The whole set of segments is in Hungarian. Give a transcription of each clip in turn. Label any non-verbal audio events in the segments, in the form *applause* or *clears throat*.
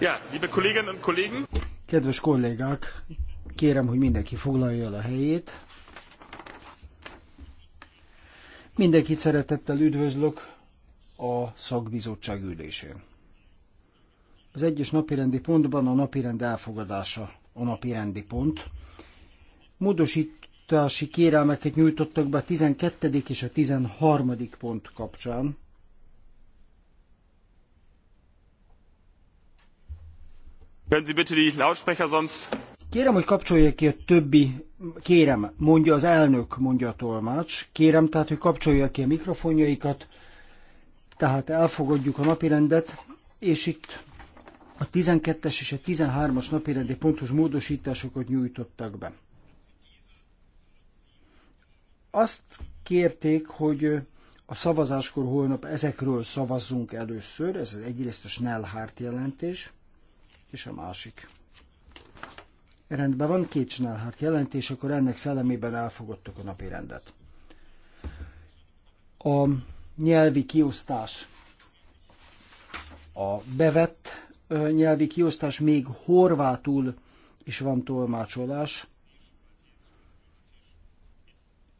Ja, liebe Kolleginnen und Kollegen. Kedves kollégák, kérem, hogy mindenki foglalja el a helyét. Mindenkit szeretettel üdvözlök a szakbizottság ülésén. Az egyes napirendi pontban a napirend elfogadása a napirendi pont. Módosítási kérelmeket nyújtottak be a 12. és a 13. pont kapcsán Können Sie bitte die Lautsprecher sonst... Kérem, hogy kapcsolja ki a többi, kérem, mondja az elnök, mondja a tolmács, kérem tehát, hogy kapcsolja ki a mikrofonjaikat, tehát elfogadjuk a napirendet, és itt a 12-es és a 13-as napirendi pontos módosításokat nyújtottak be. Azt kérték, hogy a szavazáskor holnap ezekről szavazzunk először, ez az egyrészt a Schnellhardt jelentés, és a másik. Rendben van, két csinálhat jelentés, akkor ennek szellemében elfogadtuk a napi rendet. A nyelvi kiosztás, a bevett nyelvi kiosztás még horvátul is van tolmácsolás.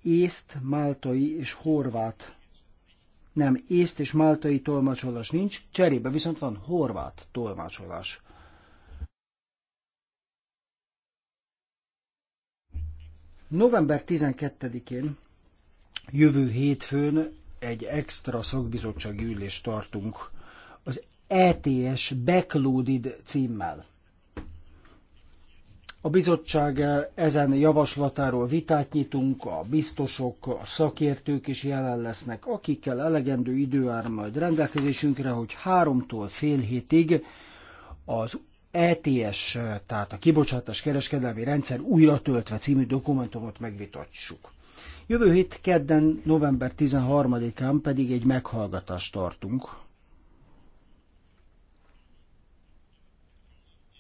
Észt, máltai és horvát. Nem, észt és máltai tolmácsolás nincs, cserébe viszont van horvát tolmácsolás. November 12-én, jövő hétfőn egy extra szakbizottsági ülést tartunk az ETS Backloaded címmel. A bizottság ezen javaslatáról vitát nyitunk, a biztosok, a szakértők is jelen lesznek, akikkel elegendő idő áll majd rendelkezésünkre, hogy háromtól fél hétig az ETS, tehát a kibocsátás kereskedelmi rendszer újra töltve című dokumentumot megvitatjuk. Jövő hét kedden, november 13-án pedig egy meghallgatást tartunk.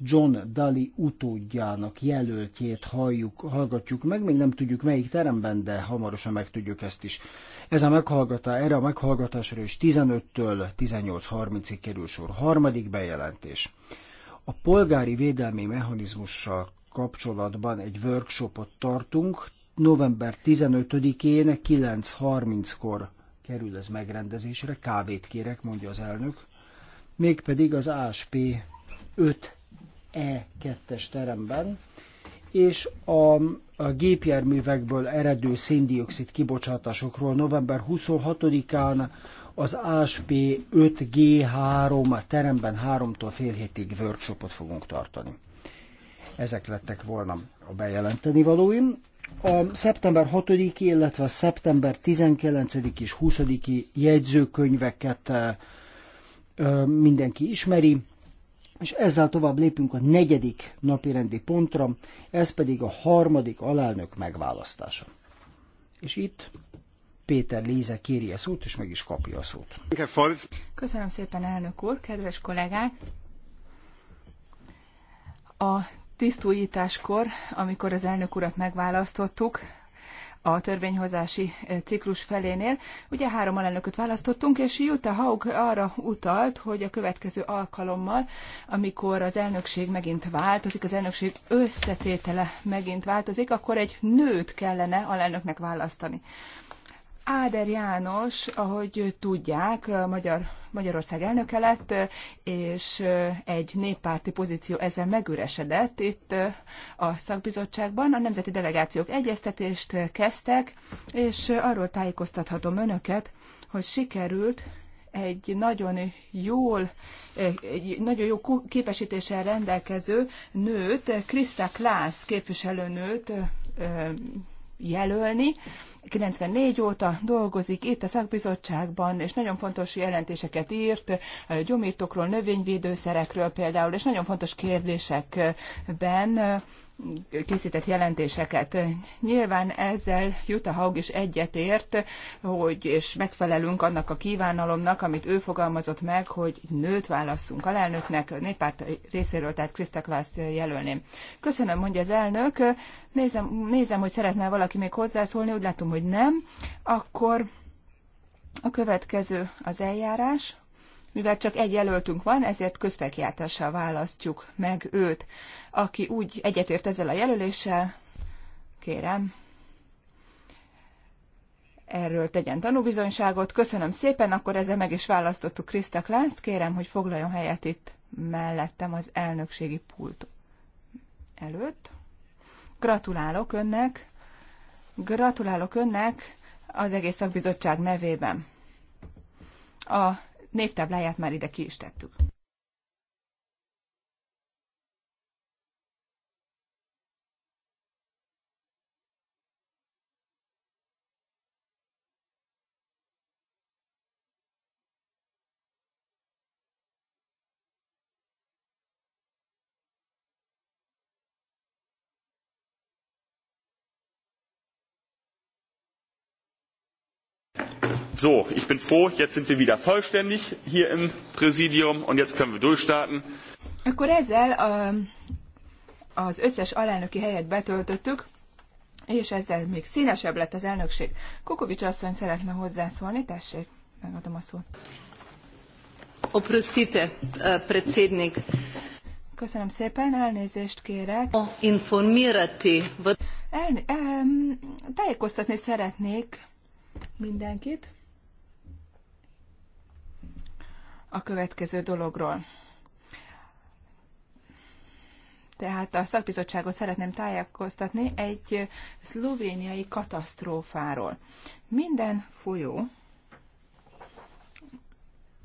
John Daly utódjának jelöltjét halljuk, hallgatjuk meg, még nem tudjuk melyik teremben, de hamarosan megtudjuk ezt is. Ez a meghallgatás erre a meghallgatásra is 15-től 18.30-ig kerül sor. Harmadik bejelentés. A polgári védelmi mechanizmussal kapcsolatban egy workshopot tartunk, november 15-én 9.30-kor kerül ez megrendezésre, kávét kérek, mondja az elnök, mégpedig az ASP 5E2-es teremben, és a, a gépjárművekből eredő széndiokszid kibocsátásokról november 26-án az ASP 5G3 a teremben 3-tól fél hétig workshopot fogunk tartani. Ezek lettek volna a bejelenteni valóim. A szeptember 6 illetve a szeptember 19 és 20 jegyzőkönyveket mindenki ismeri, és ezzel tovább lépünk a negyedik napirendi pontra, ez pedig a harmadik alelnök megválasztása. És itt Péter Léze kéri a szót, és meg is kapja a szót. Köszönöm szépen, elnök úr, kedves kollégák! A tisztújításkor, amikor az elnök urat megválasztottuk, a törvényhozási ciklus felénél. Ugye három alelnököt választottunk, és Jutta Haug arra utalt, hogy a következő alkalommal, amikor az elnökség megint változik, az elnökség összetétele megint változik, akkor egy nőt kellene alelnöknek választani. Áder János, ahogy tudják, Magyar, Magyarország elnöke lett, és egy néppárti pozíció ezzel megüresedett itt a szakbizottságban. A nemzeti delegációk egyeztetést kezdtek, és arról tájékoztathatom önöket, hogy sikerült egy nagyon jól, egy nagyon jó képesítéssel rendelkező nőt, Krista Klász képviselőnőt jelölni 94 óta dolgozik itt a szakbizottságban, és nagyon fontos jelentéseket írt gyomírtókról, növényvédőszerekről például, és nagyon fontos kérdésekben készített jelentéseket. Nyilván ezzel Jutta Haug is egyetért, hogy és megfelelünk annak a kívánalomnak, amit ő fogalmazott meg, hogy nőt válasszunk alelnöknek, a néppárt részéről, tehát Krista Klaszt jelölném. Köszönöm, mondja az elnök. Nézem, nézem, hogy szeretne valaki még hozzászólni, úgy látom, hogy nem, akkor a következő az eljárás. Mivel csak egy jelöltünk van, ezért közfekjártással választjuk meg őt. Aki úgy egyetért ezzel a jelöléssel, kérem, erről tegyen tanúbizonyságot. Köszönöm szépen, akkor ezzel meg is választottuk Krista Klánzt. Kérem, hogy foglaljon helyet itt mellettem az elnökségi pult előtt. Gratulálok önnek Gratulálok önnek az egész szakbizottság nevében. A névtábláját már ide ki is tettük. So, ich bin froh, jetzt sind wir wieder vollständig hier im Präsidium und jetzt können wir durchstarten. Akkor ezzel a, az összes alelnöki helyet betöltöttük, és ezzel még színesebb lett az elnökség. Kukovics asszony szeretne hozzászólni, tessék, megadom a szót. Oprostite, predsednik. Köszönöm szépen, elnézést kérek. A informirati. El, em, tájékoztatni szeretnék mindenkit. a következő dologról. Tehát a szakbizottságot szeretném tájékoztatni egy szlovéniai katasztrófáról. Minden folyó,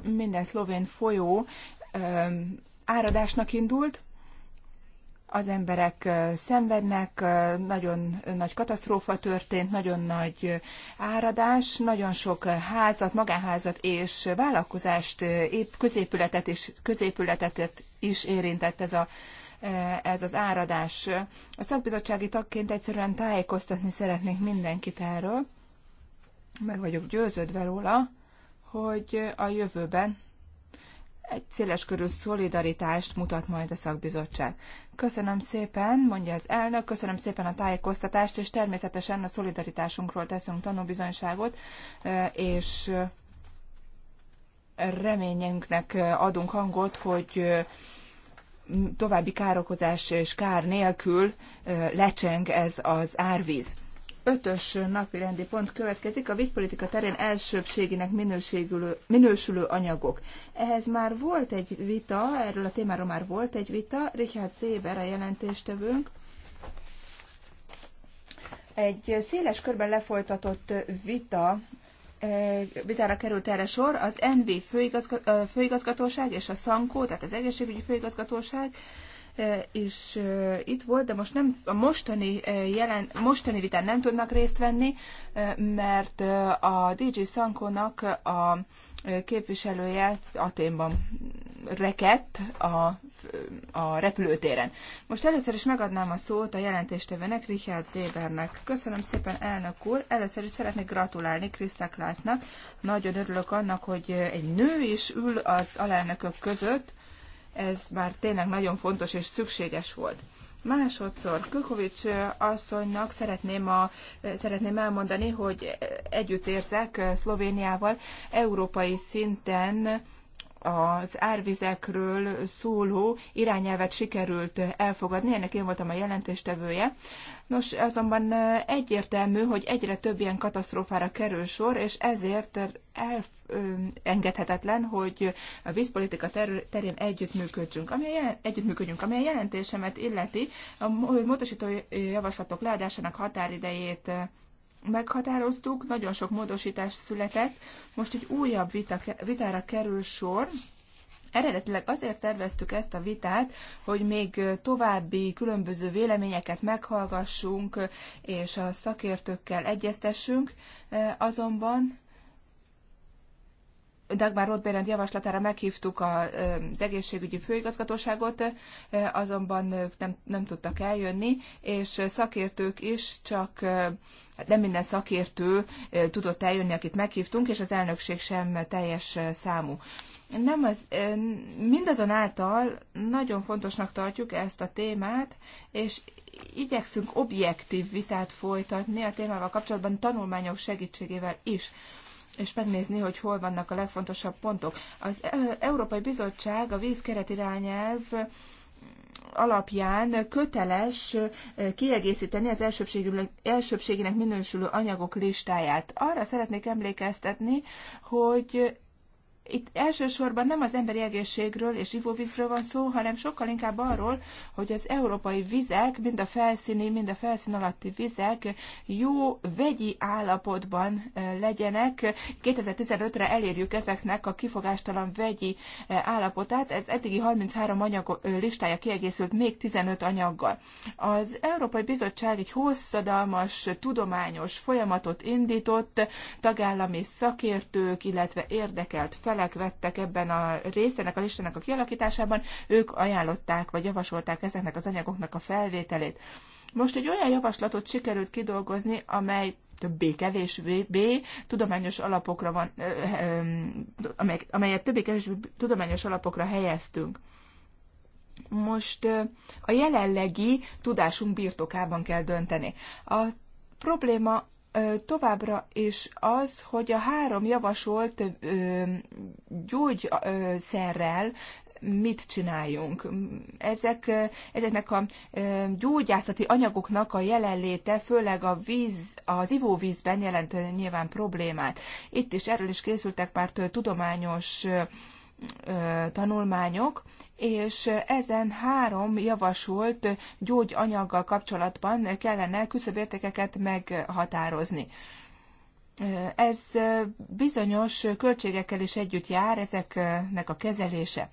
minden szlovén folyó áradásnak indult, az emberek szenvednek, nagyon nagy katasztrófa történt, nagyon nagy áradás, nagyon sok házat, magánházat és vállalkozást, épp középületet és középületet is érintett ez a ez az áradás. A szakbizottsági tagként egyszerűen tájékoztatni szeretnék mindenkit erről. Meg vagyok győződve róla, hogy a jövőben egy körül szolidaritást mutat majd a szakbizottság. Köszönöm szépen, mondja az elnök, köszönöm szépen a tájékoztatást, és természetesen a szolidaritásunkról teszünk tanúbizonyságot, és reményünknek adunk hangot, hogy további károkozás és kár nélkül lecseng ez az árvíz ötös napi rendi pont következik, a vízpolitika terén elsőbbségének minősülő, minősülő anyagok. Ehhez már volt egy vita, erről a témáról már volt egy vita, Richard Zéber a jelentéstevőnk, egy széles körben lefolytatott vita eh, vitára került erre sor, az NV főigazga, eh, főigazgatóság és a SZANKÓ, tehát az egészségügyi főigazgatóság és e, e, itt volt, de most nem, a mostani, e, jelen, mostani vitán nem tudnak részt venni, mert a DJ Szankónak a képviselője Aténban rekett a, a repülőtéren. Most először is megadnám a szót a jelentéstevőnek, Richard Zébernek. Köszönöm szépen, elnök úr. Először is szeretnék gratulálni Krista Klásznak. Nagyon örülök annak, hogy egy nő is ül az alelnökök között ez már tényleg nagyon fontos és szükséges volt. Másodszor Kukovics asszonynak szeretném, a, szeretném elmondani, hogy együtt érzek Szlovéniával európai szinten az árvizekről szóló irányelvet sikerült elfogadni, ennek én voltam a jelentéstevője. Nos, azonban egyértelmű, hogy egyre több ilyen katasztrófára kerül sor, és ezért elengedhetetlen, hogy a vízpolitika terén együttműködjünk, ami a, jelen, együttműködjünk, ami a jelentésemet illeti, a módosító javaslatok leadásának határidejét meghatároztuk, nagyon sok módosítás született, most egy újabb vita, vitára kerül sor, Eredetileg azért terveztük ezt a vitát, hogy még további különböző véleményeket meghallgassunk, és a szakértőkkel egyeztessünk, azonban Dagmar Rothberend javaslatára meghívtuk az egészségügyi főigazgatóságot, azonban ők nem, nem tudtak eljönni, és szakértők is, csak hát nem minden szakértő tudott eljönni, akit meghívtunk, és az elnökség sem teljes számú. Nem az, mindazonáltal nagyon fontosnak tartjuk ezt a témát, és igyekszünk objektív vitát folytatni a témával kapcsolatban tanulmányok segítségével is és megnézni, hogy hol vannak a legfontosabb pontok. Az Európai Bizottság a vízkeretirányelv alapján köteles kiegészíteni az elsőbségének minősülő anyagok listáját. Arra szeretnék emlékeztetni, hogy itt elsősorban nem az emberi egészségről és ivóvízről van szó, hanem sokkal inkább arról, hogy az európai vizek, mind a felszíni, mind a felszín alatti vizek jó vegyi állapotban legyenek. 2015-re elérjük ezeknek a kifogástalan vegyi állapotát. Ez eddigi 33 anyag listája kiegészült még 15 anyaggal. Az Európai Bizottság egy hosszadalmas, tudományos folyamatot indított, tagállami szakértők, illetve érdekelt fel felek vettek ebben a részt, ennek a listának a kialakításában, ők ajánlották vagy javasolták ezeknek az anyagoknak a felvételét. Most egy olyan javaslatot sikerült kidolgozni, amely többé-kevésbé tudományos alapokra van, amelyet, amelyet többé-kevésbé tudományos alapokra helyeztünk. Most a jelenlegi tudásunk birtokában kell dönteni. A probléma továbbra is az, hogy a három javasolt gyógyszerrel mit csináljunk. Ezek, ezeknek a gyógyászati anyagoknak a jelenléte, főleg a víz, az ivóvízben jelent nyilván problémát. Itt is erről is készültek már tudományos tanulmányok, és ezen három javasolt gyógyanyaggal kapcsolatban kellene küszöbértékeket meghatározni. Ez bizonyos költségekkel is együtt jár ezeknek a kezelése.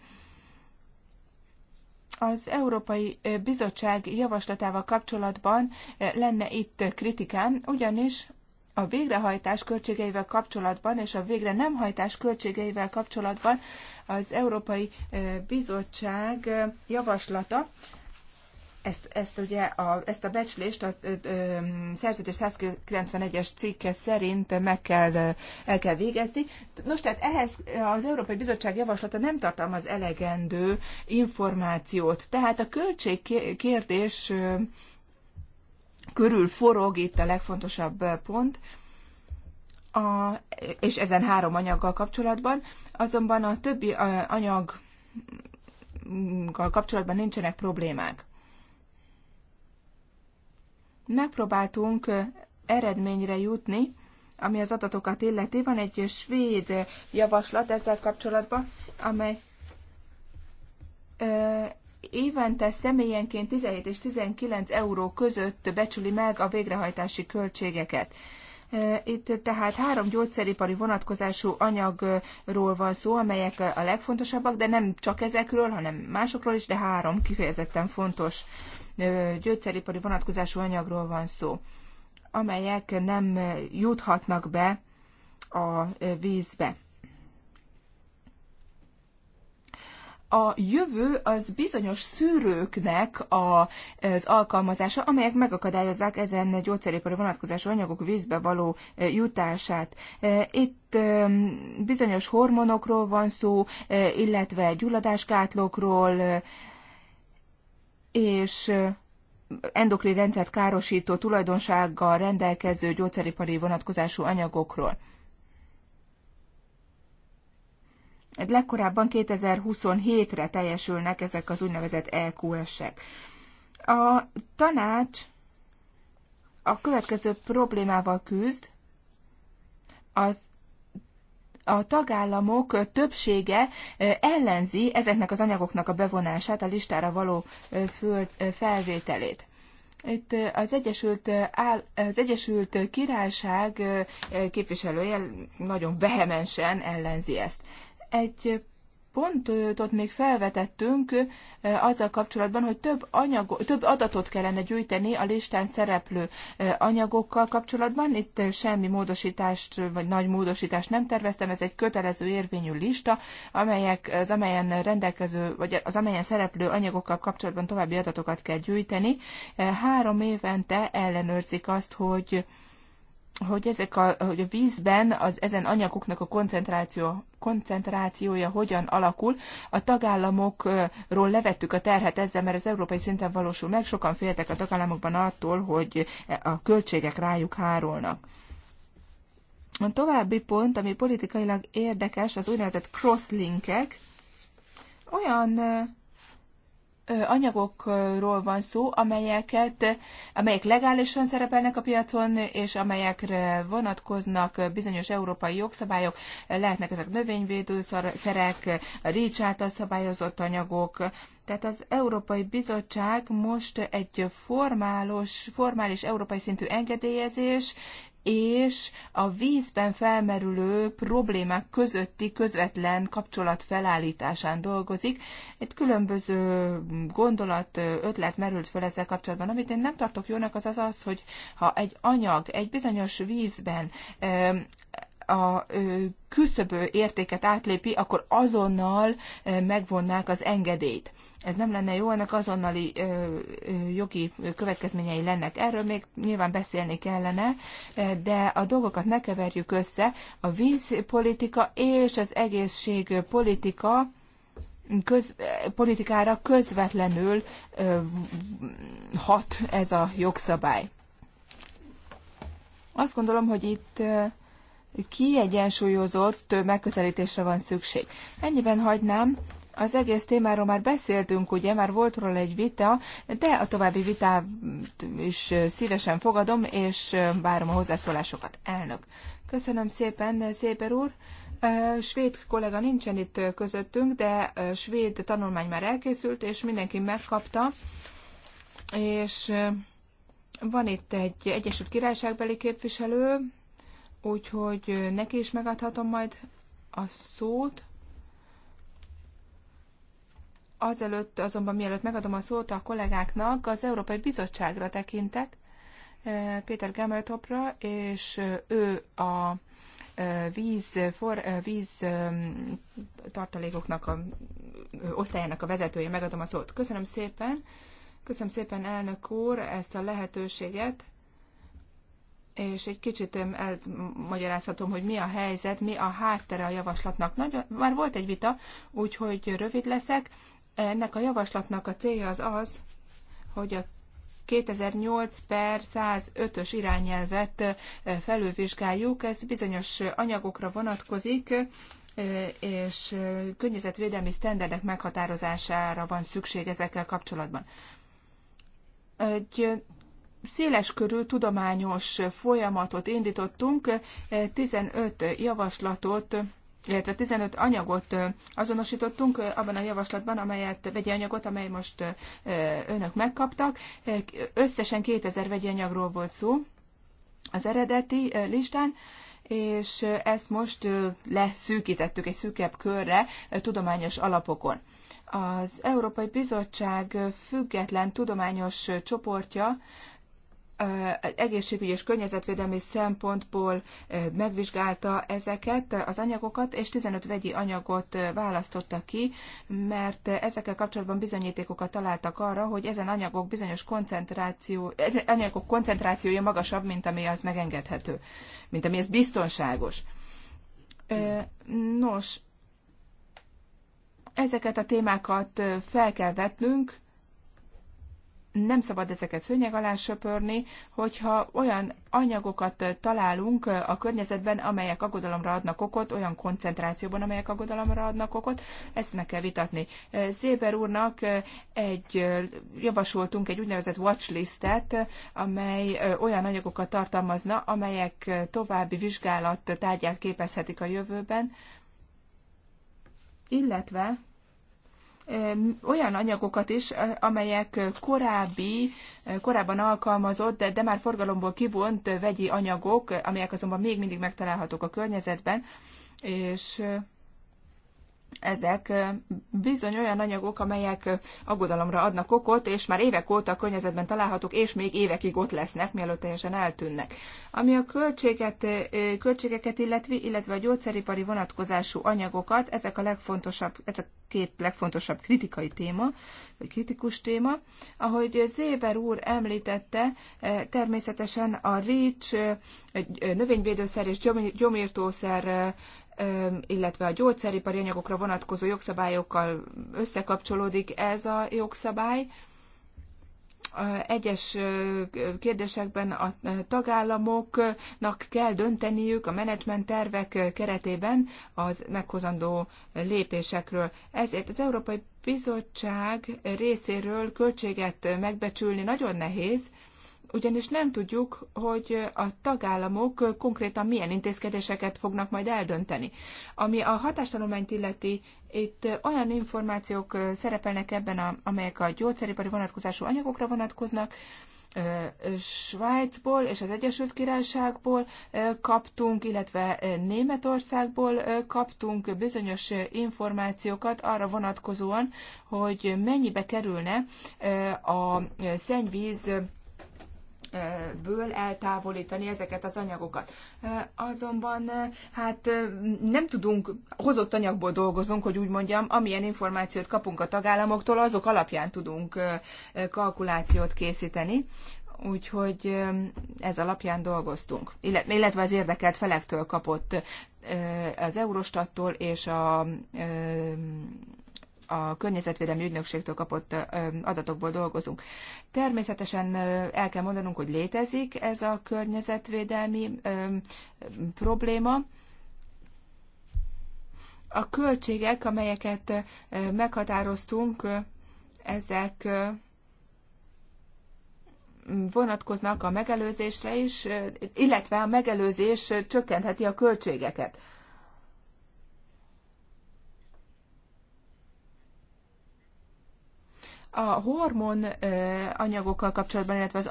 Az Európai Bizottság javaslatával kapcsolatban lenne itt kritikám, ugyanis a végrehajtás költségeivel kapcsolatban és a végre nem hajtás költségeivel kapcsolatban az Európai Bizottság javaslata, ezt, ezt ugye a, ezt a becslést a, a, a szerződés 191-es cikke szerint meg kell, el kell végezni. Nos, tehát ehhez az Európai Bizottság javaslata nem tartalmaz elegendő információt. Tehát a költségkérdés kérdés körül forog itt a legfontosabb pont, a, és ezen három anyaggal kapcsolatban, azonban a többi anyaggal kapcsolatban nincsenek problémák. Megpróbáltunk eredményre jutni, ami az adatokat illeti. Van egy svéd javaslat ezzel kapcsolatban, amely évente személyenként 17 és 19 euró között becsüli meg a végrehajtási költségeket. Itt tehát három gyógyszeripari vonatkozású anyagról van szó, amelyek a legfontosabbak, de nem csak ezekről, hanem másokról is, de három kifejezetten fontos gyógyszeripari vonatkozású anyagról van szó, amelyek nem juthatnak be a vízbe. a jövő az bizonyos szűrőknek a, az alkalmazása, amelyek megakadályozzák ezen gyógyszeripari vonatkozású anyagok vízbe való e, jutását. E, itt e, bizonyos hormonokról van szó, illetve gyulladásgátlókról, és endokrin rendszert károsító tulajdonsággal rendelkező gyógyszeripari vonatkozású anyagokról. legkorábban 2027-re teljesülnek ezek az úgynevezett EQS-ek. A tanács a következő problémával küzd, az a tagállamok többsége ellenzi ezeknek az anyagoknak a bevonását, a listára való felvételét. Itt az Egyesült, az Egyesült Királyság képviselője nagyon vehemensen ellenzi ezt. Egy pontot még felvetettünk azzal kapcsolatban, hogy több, anyag, több adatot kellene gyűjteni a listán szereplő anyagokkal kapcsolatban. Itt semmi módosítást vagy nagy módosítást nem terveztem, ez egy kötelező érvényű lista, amelyek, az amelyen rendelkező, vagy az amelyen szereplő anyagokkal kapcsolatban további adatokat kell gyűjteni. Három évente ellenőrzik azt, hogy hogy, ezek a, hogy a vízben az ezen anyagoknak a koncentráció, koncentrációja hogyan alakul. A tagállamokról levettük a terhet ezzel, mert az európai szinten valósul meg, sokan féltek a tagállamokban attól, hogy a költségek rájuk hárolnak. A további pont, ami politikailag érdekes, az úgynevezett crosslinkek, olyan anyagokról van szó, amelyeket, amelyek legálisan szerepelnek a piacon, és amelyekre vonatkoznak bizonyos európai jogszabályok, lehetnek ezek növényvédőszerek, a által szabályozott anyagok, tehát az Európai Bizottság most egy formálos, formális európai szintű engedélyezés és a vízben felmerülő problémák közötti közvetlen kapcsolat felállításán dolgozik. Egy különböző gondolat, ötlet merült föl ezzel kapcsolatban. Amit én nem tartok jónak, az, az hogy ha egy anyag egy bizonyos vízben a küszöbő értéket átlépi, akkor azonnal megvonnák az engedélyt. Ez nem lenne jó, ennek azonnali jogi következményei lennek. Erről még nyilván beszélni kellene, de a dolgokat ne keverjük össze. A vízpolitika és az egészségpolitika köz, politikára közvetlenül hat ez a jogszabály. Azt gondolom, hogy itt kiegyensúlyozott megközelítésre van szükség. Ennyiben hagynám, az egész témáról már beszéltünk, ugye, már volt róla egy vita, de a további vitát is szívesen fogadom, és várom a hozzászólásokat. Elnök. Köszönöm szépen, Széber úr. Svéd kollega nincsen itt közöttünk, de svéd tanulmány már elkészült, és mindenki megkapta, és van itt egy Egyesült Királyságbeli képviselő, úgyhogy neki is megadhatom majd a szót. Azelőtt, azonban mielőtt megadom a szót a kollégáknak, az Európai Bizottságra tekintek, Péter Gamertopra, és ő a víz, for, víz tartalékoknak a osztályának a vezetője, megadom a szót. Köszönöm szépen, köszönöm szépen elnök úr ezt a lehetőséget, és egy kicsit elmagyarázhatom, hogy mi a helyzet, mi a háttere a javaslatnak. Nagyon, már volt egy vita, úgyhogy rövid leszek. Ennek a javaslatnak a célja az az, hogy a 2008 per 105-ös irányelvet felülvizsgáljuk. Ez bizonyos anyagokra vonatkozik, és környezetvédelmi sztenderdek meghatározására van szükség ezekkel kapcsolatban. Egy Széles körű tudományos folyamatot indítottunk, 15 eh, javaslatot illetve 15 anyagot eh, azonosítottunk eh, abban a javaslatban, amelyet vegyi anyagot, amely most önök megkaptak. Összesen 2000 vegyi anyagról volt szó az eredeti listán, és ezt most leszűkítettük egy szűkebb körre tudományos alapokon. Az Európai Bizottság független tudományos csoportja egészségügyi és környezetvédelmi szempontból megvizsgálta ezeket az anyagokat, és 15 vegyi anyagot választotta ki, mert ezekkel kapcsolatban bizonyítékokat találtak arra, hogy ezen anyagok bizonyos koncentráció, ezen anyagok koncentrációja magasabb, mint ami az megengedhető, mint ami ez biztonságos. Nos, ezeket a témákat fel kell vetnünk, nem szabad ezeket szőnyeg alá söpörni, hogyha olyan anyagokat találunk a környezetben, amelyek aggodalomra adnak okot, olyan koncentrációban, amelyek aggodalomra adnak okot, ezt meg kell vitatni. Zéber úrnak egy, javasoltunk egy úgynevezett watchlistet, amely olyan anyagokat tartalmazna, amelyek további vizsgálat tárgyát képezhetik a jövőben, illetve olyan anyagokat is, amelyek korábbi, korábban alkalmazott, de, de már forgalomból kivont vegyi anyagok, amelyek azonban még mindig megtalálhatók a környezetben, és ezek bizony olyan anyagok, amelyek aggodalomra adnak okot, és már évek óta a környezetben találhatók, és még évekig ott lesznek, mielőtt teljesen eltűnnek. Ami a költséget, költségeket, illetve, illetve a gyógyszeripari vonatkozású anyagokat, ezek a legfontosabb, ez a két legfontosabb kritikai téma, vagy kritikus téma. Ahogy Zéber úr említette, természetesen a REACH növényvédőszer és gyomírtószer illetve a gyógyszeripari anyagokra vonatkozó jogszabályokkal összekapcsolódik ez a jogszabály. Egyes kérdésekben a tagállamoknak kell dönteniük a menedzsment tervek keretében az meghozandó lépésekről. Ezért az Európai Bizottság részéről költséget megbecsülni nagyon nehéz, ugyanis nem tudjuk, hogy a tagállamok konkrétan milyen intézkedéseket fognak majd eldönteni. Ami a hatástanulmányt illeti, itt olyan információk szerepelnek ebben, a, amelyek a gyógyszeripari vonatkozású anyagokra vonatkoznak, Svájcból és az Egyesült Királyságból kaptunk, illetve Németországból kaptunk bizonyos információkat arra vonatkozóan, hogy mennyibe kerülne a szennyvíz ből eltávolítani ezeket az anyagokat. Azonban hát nem tudunk, hozott anyagból dolgozunk, hogy úgy mondjam, amilyen információt kapunk a tagállamoktól, azok alapján tudunk kalkulációt készíteni úgyhogy ez alapján dolgoztunk, illetve az érdekelt felektől kapott az Eurostattól és a a Környezetvédelmi Ügynökségtől kapott adatokból dolgozunk. Természetesen el kell mondanunk, hogy létezik ez a környezetvédelmi probléma. A költségek, amelyeket meghatároztunk, ezek vonatkoznak a megelőzésre is, illetve a megelőzés csökkentheti a költségeket. a hormon anyagokkal kapcsolatban, illetve az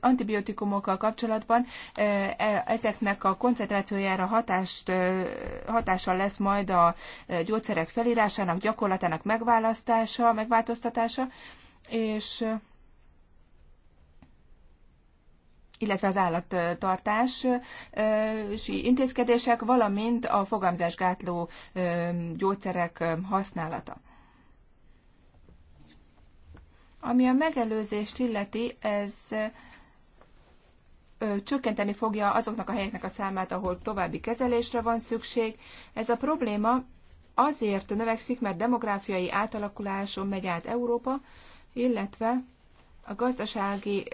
antibiotikumokkal kapcsolatban e, ezeknek a koncentrációjára hatást, hatással lesz majd a gyógyszerek felírásának, gyakorlatának megválasztása, megváltoztatása, és illetve az állattartási intézkedések, valamint a fogamzásgátló gyógyszerek használata. Ami a megelőzést illeti, ez csökkenteni fogja azoknak a helyeknek a számát, ahol további kezelésre van szükség. Ez a probléma azért növekszik, mert demográfiai átalakuláson megy át Európa, illetve a gazdasági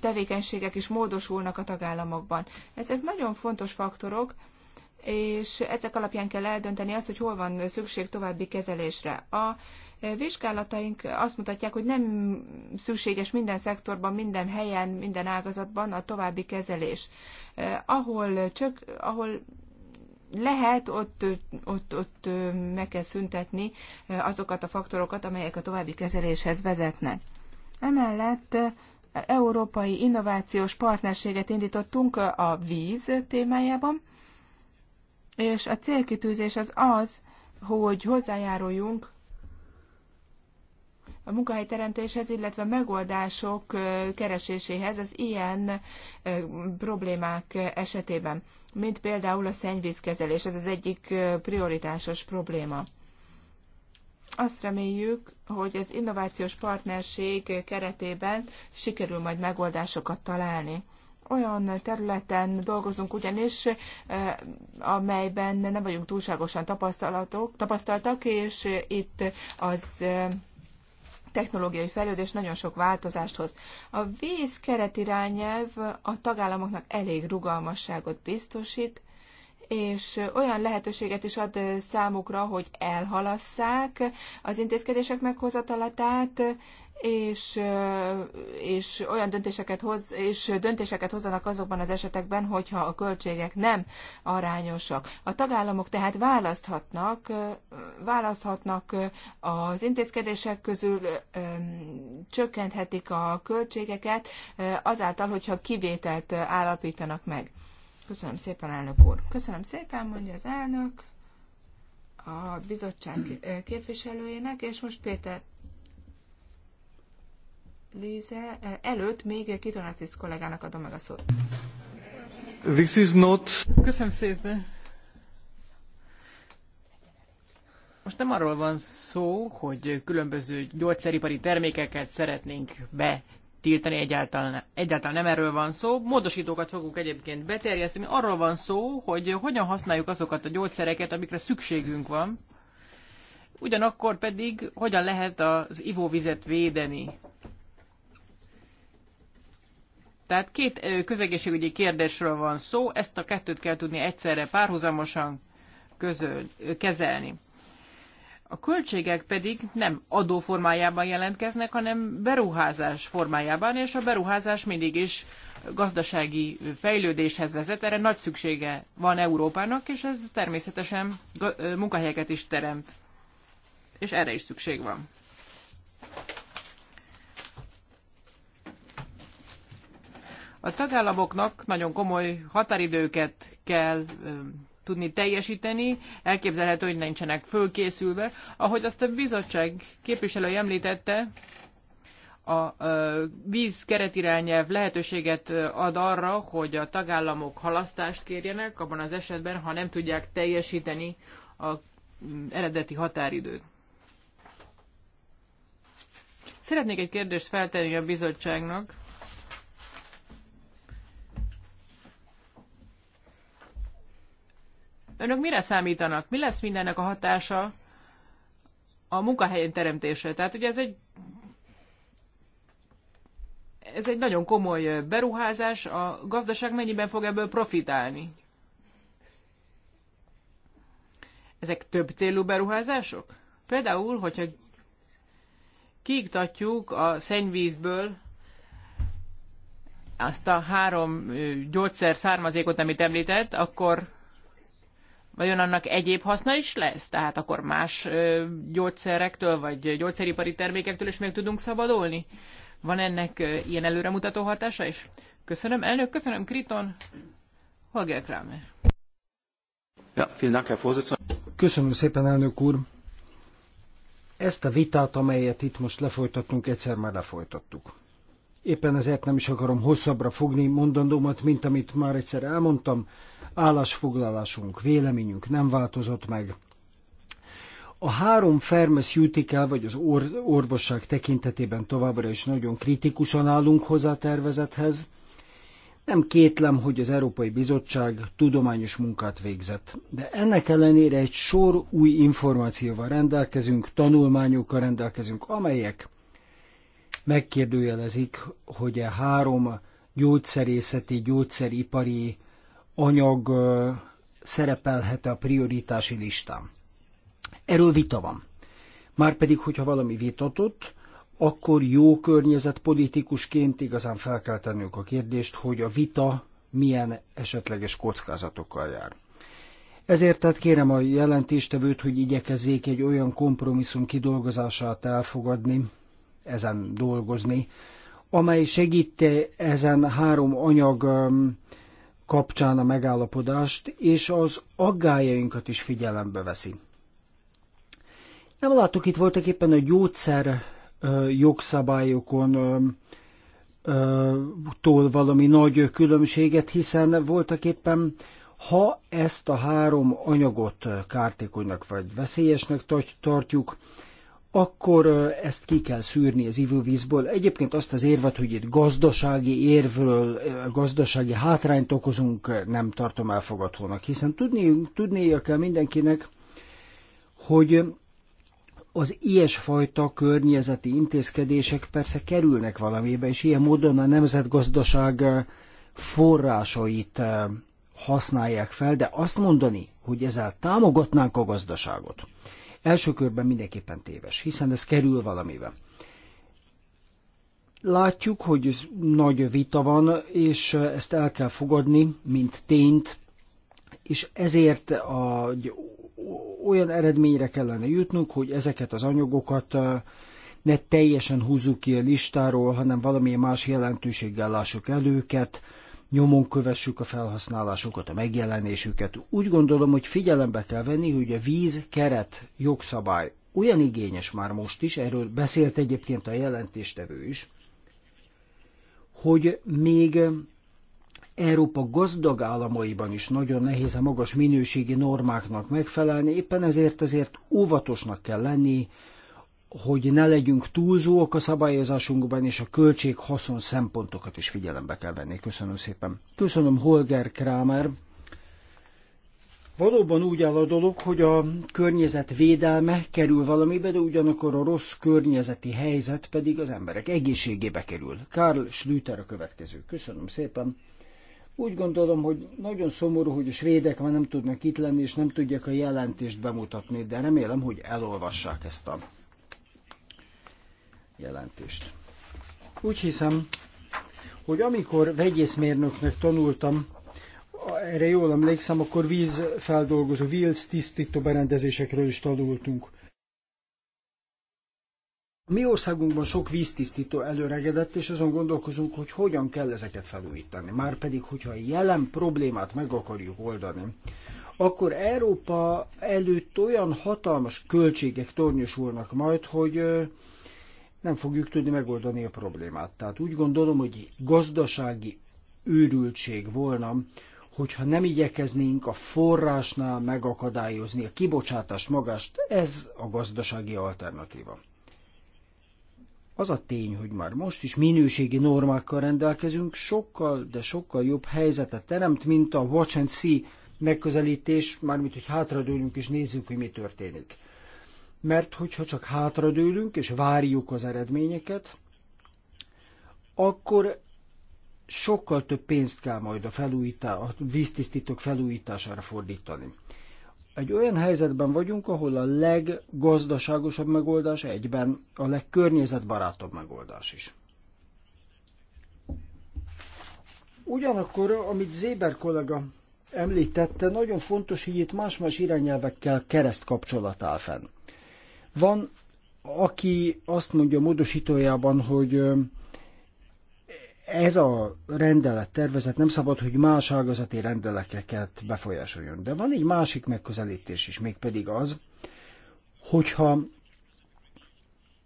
tevékenységek is módosulnak a tagállamokban. Ezek nagyon fontos faktorok, és ezek alapján kell eldönteni azt, hogy hol van szükség további kezelésre. A vizsgálataink azt mutatják, hogy nem szükséges minden szektorban, minden helyen, minden ágazatban a további kezelés. Ahol, csak, ahol lehet, ott, ott, ott meg kell szüntetni azokat a faktorokat, amelyek a további kezeléshez vezetnek. Emellett európai innovációs partnerséget indítottunk a víz témájában és a célkitűzés az az, hogy hozzájáruljunk a munkahelyteremtéshez, illetve megoldások kereséséhez az ilyen problémák esetében, mint például a szennyvízkezelés, ez az egyik prioritásos probléma. Azt reméljük, hogy az innovációs partnerség keretében sikerül majd megoldásokat találni. Olyan területen dolgozunk ugyanis, eh, amelyben nem vagyunk túlságosan tapasztalatok, tapasztaltak, és itt az eh, technológiai fejlődés nagyon sok változást hoz. A víz keretirányelv a tagállamoknak elég rugalmasságot biztosít, és olyan lehetőséget is ad számukra, hogy elhalasszák az intézkedések meghozatalatát, és, és olyan döntéseket hoz, és döntéseket hozzanak azokban az esetekben, hogyha a költségek nem arányosak. A tagállamok tehát választhatnak, választhatnak az intézkedések közül csökkenthetik a költségeket azáltal, hogyha kivételt állapítanak meg. Köszönöm szépen, elnök úr. Köszönöm szépen, mondja az elnök a bizottság képviselőjének, és most Péter Lise, eh, előtt még Kitonacis kollégának adom meg a szót. This is not... Köszönöm szépen. Most nem arról van szó, hogy különböző gyógyszeripari termékeket szeretnénk betiltani, egyáltalán, egyáltalán nem erről van szó. Módosítókat fogunk egyébként beterjeszteni. Arról van szó, hogy hogyan használjuk azokat a gyógyszereket, amikre szükségünk van, ugyanakkor pedig hogyan lehet az ivóvizet védeni. Tehát két közegészségügyi kérdésről van szó, ezt a kettőt kell tudni egyszerre párhuzamosan közöl, kezelni. A költségek pedig nem adóformájában jelentkeznek, hanem beruházás formájában, és a beruházás mindig is gazdasági fejlődéshez vezet. Erre nagy szüksége van Európának, és ez természetesen munkahelyeket is teremt. És erre is szükség van. A tagállamoknak nagyon komoly határidőket kell tudni teljesíteni, elképzelhető, hogy nincsenek fölkészülve. Ahogy azt a bizottság képviselője említette, a víz keretirányelv lehetőséget ad arra, hogy a tagállamok halasztást kérjenek, abban az esetben, ha nem tudják teljesíteni a eredeti határidőt. Szeretnék egy kérdést feltenni a bizottságnak. Önök mire számítanak? Mi lesz mindennek a hatása a munkahelyen teremtésre? Tehát ugye ez egy ez egy nagyon komoly beruházás, a gazdaság mennyiben fog ebből profitálni? Ezek több célú beruházások? Például, hogyha kiiktatjuk a szennyvízből azt a három gyógyszer származékot, amit említett, akkor vajon annak egyéb haszna is lesz? Tehát akkor más gyógyszerektől, vagy gyógyszeripari termékektől is meg tudunk szabadulni? Van ennek ilyen előremutató hatása is? Köszönöm, elnök, köszönöm, Kriton. Holger Kramer. Ja, vielen Dank, Herr Köszönöm szépen, elnök úr. Ezt a vitát, amelyet itt most lefolytattunk, egyszer már lefolytattuk. Éppen ezért nem is akarom hosszabbra fogni mondandómat, mint amit már egyszer elmondtam állásfoglalásunk, véleményünk nem változott meg. A három pharmaceutical, vagy az or- orvosság tekintetében továbbra is nagyon kritikusan állunk hozzá a tervezethez. Nem kétlem, hogy az Európai Bizottság tudományos munkát végzett, de ennek ellenére egy sor új információval rendelkezünk, tanulmányokkal rendelkezünk, amelyek megkérdőjelezik, hogy a három gyógyszerészeti, gyógyszeripari anyag szerepelhet a prioritási listán. Erről vita van. Márpedig, hogyha valami vitatott, akkor jó környezetpolitikusként igazán fel kell tennünk a kérdést, hogy a vita milyen esetleges kockázatokkal jár. Ezért tehát kérem a jelentéstevőt, hogy igyekezzék egy olyan kompromisszum kidolgozását elfogadni, ezen dolgozni, amely segíti ezen három anyag kapcsán a megállapodást, és az aggájainkat is figyelembe veszi. Nem látok itt voltak éppen a gyógyszer jogszabályokon tól valami nagy különbséget, hiszen voltak éppen ha ezt a három anyagot kártékonynak vagy veszélyesnek tartjuk, akkor ezt ki kell szűrni az ivóvízből. Egyébként azt az érvet, hogy itt gazdasági érvről, gazdasági hátrányt okozunk, nem tartom elfogadónak, hiszen tudni, tudnia kell mindenkinek, hogy az ilyesfajta környezeti intézkedések persze kerülnek valamibe, és ilyen módon a nemzetgazdaság forrásait használják fel, de azt mondani, hogy ezzel támogatnánk a gazdaságot, első körben mindenképpen téves, hiszen ez kerül valamiben. Látjuk, hogy nagy vita van, és ezt el kell fogadni, mint tényt, és ezért a, olyan eredményre kellene jutnunk, hogy ezeket az anyagokat ne teljesen húzzuk ki a listáról, hanem valamilyen más jelentőséggel lássuk el őket, nyomon kövessük a felhasználásokat, a megjelenésüket. Úgy gondolom, hogy figyelembe kell venni, hogy a víz keret jogszabály olyan igényes már most is, erről beszélt egyébként a jelentéstevő is, hogy még Európa gazdag államaiban is nagyon nehéz a magas minőségi normáknak megfelelni, éppen ezért ezért óvatosnak kell lenni, hogy ne legyünk túlzóak a szabályozásunkban, és a költség-haszon szempontokat is figyelembe kell venni. Köszönöm szépen. Köszönöm Holger Kramer. Valóban úgy áll a dolog, hogy a környezet védelme kerül valamibe, de ugyanakkor a rossz környezeti helyzet pedig az emberek egészségébe kerül. Karl Schlüter a következő. Köszönöm szépen. Úgy gondolom, hogy nagyon szomorú, hogy a svédek már nem tudnak itt lenni, és nem tudják a jelentést bemutatni, de remélem, hogy elolvassák ezt a jelentést. Úgy hiszem, hogy amikor vegyészmérnöknek tanultam, erre jól emlékszem, akkor vízfeldolgozó, víz tisztító berendezésekről is tanultunk. A mi országunkban sok víztisztító előregedett, és azon gondolkozunk, hogy hogyan kell ezeket felújítani. Márpedig, hogyha a jelen problémát meg akarjuk oldani, akkor Európa előtt olyan hatalmas költségek tornyosulnak majd, hogy nem fogjuk tudni megoldani a problémát. Tehát úgy gondolom, hogy gazdasági őrültség volna, hogyha nem igyekeznénk a forrásnál megakadályozni a kibocsátás magást, ez a gazdasági alternatíva. Az a tény, hogy már most is minőségi normákkal rendelkezünk, sokkal, de sokkal jobb helyzetet teremt, mint a watch and see megközelítés, mármint hogy hátradőlünk és nézzük, hogy mi történik mert hogyha csak hátradőlünk és várjuk az eredményeket, akkor sokkal több pénzt kell majd a, felújítá, a víztisztítók felújítására fordítani. Egy olyan helyzetben vagyunk, ahol a leggazdaságosabb megoldás egyben a legkörnyezetbarátabb megoldás is. Ugyanakkor, amit Zéber kollega említette, nagyon fontos, hogy itt más-más irányelvekkel kereszt kapcsolat áll fenn. Van, aki azt mondja módosítójában, hogy ez a rendelet tervezet nem szabad, hogy más ágazati rendelekeket befolyásoljon. De van egy másik megközelítés is, mégpedig az, hogyha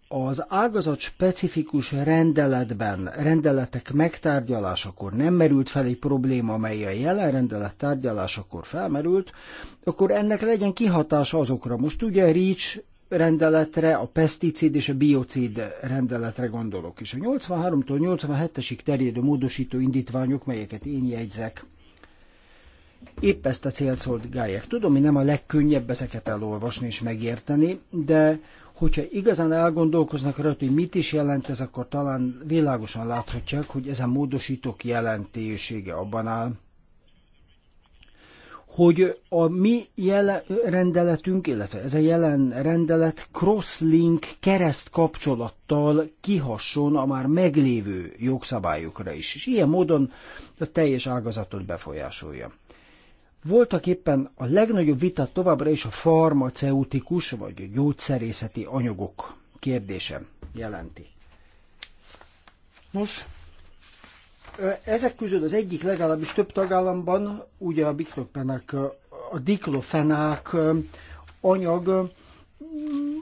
az ágazat specifikus rendeletben, rendeletek megtárgyalásakor nem merült fel egy probléma, amely a jelen rendelet tárgyalásakor felmerült, akkor ennek legyen kihatása azokra. Most ugye Rics rendeletre, a peszticid és a biocid rendeletre gondolok. És a 83-tól 87-esig terjedő módosító indítványok, melyeket én jegyzek, épp ezt a célt szolgálják. Tudom, hogy nem a legkönnyebb ezeket elolvasni és megérteni, de hogyha igazán elgondolkoznak rajta, hogy mit is jelent ez, akkor talán világosan láthatják, hogy ezen módosítók jelentősége abban áll, hogy a mi jelen rendeletünk, illetve ez a jelen rendelet crosslink kereszt kapcsolattal kihasson a már meglévő jogszabályokra is, és ilyen módon a teljes ágazatot befolyásolja. Voltak éppen a legnagyobb vita továbbra is a farmaceutikus vagy gyógyszerészeti anyagok kérdése jelenti. Nos, ezek közül az egyik legalábbis több tagállamban, ugye a biklopfenák, a diklofenák anyag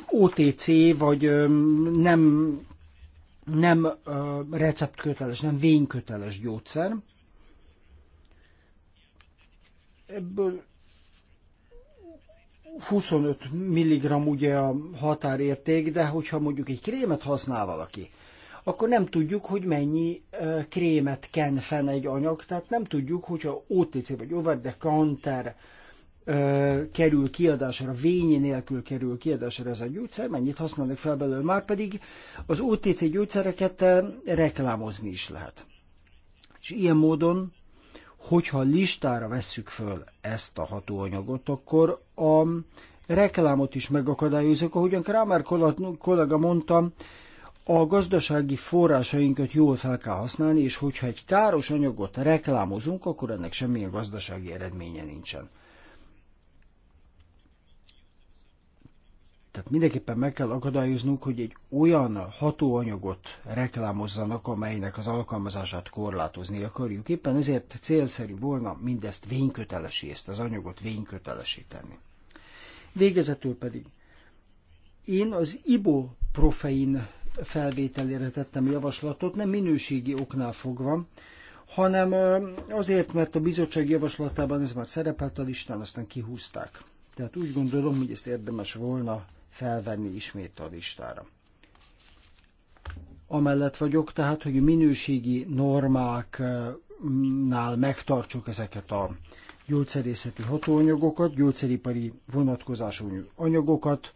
OTC, vagy nem, nem receptköteles, nem vényköteles gyógyszer. Ebből 25 mg ugye a határérték, de hogyha mondjuk egy krémet használ valaki, akkor nem tudjuk, hogy mennyi krémet ken fenn egy anyag, tehát nem tudjuk, hogyha OTC vagy over the counter kerül kiadásra, vényi nélkül kerül kiadásra ez a gyógyszer, mennyit használnak fel belőle, már pedig az OTC gyógyszereket reklámozni is lehet. És ilyen módon, hogyha listára vesszük föl ezt a hatóanyagot, akkor a reklámot is megakadályozok, ahogyan Kramer kollega mondta, a gazdasági forrásainkat jól fel kell használni, és hogyha egy káros anyagot reklámozunk, akkor ennek semmilyen gazdasági eredménye nincsen. Tehát mindenképpen meg kell akadályoznunk, hogy egy olyan hatóanyagot reklámozzanak, amelynek az alkalmazását korlátozni akarjuk. Éppen ezért célszerű volna mindezt vénykötelesi, ezt az anyagot vénykötelesíteni. Végezetül pedig én az ibuprofein felvételére tettem javaslatot, nem minőségi oknál fogva, hanem azért, mert a bizottság javaslatában ez már szerepelt a listán, aztán kihúzták. Tehát úgy gondolom, hogy ezt érdemes volna felvenni ismét a listára. Amellett vagyok tehát, hogy minőségi normáknál megtartsuk ezeket a gyógyszerészeti hatóanyagokat, gyógyszeripari vonatkozású anyagokat,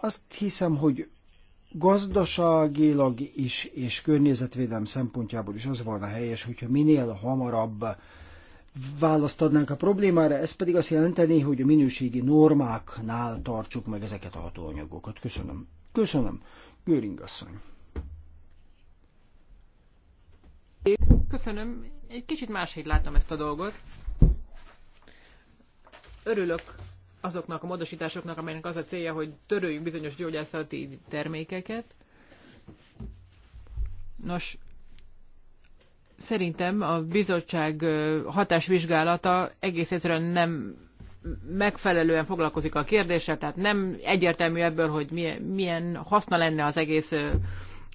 azt hiszem, hogy gazdaságilag is és környezetvédelem szempontjából is az volna helyes, hogyha minél hamarabb választ adnánk a problémára, ez pedig azt jelenteni, hogy a minőségi normáknál tartsuk meg ezeket a hatóanyagokat. Köszönöm. Köszönöm. Göring asszony. Köszönöm. Egy kicsit máshogy látom ezt a dolgot. Örülök azoknak a módosításoknak, amelynek az a célja, hogy törőjük bizonyos gyógyászati termékeket. Nos, szerintem a bizottság hatásvizsgálata egész egyszerűen nem megfelelően foglalkozik a kérdéssel, tehát nem egyértelmű ebből, hogy milyen, milyen haszna lenne az egész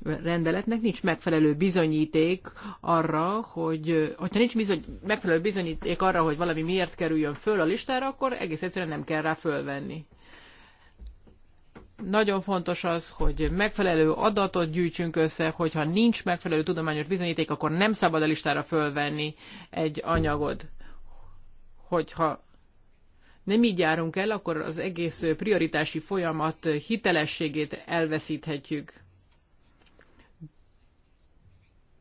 rendeletnek nincs megfelelő bizonyíték arra, hogy hogyha nincs bizony, megfelelő bizonyíték arra, hogy valami miért kerüljön föl a listára, akkor egész egyszerűen nem kell rá fölvenni. Nagyon fontos az, hogy megfelelő adatot gyűjtsünk össze, hogyha nincs megfelelő tudományos bizonyíték, akkor nem szabad a listára fölvenni egy anyagot. Hogyha nem így járunk el, akkor az egész prioritási folyamat hitelességét elveszíthetjük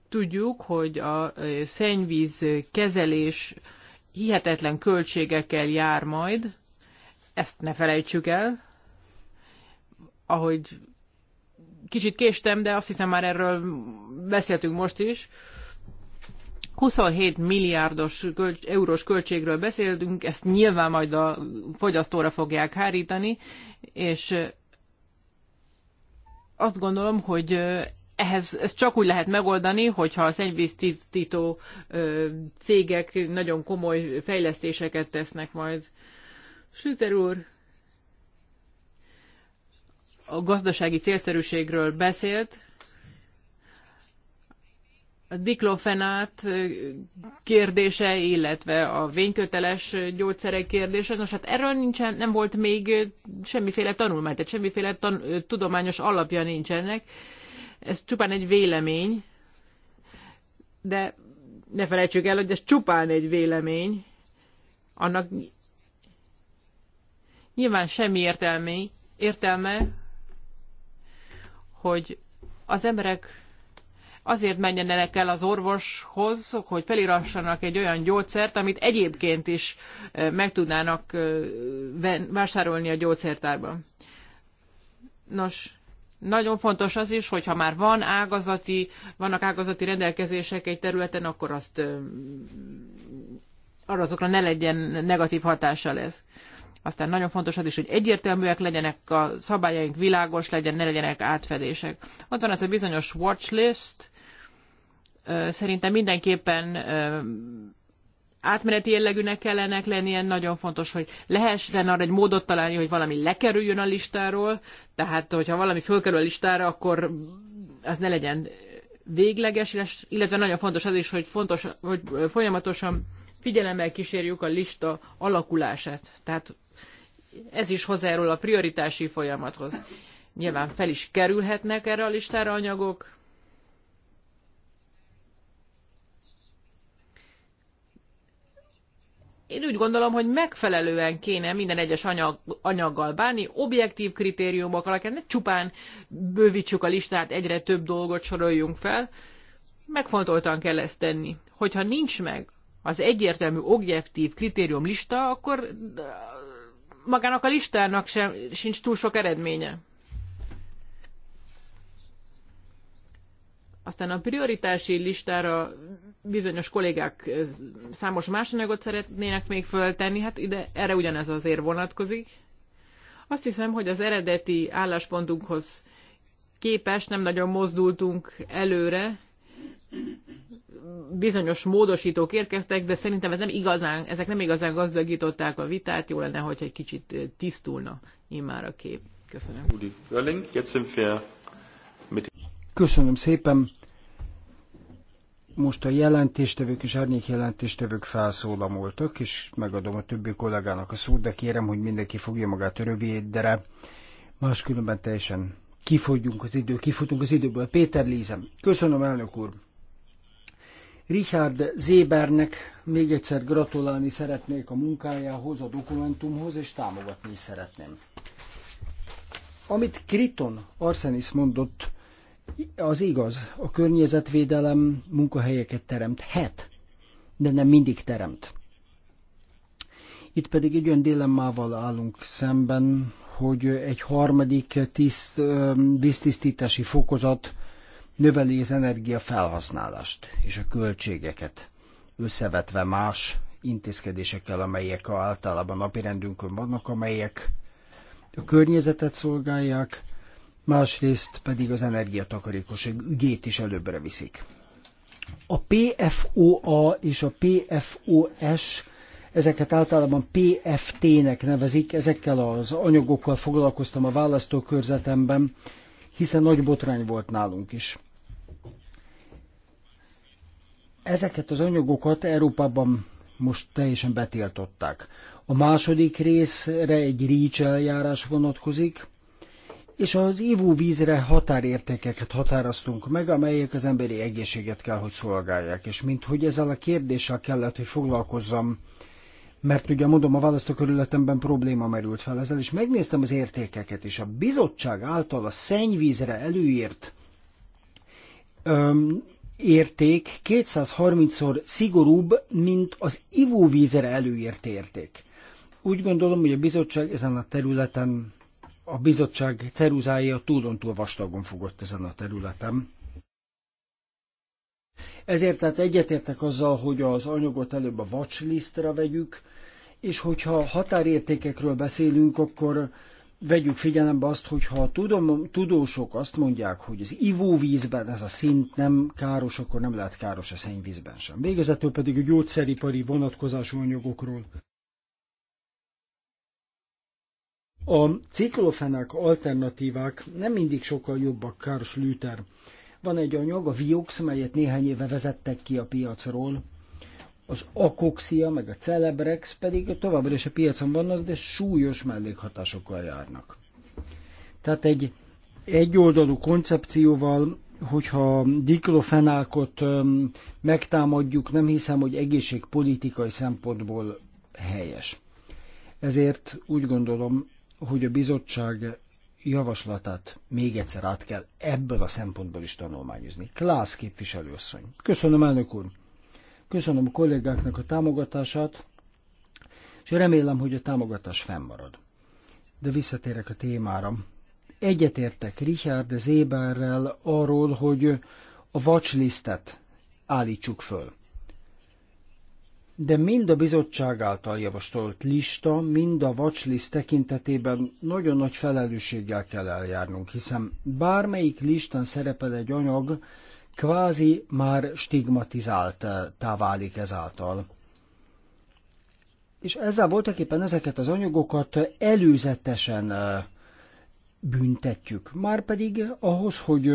Tudjuk, hogy a szennyvíz kezelés hihetetlen költségekkel jár majd, ezt ne felejtsük el. Ahogy kicsit késtem, de azt hiszem már erről beszéltünk most is. 27 milliárdos költs- eurós költségről beszéltünk, ezt nyilván majd a fogyasztóra fogják hárítani, és azt gondolom, hogy ehhez ezt csak úgy lehet megoldani, hogyha a szennyvíztisztító cégek nagyon komoly fejlesztéseket tesznek majd. Schlüter úr a gazdasági célszerűségről beszélt, a diklofenát kérdése, illetve a vényköteles gyógyszerek kérdése. Nos, hát erről nincsen, nem volt még semmiféle tanulmány, tehát semmiféle tan- tudományos alapja nincsenek ez csupán egy vélemény, de ne felejtsük el, hogy ez csupán egy vélemény, annak nyilván semmi értelmi, értelme, hogy az emberek azért menjenek el az orvoshoz, hogy felírassanak egy olyan gyógyszert, amit egyébként is meg tudnának vásárolni a gyógyszertárban. Nos, nagyon fontos az is, hogy ha már van ágazati, vannak ágazati rendelkezések egy területen, akkor azt arra azokra ne legyen negatív hatása lesz. Aztán nagyon fontos az is, hogy egyértelműek legyenek a szabályaink, világos legyen, ne legyenek átfedések. Ott van ez a bizonyos watchlist, szerintem mindenképpen átmeneti jellegűnek kellenek lennie, nagyon fontos, hogy lehessen arra egy módot találni, hogy valami lekerüljön a listáról, tehát hogyha valami fölkerül a listára, akkor az ne legyen végleges, illetve nagyon fontos az is, hogy, fontos, hogy folyamatosan figyelemmel kísérjük a lista alakulását. Tehát ez is hozzájárul a prioritási folyamathoz. Nyilván fel is kerülhetnek erre a listára anyagok, Én úgy gondolom, hogy megfelelően kéne minden egyes anyag, anyaggal bánni, objektív kritériumok alapján, ne csupán bővítsük a listát, egyre több dolgot soroljunk fel. Megfontoltan kell ezt tenni. Hogyha nincs meg az egyértelmű objektív kritérium lista, akkor magának a listának sem, sincs túl sok eredménye. Aztán a prioritási listára bizonyos kollégák számos más anyagot szeretnének még föltenni, hát ide, erre ugyanez azért vonatkozik. Azt hiszem, hogy az eredeti álláspontunkhoz képest nem nagyon mozdultunk előre, bizonyos módosítók érkeztek, de szerintem ez nem igazán, ezek nem igazán gazdagították a vitát, jó lenne, hogyha egy kicsit tisztulna immár a kép. Köszönöm. Köszönöm szépen most a jelentéstevők és árnyék jelentéstevők felszólamoltak, és megadom a többi kollégának a szót, de kérem, hogy mindenki fogja magát rövidre, máskülönben teljesen kifogyunk az idő, kifutunk az időből. Péter Lízem, köszönöm elnök úr! Richard Zébernek még egyszer gratulálni szeretnék a munkájához, a dokumentumhoz, és támogatni is szeretném. Amit Kriton Arsenis mondott, az igaz, a környezetvédelem munkahelyeket teremthet, de nem mindig teremt. Itt pedig egy olyan dilemmával állunk szemben, hogy egy harmadik tiszt, víztisztítási fokozat növeli az energia felhasználást és a költségeket, összevetve más intézkedésekkel, amelyek általában napirendünkön vannak, amelyek a környezetet szolgálják, másrészt pedig az energiatakarékosság ügyét is előbbre viszik. A PFOA és a PFOS ezeket általában PFT-nek nevezik, ezekkel az anyagokkal foglalkoztam a választókörzetemben, hiszen nagy botrány volt nálunk is. Ezeket az anyagokat Európában most teljesen betiltották. A második részre egy REACH eljárás vonatkozik, és az ivóvízre határértékeket határoztunk meg, amelyek az emberi egészséget kell, hogy szolgálják. És mint hogy ezzel a kérdéssel kellett, hogy foglalkozzam, mert ugye mondom, a választókörületemben probléma merült fel ezzel, és megnéztem az értékeket, és a bizottság által a szennyvízre előírt öm, érték 230-szor szigorúbb, mint az ivóvízre előírt érték. Úgy gondolom, hogy a bizottság ezen a területen a bizottság ceruzája túlontúl -túl vastagon fogott ezen a területen. Ezért tehát egyetértek azzal, hogy az anyagot előbb a watchlistre vegyük, és hogyha határértékekről beszélünk, akkor vegyük figyelembe azt, hogyha a tudom, tudósok azt mondják, hogy az ivóvízben ez a szint nem káros, akkor nem lehet káros a szennyvízben sem. Végezetül pedig a gyógyszeripari vonatkozású anyagokról A ciklofenák alternatívák nem mindig sokkal jobbak, Karl Schlüter. Van egy anyag, a Viox, melyet néhány éve vezettek ki a piacról, az akoxia, meg a celebrex pedig továbbra is a piacon vannak, de súlyos mellékhatásokkal járnak. Tehát egy egyoldalú koncepcióval, hogyha diklofenákot öm, megtámadjuk, nem hiszem, hogy egészségpolitikai szempontból helyes. Ezért úgy gondolom, hogy a bizottság javaslatát még egyszer át kell ebből a szempontból is tanulmányozni. Klász képviselőasszony. Köszönöm, elnök úr. Köszönöm a kollégáknak a támogatását, és remélem, hogy a támogatás fennmarad. De visszatérek a témára. Egyetértek Richard Zéberrel arról, hogy a watchlistet állítsuk föl de mind a bizottság által javasolt lista, mind a watchlist tekintetében nagyon nagy felelősséggel kell eljárnunk, hiszen bármelyik listán szerepel egy anyag, kvázi már stigmatizáltá válik ezáltal. És ezzel voltak éppen ezeket az anyagokat előzetesen büntetjük. Márpedig ahhoz, hogy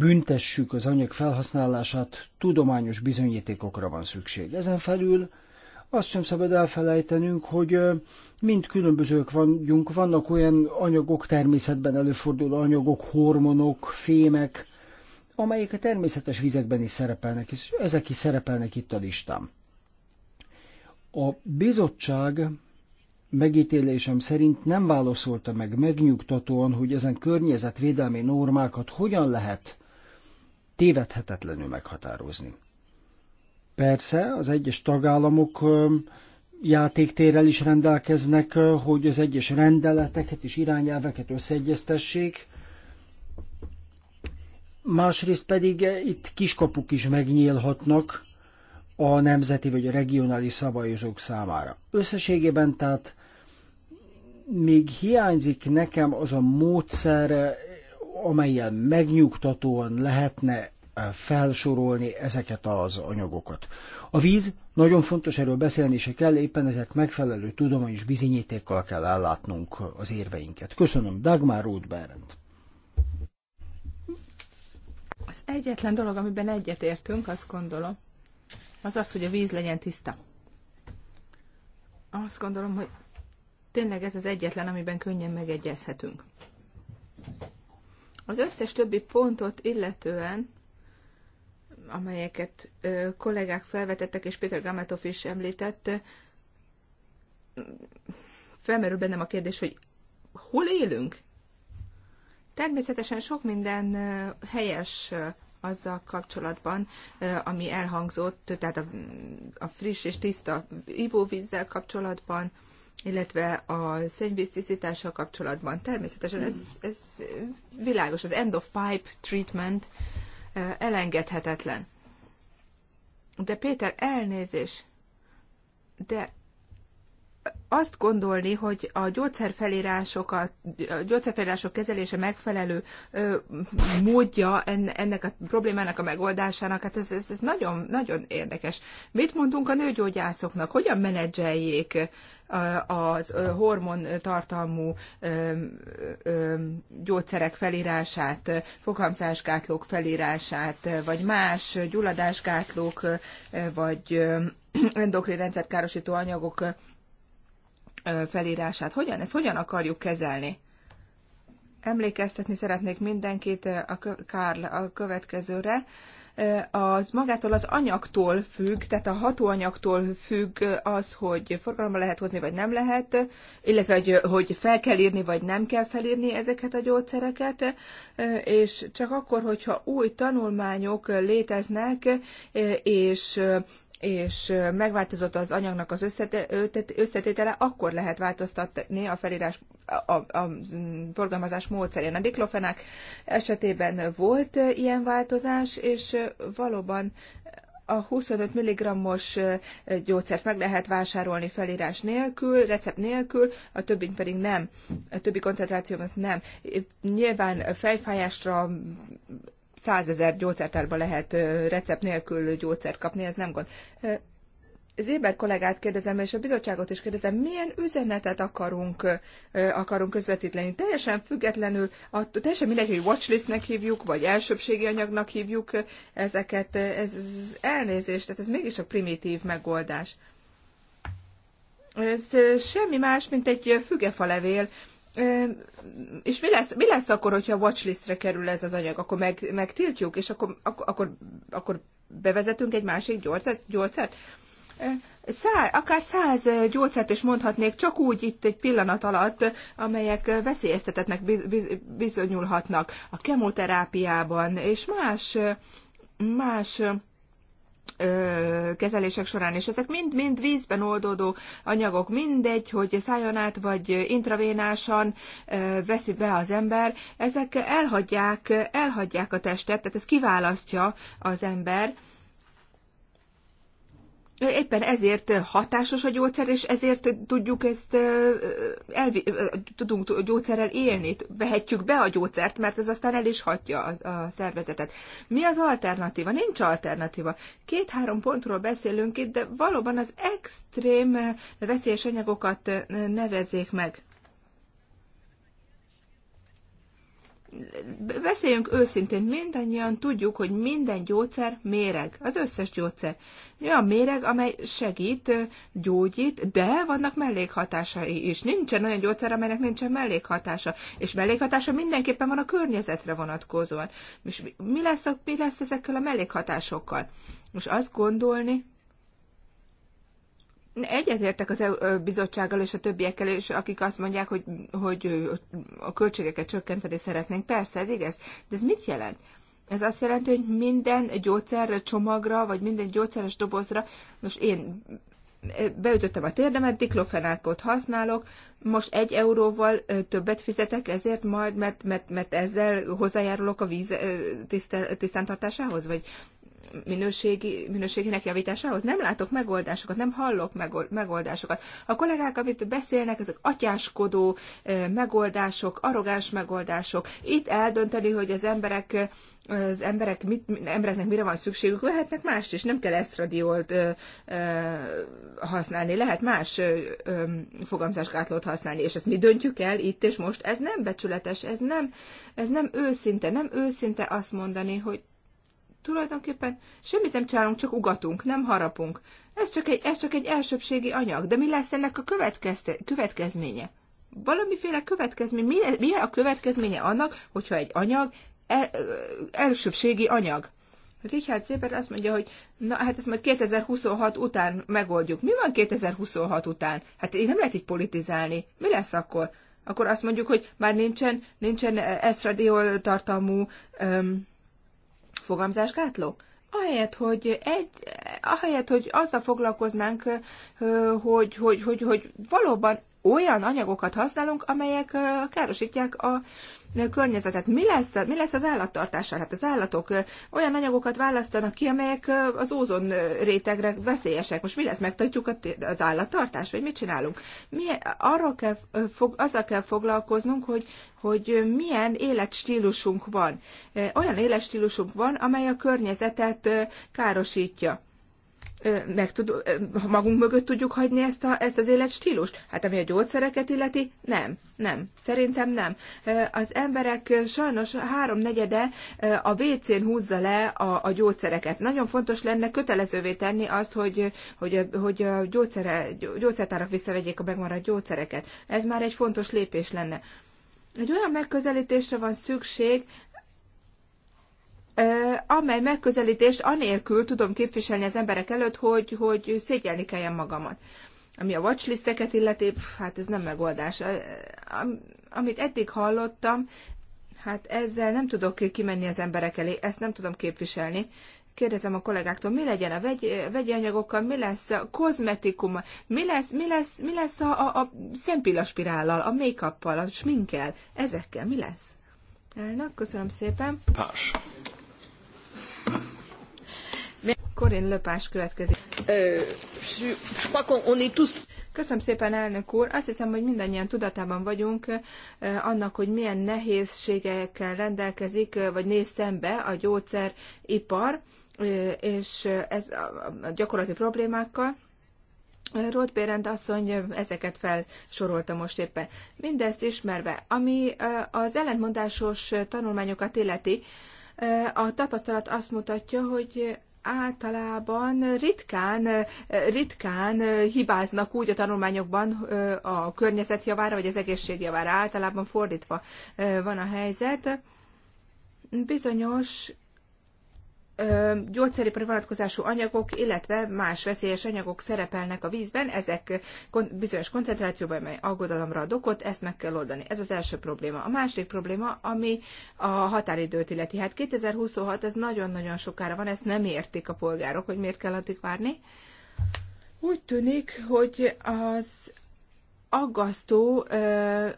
büntessük az anyag felhasználását, tudományos bizonyítékokra van szükség. Ezen felül azt sem szabad elfelejtenünk, hogy mind különbözők vagyunk, vannak olyan anyagok, természetben előforduló anyagok, hormonok, fémek, amelyek a természetes vizekben is szerepelnek, és ezek is szerepelnek itt a listán. A bizottság megítélésem szerint nem válaszolta meg megnyugtatóan, hogy ezen környezetvédelmi normákat hogyan lehet tévedhetetlenül meghatározni. Persze, az egyes tagállamok játéktérrel is rendelkeznek, hogy az egyes rendeleteket és irányelveket összeegyeztessék, másrészt pedig itt kiskapuk is megnyílhatnak a nemzeti vagy a regionális szabályozók számára. Összességében tehát még hiányzik nekem az a módszer amelyen megnyugtatóan lehetne eh, felsorolni ezeket az anyagokat. A víz nagyon fontos, erről beszélni se kell, éppen ezért megfelelő tudományos bizonyítékkal kell ellátnunk az érveinket. Köszönöm, Dagmar Ruth Berend. Az egyetlen dolog, amiben egyetértünk, azt gondolom, az az, hogy a víz legyen tiszta. Azt gondolom, hogy tényleg ez az egyetlen, amiben könnyen megegyezhetünk. Az összes többi pontot illetően, amelyeket ö, kollégák felvetettek, és Péter Gametov is említett, felmerül bennem a kérdés, hogy hol élünk? Természetesen sok minden helyes azzal kapcsolatban, ami elhangzott, tehát a, a friss és tiszta ivóvízzel kapcsolatban, illetve a szennyvíz tisztítással kapcsolatban. Természetesen ez, ez világos, az end of pipe treatment elengedhetetlen. De Péter, elnézés, de azt gondolni, hogy a gyógyszerfelírások, a gyógyszerfelírások kezelése megfelelő ö, módja en, ennek a problémának a megoldásának, hát ez, ez, ez nagyon, nagyon érdekes. Mit mondunk a nőgyógyászoknak? Hogyan menedzseljék az hormon tartalmú gyógyszerek felírását, fogamzásgátlók felírását, vagy más gyulladásgátlók, vagy endokrin rendszerkárosító károsító anyagok felírását. Hogyan ezt hogyan akarjuk kezelni? Emlékeztetni szeretnék mindenkit a, kö- Kárl a következőre az magától az anyagtól függ, tehát a hatóanyagtól függ az, hogy forgalomba lehet hozni, vagy nem lehet, illetve hogy, hogy fel kell írni, vagy nem kell felírni ezeket a gyógyszereket, és csak akkor, hogyha új tanulmányok léteznek, és és megváltozott az anyagnak az összetétele, akkor lehet változtatni a felírás, a, a mm, forgalmazás módszerén. A diklofenák esetében volt ilyen változás, és valóban a 25 mg-os gyógyszert meg lehet vásárolni felírás nélkül, recept nélkül, a többi pedig nem, a többi koncentrációmat nem. Nyilván fejfájásra, százezer gyógyszertárba lehet recept nélkül gyógyszert kapni, ez nem gond. Zéber kollégát kérdezem, és a bizottságot is kérdezem, milyen üzenetet akarunk, akarunk közvetíteni? Teljesen függetlenül, a, teljesen mindegy, hogy watchlistnek hívjuk, vagy elsőbségi anyagnak hívjuk ezeket, ez, ez elnézést, tehát ez mégis a primitív megoldás. Ez semmi más, mint egy fügefalevél, és mi lesz, mi lesz akkor, hogyha watchlistre kerül ez az anyag? Akkor meg, megtiltjuk, és akkor, akkor, akkor bevezetünk egy másik gyógyszert? gyógyszert? Szá, akár száz gyógyszert is mondhatnék, csak úgy itt egy pillanat alatt, amelyek veszélyeztetetnek bizonyulhatnak a kemoterápiában, és más, más kezelések során, és ezek mind-mind vízben oldódó anyagok, mindegy, hogy szájon át vagy intravénásan veszi be az ember, ezek elhagyják, elhagyják a testet, tehát ez kiválasztja az ember, Éppen ezért hatásos a gyógyszer, és ezért tudjuk ezt, elvi, tudunk gyógyszerrel élni, vehetjük be a gyógyszert, mert ez aztán el is hatja a, a szervezetet. Mi az alternatíva? Nincs alternatíva. Két-három pontról beszélünk itt, de valóban az extrém veszélyes anyagokat nevezzék meg. beszéljünk őszintén, mindannyian tudjuk, hogy minden gyógyszer méreg, az összes gyógyszer. Olyan méreg, amely segít, gyógyít, de vannak mellékhatásai is. Nincsen olyan gyógyszer, amelynek nincsen mellékhatása, és mellékhatása mindenképpen van a környezetre vonatkozóan. És mi lesz, mi lesz ezekkel a mellékhatásokkal? Most azt gondolni, Egyetértek az EU bizottsággal és a többiekkel, és akik azt mondják, hogy, hogy a költségeket csökkenteni szeretnénk. Persze, ez igaz. De ez mit jelent? Ez azt jelenti, hogy minden gyógyszer csomagra, vagy minden gyógyszeres dobozra, most én beütöttem a térdemet, diklofenákot használok, most egy euróval többet fizetek ezért majd, mert, mert, mert ezzel hozzájárulok a víz tisztántartásához, vagy minőségi, minőségének javításához. Nem látok megoldásokat, nem hallok megoldásokat. A kollégák, amit beszélnek, ezek atyáskodó megoldások, arrogáns megoldások. Itt eldönteni, hogy az emberek az emberek mit, embereknek mire van szükségük, lehetnek mást is, nem kell esztradiolt ö, ö, használni, lehet más ö, ö, fogamzásgátlót használni, és ezt mi döntjük el itt és most, ez nem becsületes, ez nem, ez nem őszinte, nem őszinte azt mondani, hogy tulajdonképpen semmit nem csinálunk, csak ugatunk, nem harapunk. Ez csak egy, ez csak egy elsőbségi anyag, de mi lesz ennek a következte, következménye? Valamiféle következmény, mi, mi a következménye annak, hogyha egy anyag el, elsőbségi anyag? Richard Zéber azt mondja, hogy na hát ezt majd 2026 után megoldjuk. Mi van 2026 után? Hát én nem lehet így politizálni. Mi lesz akkor? Akkor azt mondjuk, hogy már nincsen, nincsen esztradiol tartalmú um, fogamzásgátló? Ahelyett, hogy egy, ahelyett, hogy azzal foglalkoznánk, hogy, hogy, hogy, hogy valóban olyan anyagokat használunk, amelyek károsítják a környezetet. Mi lesz, mi lesz az állattartással? Hát az állatok olyan anyagokat választanak ki, amelyek az ózon rétegre veszélyesek. Most mi lesz? Megtartjuk az állattartást, vagy mit csinálunk? Mi, arról kell, fog, azzal kell foglalkoznunk, hogy, hogy milyen életstílusunk van. Olyan életstílusunk van, amely a környezetet károsítja meg tud, magunk mögött tudjuk hagyni ezt, a, ezt az életstílust? Hát ami a gyógyszereket illeti, nem, nem, szerintem nem. Az emberek sajnos háromnegyede a WC-n húzza le a, a gyógyszereket. Nagyon fontos lenne kötelezővé tenni azt, hogy, hogy, hogy a gyógyszere, gyógyszertárak visszavegyék a megmaradt gyógyszereket. Ez már egy fontos lépés lenne. Egy olyan megközelítésre van szükség, amely megközelítést anélkül tudom képviselni az emberek előtt, hogy, hogy szégyelni kelljen magamat. Ami a watchlisteket illeti, pff, hát ez nem megoldás. Amit eddig hallottam, hát ezzel nem tudok kimenni az emberek elé, ezt nem tudom képviselni. Kérdezem a kollégáktól, mi legyen a vegy, vegyi anyagokkal, mi lesz a kozmetikum, mi lesz, mi lesz, mi lesz a, a, a szempillaspirállal, a make-uppal, a sminkkel, ezekkel mi lesz? Elnök, köszönöm szépen. Pás. Corinne Löpás következik. Euh, Köszönöm szépen, elnök úr. Azt hiszem, hogy mindannyian tudatában vagyunk eh, annak, hogy milyen nehézségekkel rendelkezik, eh, vagy néz szembe a gyógyszeripar, eh, és ez a gyakorlati problémákkal. Rót Bérend asszony ezeket felsorolta most éppen. Mindezt ismerve, ami az ellentmondásos tanulmányokat illeti, a tapasztalat azt mutatja, hogy általában ritkán, ritkán hibáznak úgy a tanulmányokban a környezet javára, vagy az egészség javára. Általában fordítva van a helyzet. Bizonyos gyógyszeripari vonatkozású anyagok, illetve más veszélyes anyagok szerepelnek a vízben, ezek bizonyos koncentrációban, mely aggodalomra ad okot, ezt meg kell oldani. Ez az első probléma. A második probléma, ami a határidőt illeti. Hát 2026, ez nagyon-nagyon sokára van, ezt nem értik a polgárok, hogy miért kell addig várni. Úgy tűnik, hogy az aggasztó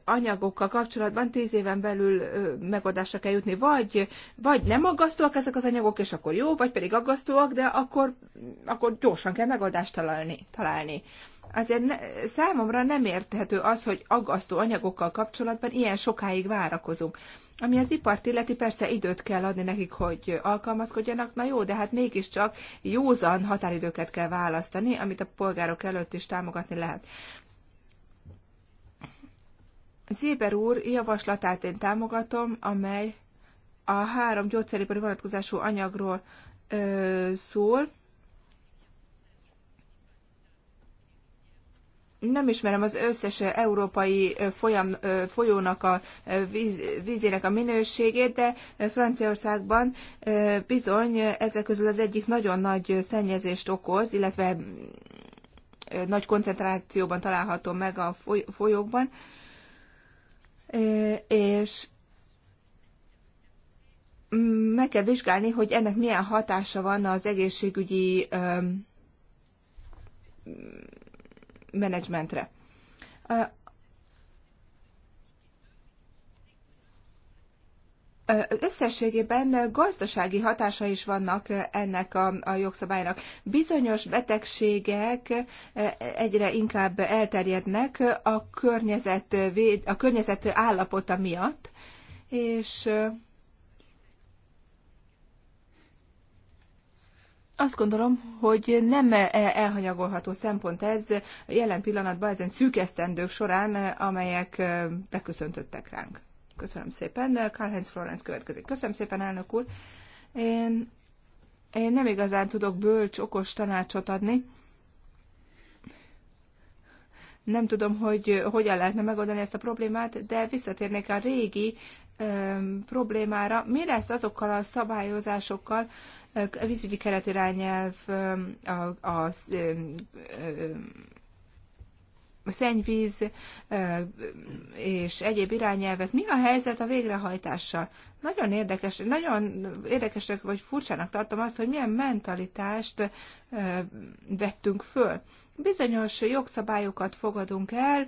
anyagokkal kapcsolatban tíz éven belül megoldásra kell jutni. Vagy, vagy nem aggasztóak ezek az anyagok, és akkor jó, vagy pedig aggasztóak, de akkor, akkor gyorsan kell megoldást találni. találni. Azért ne, számomra nem érthető az, hogy aggasztó anyagokkal kapcsolatban ilyen sokáig várakozunk. Ami az ipart illeti, persze időt kell adni nekik, hogy alkalmazkodjanak, na jó, de hát mégiscsak józan határidőket kell választani, amit a polgárok előtt is támogatni lehet. Zéber úr javaslatát én támogatom, amely a három gyógyszeripari vonatkozású anyagról ö, szól. Nem ismerem az összes európai folyam, folyónak a víz, vízének a minőségét, de Franciaországban bizony ezek közül az egyik nagyon nagy szennyezést okoz, illetve nagy koncentrációban található meg a folyókban és meg kell vizsgálni, hogy ennek milyen hatása van az egészségügyi menedzsmentre. összességében gazdasági hatása is vannak ennek a, a jogszabálynak. Bizonyos betegségek e, egyre inkább elterjednek a környezet, a környezet állapota miatt, és e, azt gondolom, hogy nem e, elhanyagolható szempont ez jelen pillanatban ezen szűkesztendők során, amelyek beköszöntöttek ránk. Köszönöm szépen. Karl-Heinz Florence következik. Köszönöm szépen, elnök úr. Én, én nem igazán tudok bölcs, okos tanácsot adni. Nem tudom, hogy hogyan lehetne megoldani ezt a problémát, de visszatérnék a régi ö, problémára. Mi lesz azokkal a szabályozásokkal, a vízügyi keretirányelv, a, a, a, a szennyvíz és egyéb irányelvek. Mi a helyzet a végrehajtással? Nagyon érdekes, nagyon érdekesek vagy furcsának tartom azt, hogy milyen mentalitást vettünk föl. Bizonyos jogszabályokat fogadunk el,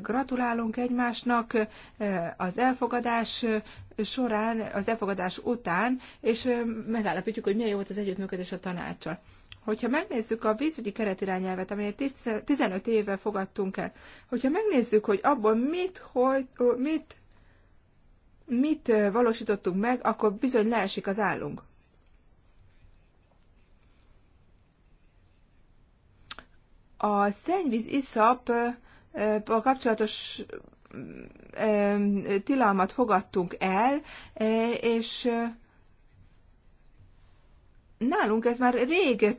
gratulálunk egymásnak az elfogadás során, az elfogadás után, és megállapítjuk, hogy milyen jó volt az együttműködés a tanácssal. Hogyha megnézzük a vízügyi keretirányelvet, amelyet 15 éve fogadtunk el, hogyha megnézzük, hogy abból mit, hogy, mit, mit valósítottunk meg, akkor bizony leesik az állunk. A szennyvíz iszap a kapcsolatos tilalmat fogadtunk el, és Nálunk ez már rég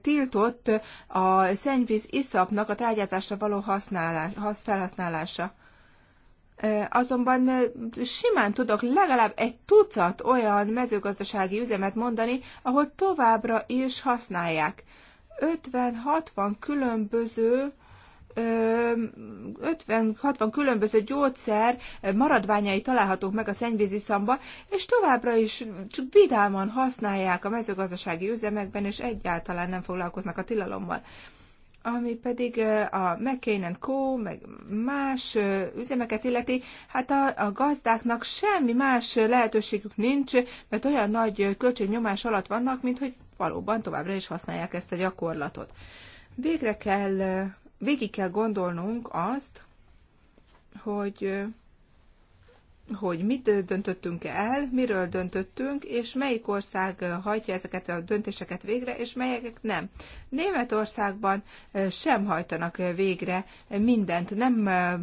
tiltott a szennyvíz iszapnak a trágyázásra való használás, felhasználása. Azonban simán tudok legalább egy tucat olyan mezőgazdasági üzemet mondani, ahol továbbra is használják. 50-60 különböző 50-60 különböző gyógyszer maradványai találhatók meg a szennyvízi szamba, és továbbra is csak vidáman használják a mezőgazdasági üzemekben, és egyáltalán nem foglalkoznak a tilalommal ami pedig a McCain Co., meg más üzemeket illeti, hát a, a gazdáknak semmi más lehetőségük nincs, mert olyan nagy költségnyomás alatt vannak, mint hogy valóban továbbra is használják ezt a gyakorlatot. Végre kell végig kell gondolnunk azt, hogy hogy mit döntöttünk el, miről döntöttünk, és melyik ország hajtja ezeket a döntéseket végre, és melyek nem. Németországban eh, sem hajtanak végre mindent, nem eh,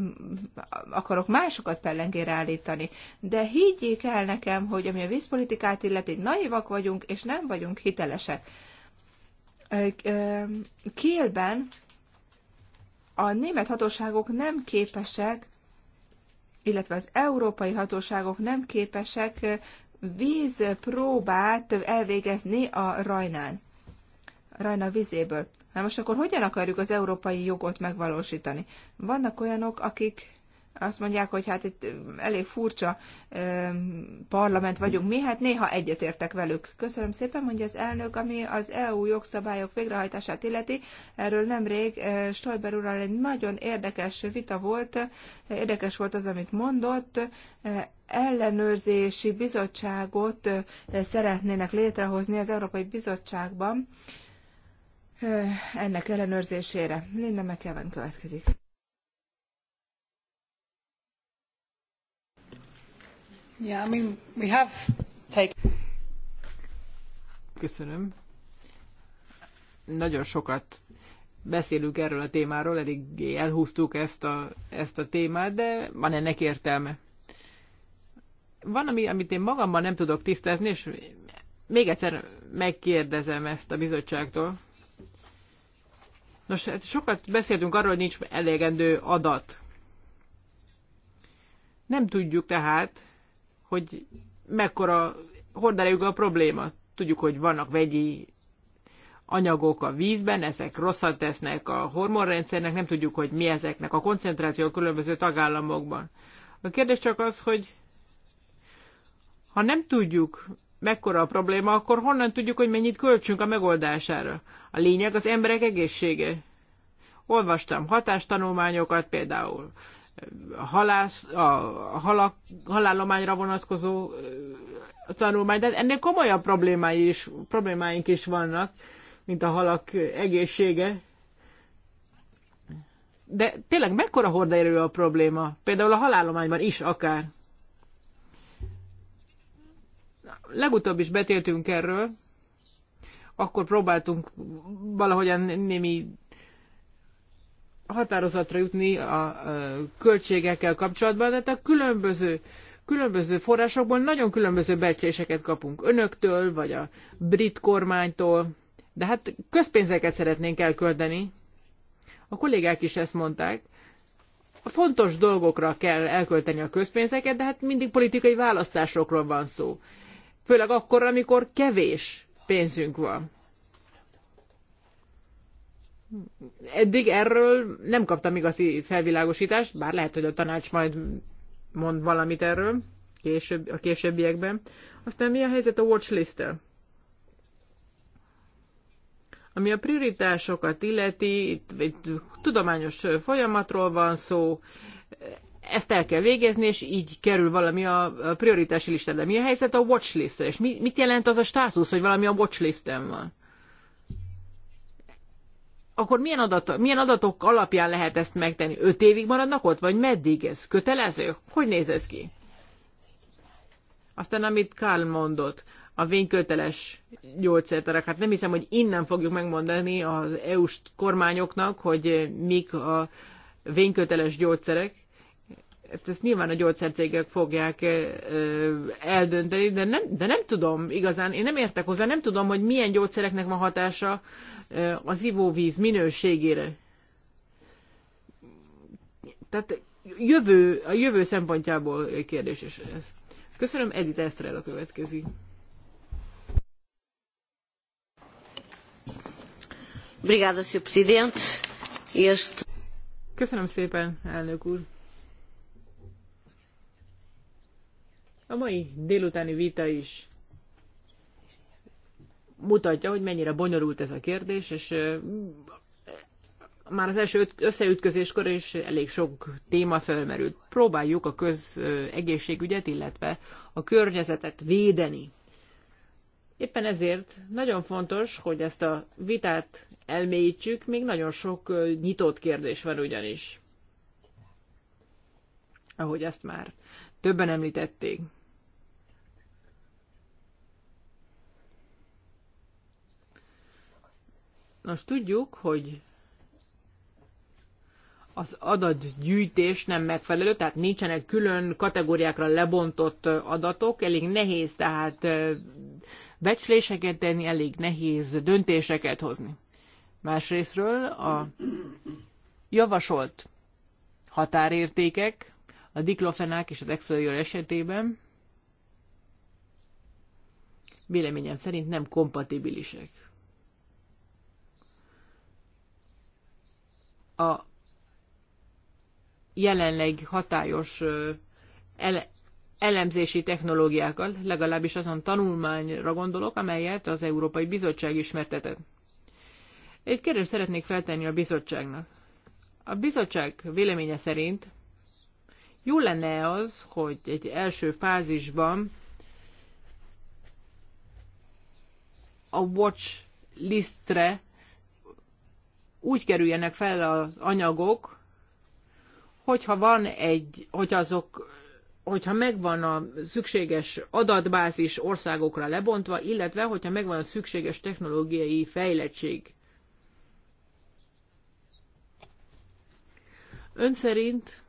akarok másokat pellengére állítani, de higgyék el nekem, hogy ami a vízpolitikát illeti, naivak vagyunk, és nem vagyunk hitelesek. Eh, Kélben a német hatóságok nem képesek, illetve az európai hatóságok nem képesek vízpróbát elvégezni a Rajnán, Rajna vizéből. Na most akkor hogyan akarjuk az európai jogot megvalósítani? Vannak olyanok, akik azt mondják, hogy hát itt elég furcsa parlament vagyunk mi, hát néha egyetértek velük. Köszönöm szépen, mondja az elnök, ami az EU jogszabályok végrehajtását illeti. Erről nemrég Stolber úrral egy nagyon érdekes vita volt, érdekes volt az, amit mondott, ellenőrzési bizottságot szeretnének létrehozni az Európai Bizottságban ennek ellenőrzésére. Linda McEwen következik. Köszönöm. Nagyon sokat beszélünk erről a témáról, eddig elhúztuk ezt a, ezt a témát, de van ennek értelme. Van, ami, amit én magamban nem tudok tisztázni, és még egyszer megkérdezem ezt a bizottságtól. Nos, hát sokat beszéltünk arról, hogy nincs elegendő adat. Nem tudjuk tehát, hogy mekkora hordájuk a probléma. Tudjuk, hogy vannak vegyi anyagok a vízben, ezek rosszat tesznek a hormonrendszernek, nem tudjuk, hogy mi ezeknek a koncentráció a különböző tagállamokban. A kérdés csak az, hogy ha nem tudjuk, mekkora a probléma, akkor honnan tudjuk, hogy mennyit költsünk a megoldására? A lényeg az emberek egészsége. Olvastam hatástanulmányokat például halász, a halak, halállományra vonatkozó tanulmány, de ennél komolyabb problémái is, problémáink is vannak, mint a halak egészsége. De tényleg mekkora hordaérő a probléma? Például a halállományban is akár. Legutóbb is betértünk erről, akkor próbáltunk valahogyan némi határozatra jutni a költségekkel kapcsolatban, tehát a különböző különböző forrásokból nagyon különböző becsléseket kapunk önöktől, vagy a brit kormánytól, de hát közpénzeket szeretnénk elkölteni. A kollégák is ezt mondták. A fontos dolgokra kell elkölteni a közpénzeket, de hát mindig politikai választásokról van szó. Főleg akkor, amikor kevés pénzünk van eddig erről nem kaptam igazi felvilágosítást, bár lehet, hogy a tanács majd mond valamit erről később, a későbbiekben. Aztán mi a helyzet a watchlist-tel? Ami a prioritásokat illeti, itt, itt tudományos folyamatról van szó, ezt el kell végezni, és így kerül valami a prioritási listára. Mi a helyzet a watchlist -e? És mi, mit jelent az a státusz, hogy valami a watchlisten van? akkor milyen, adat, milyen adatok alapján lehet ezt megtenni? Öt évig maradnak ott, vagy meddig ez kötelező? Hogy néz ez ki? Aztán, amit Karl mondott, a vényköteles gyógyszertarak. Hát nem hiszem, hogy innen fogjuk megmondani az EU-s kormányoknak, hogy mik a vényköteles gyógyszerek. Hát ezt nyilván a gyógyszercégek fogják eldönteni, de nem, de nem tudom igazán, én nem értek hozzá, nem tudom, hogy milyen gyógyszereknek van hatása az ivóvíz minőségére. Tehát jövő, a jövő szempontjából kérdés is ez. Köszönöm, Edith Estrella a következő. Sr. Presidente. Köszönöm szépen, elnök úr. A mai délutáni vita is mutatja, hogy mennyire bonyolult ez a kérdés, és már az első összeütközéskor is elég sok téma felmerült. Próbáljuk a közegészségügyet, illetve a környezetet védeni. Éppen ezért nagyon fontos, hogy ezt a vitát elmélyítsük, még nagyon sok nyitott kérdés van ugyanis. Ahogy ezt már többen említették. Nos, tudjuk, hogy az adatgyűjtés nem megfelelő, tehát nincsenek külön kategóriákra lebontott adatok, elég nehéz tehát becsléseket tenni, elég nehéz döntéseket hozni. Másrésztről a javasolt határértékek a diklofenák és az exfolior esetében véleményem szerint nem kompatibilisek. a jelenleg hatályos ele elemzési technológiákkal, legalábbis azon tanulmányra gondolok, amelyet az Európai Bizottság ismertetett. Egy kérdést szeretnék feltenni a bizottságnak. A bizottság véleménye szerint jó lenne az, hogy egy első fázisban a watch listre úgy kerüljenek fel az anyagok, hogyha van egy, hogy azok, hogyha megvan a szükséges adatbázis országokra lebontva, illetve hogyha megvan a szükséges technológiai fejlettség. Ön szerint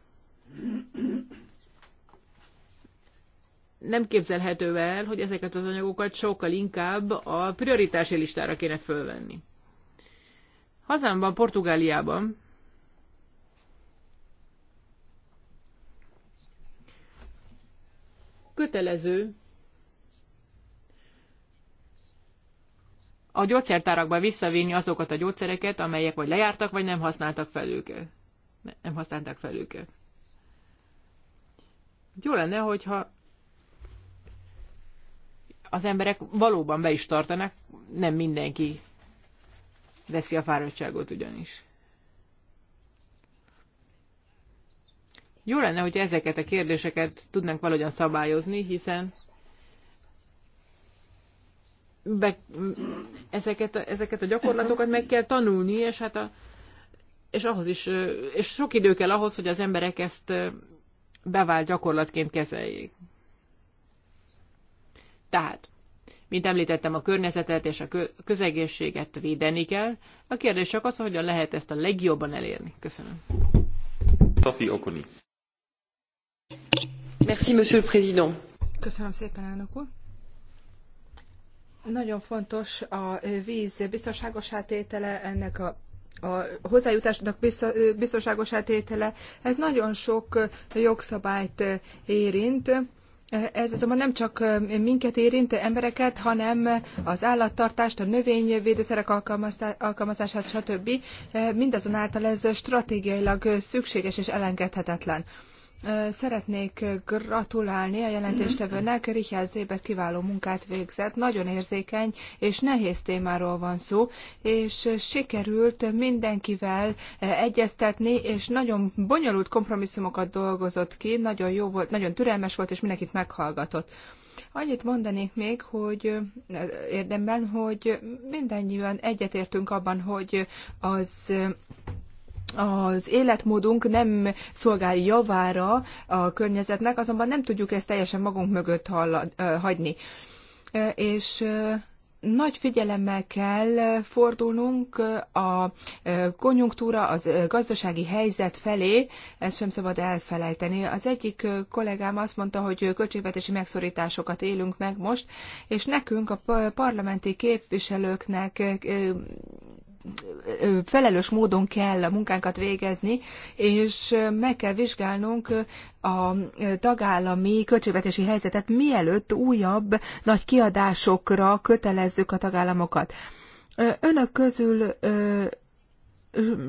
nem képzelhető el, hogy ezeket az anyagokat sokkal inkább a prioritási listára kéne fölvenni. Hazámban, Portugáliában kötelező a gyógyszertárakba visszavinni azokat a gyógyszereket, amelyek vagy lejártak, vagy nem használtak fel őket. Nem használták fel őket. Jó lenne, hogyha az emberek valóban be is tartanak, nem mindenki veszi a fáradtságot ugyanis. Jó lenne, hogy ezeket a kérdéseket tudnánk valahogyan szabályozni, hiszen be, ezeket, a, ezeket a gyakorlatokat meg kell tanulni, és hát a, és ahhoz is, és sok idő kell ahhoz, hogy az emberek ezt bevált gyakorlatként kezeljék. Tehát mint említettem, a környezetet és a közegészséget védeni kell. A kérdés csak az, hogyan lehet ezt a legjobban elérni. Köszönöm. Tafi Okoni. Merci, Monsieur le Président. Köszönöm szépen, elnök úr. Nagyon fontos a víz biztonságos átétele, ennek a a hozzájutásnak biztonságos átétele. ez nagyon sok jogszabályt érint. Ez azonban nem csak minket érint, embereket, hanem az állattartást, a növényvédőszerek alkalmazását, stb. Mindazonáltal ez stratégiailag szükséges és elengedhetetlen. Szeretnék gratulálni a jelentéstevőnek, Richard Zéber kiváló munkát végzett, nagyon érzékeny és nehéz témáról van szó, és sikerült mindenkivel egyeztetni, és nagyon bonyolult kompromisszumokat dolgozott ki, nagyon jó volt, nagyon türelmes volt, és mindenkit meghallgatott. Annyit mondanék még, hogy érdemben, hogy mindannyian egyetértünk abban, hogy az az életmódunk nem szolgál javára a környezetnek, azonban nem tudjuk ezt teljesen magunk mögött hallad, hagyni. És nagy figyelemmel kell fordulnunk a konjunktúra, az gazdasági helyzet felé, ezt sem szabad elfelejteni. Az egyik kollégám azt mondta, hogy költségvetési megszorításokat élünk meg most, és nekünk, a parlamenti képviselőknek felelős módon kell a munkánkat végezni, és meg kell vizsgálnunk a tagállami költségvetési helyzetet, mielőtt újabb nagy kiadásokra kötelezzük a tagállamokat. Önök közül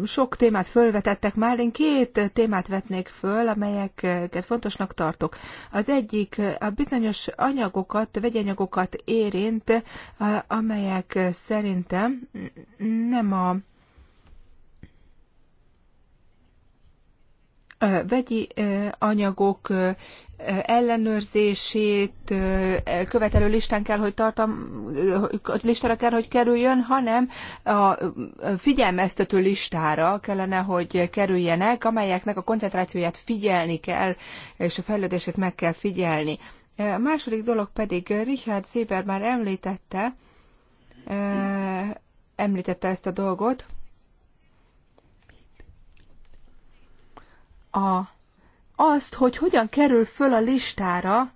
sok témát fölvetettek már, én két témát vetnék föl, amelyeket fontosnak tartok. Az egyik a bizonyos anyagokat, vegyanyagokat érint, amelyek szerintem nem a vegyi anyagok ellenőrzését követelő listán kell, hogy tartam, listára kell, hogy kerüljön, hanem a figyelmeztető listára kellene, hogy kerüljenek, amelyeknek a koncentrációját figyelni kell, és a fejlődését meg kell figyelni. A második dolog pedig Richard Sieber már említette, említette ezt a dolgot, a, azt, hogy hogyan kerül föl a listára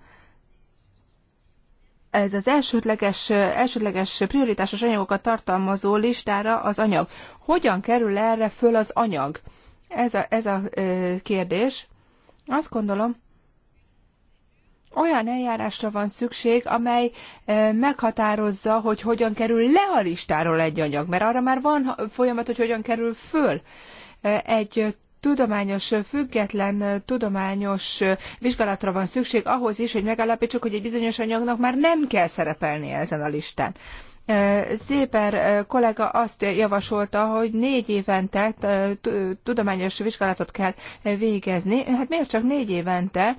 ez az elsődleges, elsődleges prioritásos anyagokat tartalmazó listára az anyag. Hogyan kerül erre föl az anyag? Ez a, ez a kérdés. Azt gondolom, olyan eljárásra van szükség, amely meghatározza, hogy hogyan kerül le a listáról egy anyag, mert arra már van folyamat, hogy hogyan kerül föl. Egy tudományos, független tudományos vizsgálatra van szükség ahhoz is, hogy megállapítsuk, hogy egy bizonyos anyagnak már nem kell szerepelnie ezen a listán. Zéber kollega azt javasolta, hogy négy évente tudományos vizsgálatot kell végezni. Hát miért csak négy évente?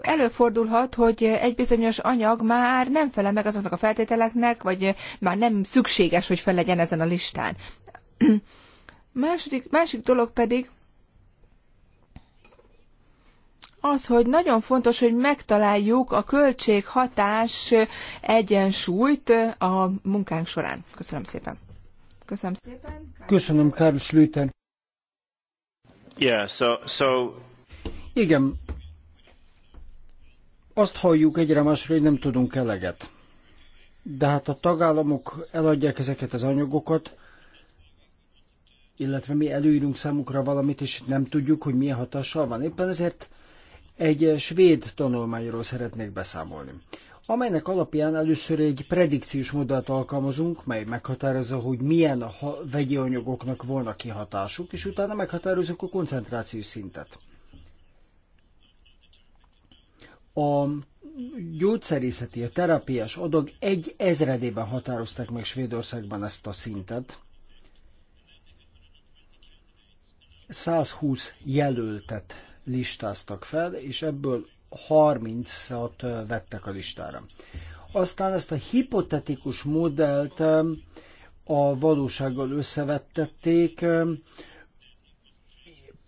Előfordulhat, hogy egy bizonyos anyag már nem felel meg azoknak a feltételeknek, vagy már nem szükséges, hogy fel legyen ezen a listán Második, másik dolog pedig az, hogy nagyon fontos, hogy megtaláljuk a költséghatás egyensúlyt a munkánk során. Köszönöm szépen. Köszönöm szépen. Köszönöm, Karl Schlüter. Yeah, so, so... Igen, azt halljuk egyre másra, hogy nem tudunk eleget. De hát a tagállamok eladják ezeket az anyagokat, illetve mi előírunk számukra valamit, és nem tudjuk, hogy milyen hatással van. Éppen ezért egy svéd tanulmányról szeretnék beszámolni, amelynek alapján először egy predikciós modellt alkalmazunk, mely meghatározza, hogy milyen a vegyi anyagoknak volna kihatásuk, és utána meghatározunk a koncentrációs szintet. A gyógyszerészeti, a terápiás adag egy ezredében határozták meg Svédországban ezt a szintet, 120 jelöltet listáztak fel, és ebből 30-at vettek a listára. Aztán ezt a hipotetikus modellt a valósággal összevettették,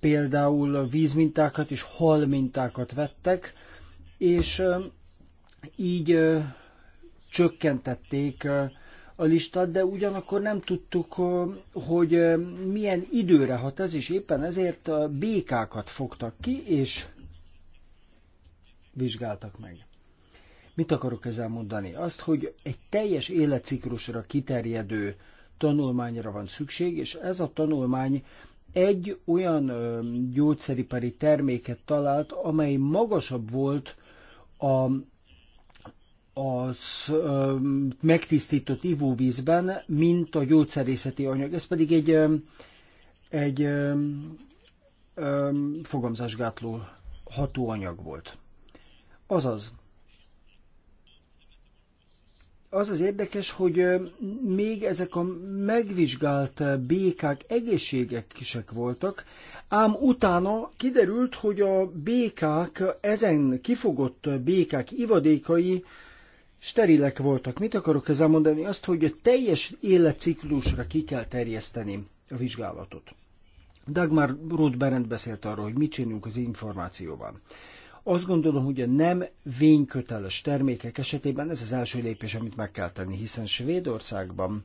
például vízmintákat és halmintákat vettek, és így csökkentették a listát, de ugyanakkor nem tudtuk, hogy milyen időre hat ez, és éppen ezért a békákat fogtak ki, és vizsgáltak meg. Mit akarok ezzel mondani? Azt, hogy egy teljes életciklusra kiterjedő tanulmányra van szükség, és ez a tanulmány egy olyan gyógyszeripari terméket talált, amely magasabb volt a az megtisztított ivóvízben, mint a gyógyszerészeti anyag. Ez pedig egy, egy fogamzásgátló hatóanyag volt. Azaz, az az érdekes, hogy még ezek a megvizsgált békák egészségesek voltak, ám utána kiderült, hogy a békák, ezen kifogott békák ivadékai sterilek voltak. Mit akarok ezzel mondani? Azt, hogy a teljes életciklusra ki kell terjeszteni a vizsgálatot. Dagmar Berend beszélt arról, hogy mit csinálunk az információval. Azt gondolom, hogy a nem vényköteles termékek esetében ez az első lépés, amit meg kell tenni, hiszen Svédországban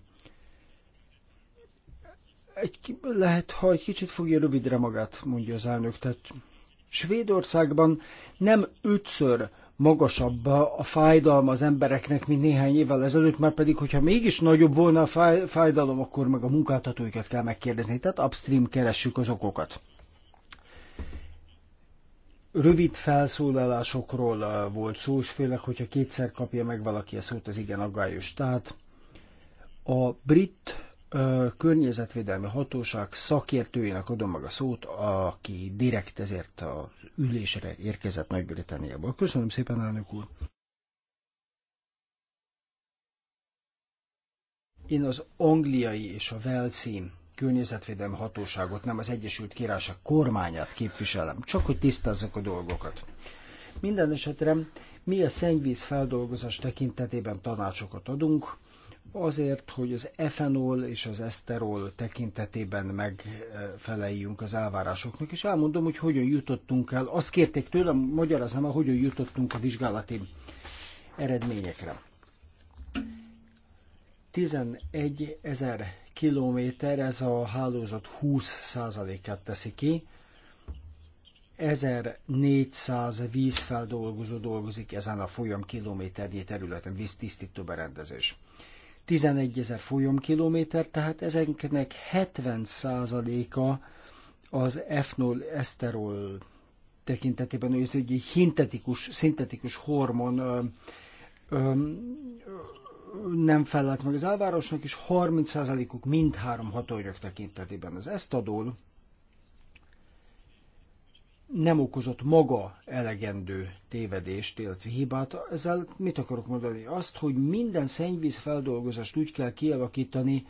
egy, lehet, ha egy kicsit fogja rövidre magát, mondja az elnök, tehát Svédországban nem ötször magasabb a fájdalma az embereknek, mint néhány évvel ezelőtt, már pedig, hogyha mégis nagyobb volna a fájdalom, akkor meg a munkáltatóikat kell megkérdezni. Tehát upstream keressük az okokat. Rövid felszólalásokról uh, volt szó, és főleg, hogyha kétszer kapja meg valaki a szót, az igen aggályos. Tehát a brit környezetvédelmi hatóság szakértőjének adom meg a szót, aki direkt ezért az ülésre érkezett Nagy-Britanniából. Köszönöm szépen, elnök úr! Én az angliai és a Velszi környezetvédelmi hatóságot, nem az Egyesült Királyság kormányát képviselem, csak hogy tisztázzak a dolgokat. Minden esetre mi a szennyvíz feldolgozás tekintetében tanácsokat adunk, azért, hogy az efenol és az eszterol tekintetében megfeleljünk az elvárásoknak, és elmondom, hogy hogyan jutottunk el. Azt kérték tőlem, hogy hogyan jutottunk a vizsgálati eredményekre. 11 ezer kilométer, ez a hálózat 20%-át teszi ki, 1400 vízfeldolgozó dolgozik ezen a folyam kilométernyi területen, víztisztító berendezés. 11 ezer folyomkilométer, tehát ezeknek 70%-a az F0 eszterol tekintetében ez egy hintetikus, szintetikus hormon ö, ö, nem felelt meg az elvárosnak, és 30%-uk mindhárom hatóanyag tekintetében. Az esztadol nem okozott maga elegendő tévedést, illetve hibát. Ezzel mit akarok mondani? Azt, hogy minden szennyvíz feldolgozást úgy kell kialakítani,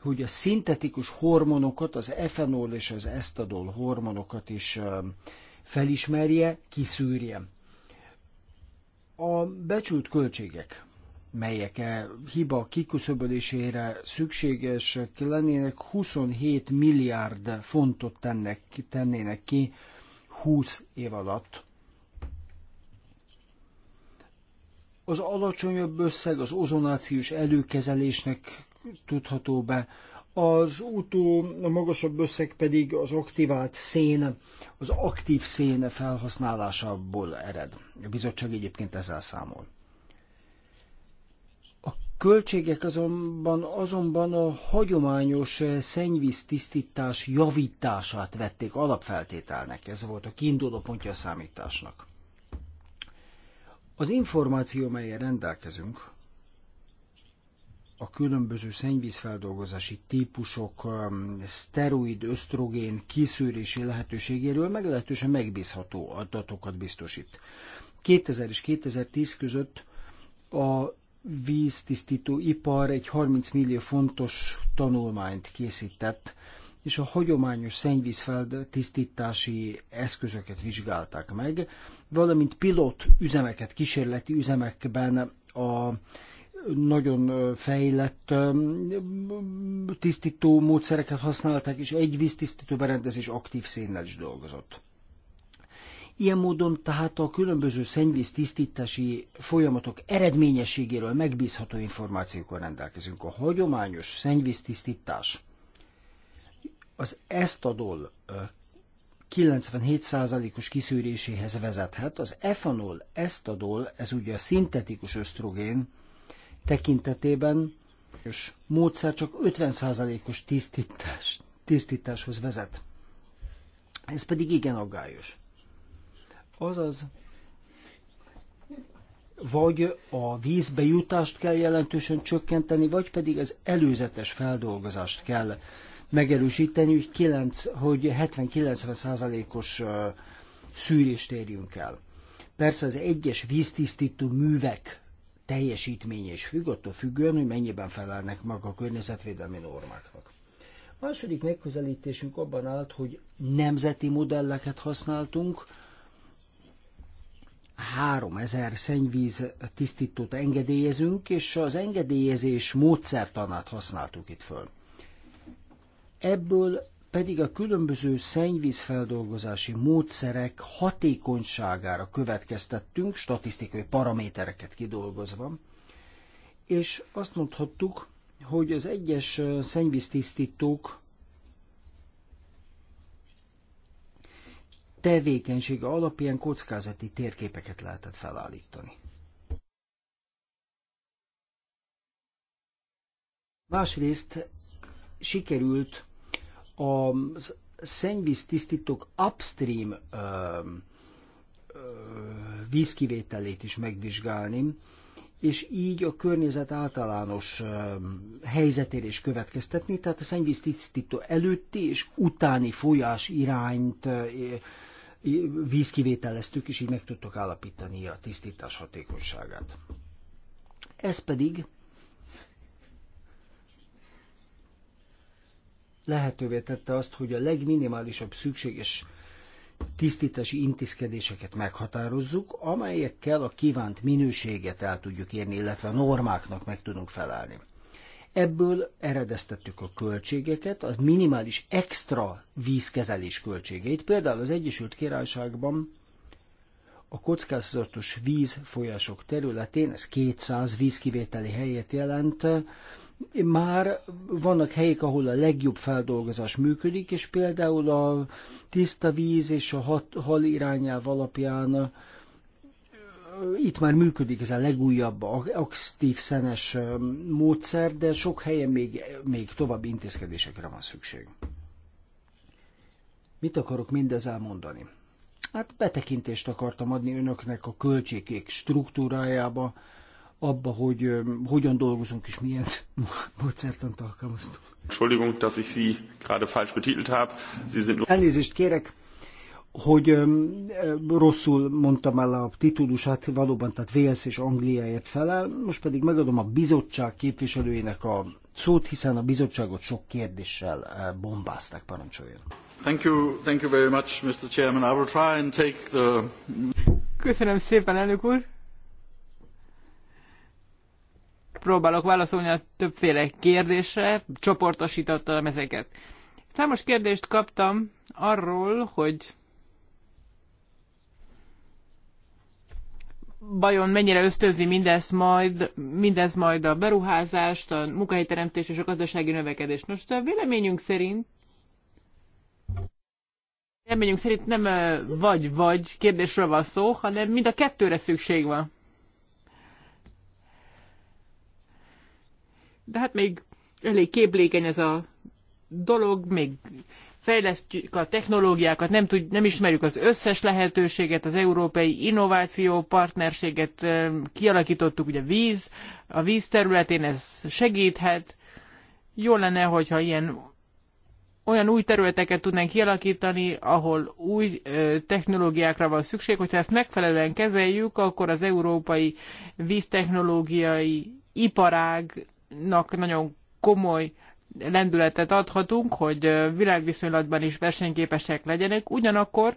hogy a szintetikus hormonokat, az efenol és az esztadol hormonokat is felismerje, kiszűrje. A becsült költségek, melyek -e hiba kiküszöbölésére szükségesek lennének, 27 milliárd fontot tennek, tennének ki húsz év alatt. Az alacsonyabb összeg az ozonációs előkezelésnek tudható be, az utó a magasabb összeg pedig az aktivált szén, az aktív szén felhasználásából ered. A bizottság egyébként ezzel számol költségek azonban, azonban a hagyományos eh, szennyvíztisztítás javítását vették alapfeltételnek. Ez volt a kiinduló pontja a számításnak. Az információ, melyen rendelkezünk, a különböző szennyvízfeldolgozási típusok um, szteroid ösztrogén kiszűrési lehetőségéről meglehetősen megbízható adatokat biztosít. 2000 és 2010 között a víztisztító ipar egy 30 millió fontos tanulmányt készített, és a hagyományos szennyvízfeld tisztítási eszközöket vizsgálták meg, valamint pilot üzemeket, kísérleti üzemekben a nagyon fejlett tisztító módszereket használták, és egy víztisztító berendezés aktív szénnel is dolgozott. Ilyen módon tehát a különböző szennyvíz tisztítási folyamatok eredményességéről megbízható információkkal rendelkezünk. A hagyományos szennyvíz tisztítás az esztadol 97%-os kiszűréséhez vezethet. Az efanol esztadol, ez ugye a szintetikus ösztrogén tekintetében, és módszer csak 50%-os tisztítás, tisztításhoz vezet. Ez pedig igen aggályos. Azaz, vagy a vízbejutást kell jelentősen csökkenteni, vagy pedig az előzetes feldolgozást kell megerősíteni, hogy, hogy 70-90%-os szűrést érjünk el. Persze az egyes víztisztító művek teljesítménye is függ, attól függően, hogy mennyiben felelnek maga a környezetvédelmi normáknak. A második megközelítésünk abban állt, hogy nemzeti modelleket használtunk, 3000 szennyvíz tisztítót engedélyezünk, és az engedélyezés módszertanát használtuk itt föl. Ebből pedig a különböző szennyvízfeldolgozási módszerek hatékonyságára következtettünk, statisztikai paramétereket kidolgozva, és azt mondhattuk, hogy az egyes szennyvíztisztítók tevékenysége alapján kockázati térképeket lehetett felállítani. Másrészt sikerült a szennyvíz tisztítók upstream ö, ö, vízkivételét is megvizsgálni, és így a környezet általános ö, helyzetére is következtetni, tehát a szennyvíz tisztító előtti és utáni folyás irányt ö, vízkivételeztük, és így meg tudtuk állapítani a tisztítás hatékonyságát. Ez pedig lehetővé tette azt, hogy a legminimálisabb szükséges tisztítási intézkedéseket meghatározzuk, amelyekkel a kívánt minőséget el tudjuk érni, illetve a normáknak meg tudunk felelni. Ebből eredeztettük a költségeket, az minimális extra vízkezelés költségeit. Például az Egyesült Királyságban a kockázatos vízfolyások területén, ez 200 vízkivételi helyet jelent, már vannak helyek, ahol a legjobb feldolgozás működik, és például a tiszta víz és a hat, hal irányával alapján itt már működik ez a legújabb aktív szenes módszer, de sok helyen még, még további intézkedésekre van szükség. Mit akarok mindezzel mondani? Hát betekintést akartam adni önöknek a költségek struktúrájába, abba, hogy hogyan dolgozunk és milyen *laughs* módszertant alkalmaztunk. Entschuldigung, dass ich Sie gerade falsch betitelt habe. Sie sind... Elnézést kérek, hogy rosszul mondtam el a titulusát, valóban, tehát Wales és Angliáért felel, most pedig megadom a bizottság képviselőjének a szót, hiszen a bizottságot sok kérdéssel bombázták, parancsoljon. Thank you, thank you very much, Mr. Chairman. I will try and take the... Köszönöm szépen, elnök úr. Próbálok válaszolni a többféle kérdésre, csoportosítottam ezeket. Számos kérdést kaptam arról, hogy vajon mennyire ösztönzi mindez majd, mindez majd a beruházást, a munkahelyteremtés és a gazdasági növekedést. Most a véleményünk szerint véleményünk szerint nem vagy-vagy kérdésről van szó, hanem mind a kettőre szükség van. De hát még elég képlékeny ez a dolog, még fejlesztjük a technológiákat, nem, tud, nem ismerjük az összes lehetőséget, az európai innováció partnerséget kialakítottuk, ugye víz, a víz területén ez segíthet. Jó lenne, hogyha ilyen olyan új területeket tudnánk kialakítani, ahol új ö, technológiákra van szükség, hogyha ezt megfelelően kezeljük, akkor az európai víztechnológiai iparágnak nagyon komoly lendületet adhatunk, hogy világviszonylatban is versenyképesek legyenek, ugyanakkor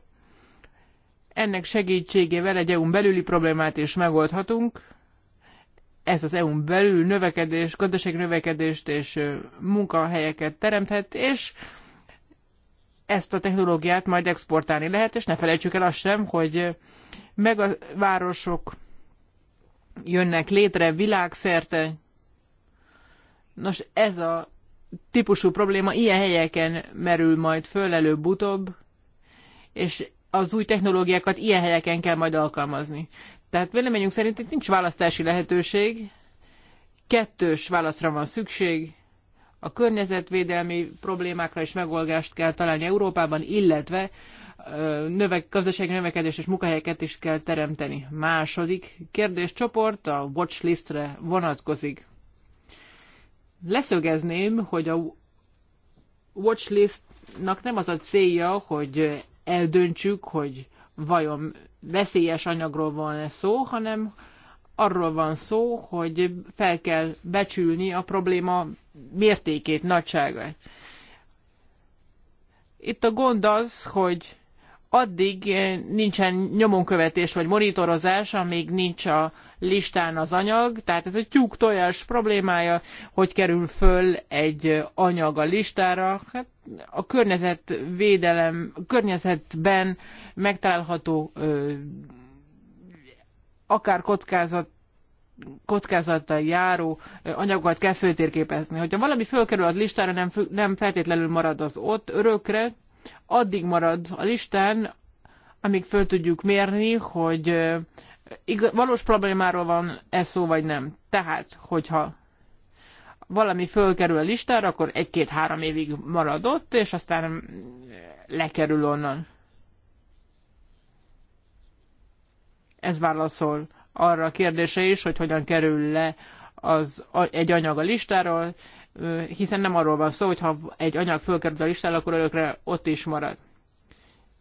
ennek segítségével egy EU-n belüli problémát is megoldhatunk. Ez az EU-n belül növekedés, gazdaság növekedést és munkahelyeket teremthet, és ezt a technológiát majd exportálni lehet, és ne felejtsük el azt sem, hogy meg a városok jönnek létre világszerte. Nos, ez a típusú probléma ilyen helyeken merül majd föl előbb-utóbb, és az új technológiákat ilyen helyeken kell majd alkalmazni. Tehát véleményünk szerint itt nincs választási lehetőség, kettős válaszra van szükség, a környezetvédelmi problémákra is megoldást kell találni Európában, illetve növe, gazdasági növekedés és munkahelyeket is kell teremteni. Második kérdéscsoport a watchlistre vonatkozik leszögezném, hogy a watchlistnak nem az a célja, hogy eldöntsük, hogy vajon veszélyes anyagról van -e szó, hanem arról van szó, hogy fel kell becsülni a probléma mértékét, nagyságát. Itt a gond az, hogy addig eh, nincsen nyomonkövetés vagy monitorozás, amíg nincs a listán az anyag, tehát ez egy tyúk tojás problémája, hogy kerül föl egy anyag a listára. Hát a környezetvédelem, környezetben megtalálható ö, akár kockázat kockázattal járó anyagokat kell föltérképezni. Hogyha valami fölkerül a listára, nem, nem feltétlenül marad az ott örökre, addig marad a listán, amíg föl tudjuk mérni, hogy igaz, valós problémáról van ez szó, vagy nem. Tehát, hogyha valami fölkerül a listára, akkor egy-két-három évig marad ott, és aztán lekerül onnan. Ez válaszol arra a kérdése is, hogy hogyan kerül le az, egy anyag a listáról hiszen nem arról van szó, hogy ha egy anyag fölkerül a listára, akkor örökre ott is marad.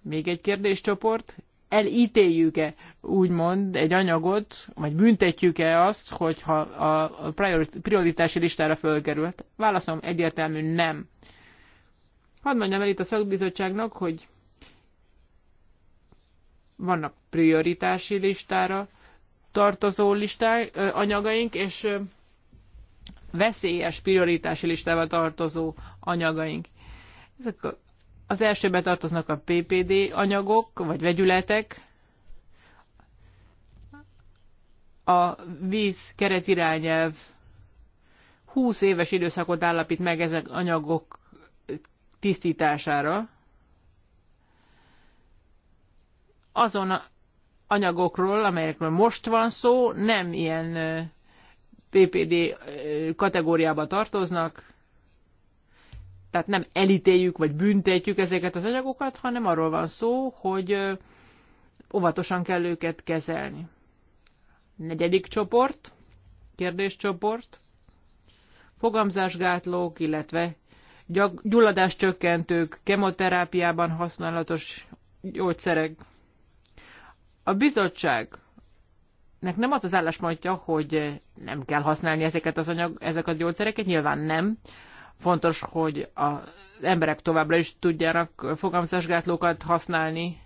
Még egy kérdéscsoport. Elítéljük-e úgymond egy anyagot, vagy büntetjük-e azt, hogyha a prioritási listára fölkerült? Válaszom egyértelmű nem. Hadd mondjam el itt a szakbizottságnak, hogy vannak prioritási listára tartozó listák, anyagaink, és veszélyes prioritási listába tartozó anyagaink. Ezek a, az elsőbe tartoznak a PPD anyagok, vagy vegyületek, a víz keretirányelv 20 éves időszakot állapít meg ezek anyagok tisztítására. Azon anyagokról, amelyekről most van szó, nem ilyen PPD eh, kategóriába tartoznak, tehát nem elítéljük vagy büntetjük ezeket az anyagokat, hanem arról van szó, hogy óvatosan kell őket kezelni. Negyedik csoport, kérdéscsoport, fogamzásgátlók, illetve gyulladáscsökkentők, kemoterápiában használatos gyógyszerek. A bizottság nek nem az az álláspontja, hogy nem kell használni ezeket az anyag, ezek a gyógyszereket, nyilván nem. Fontos, hogy az emberek továbbra is tudjanak fogamzásgátlókat használni,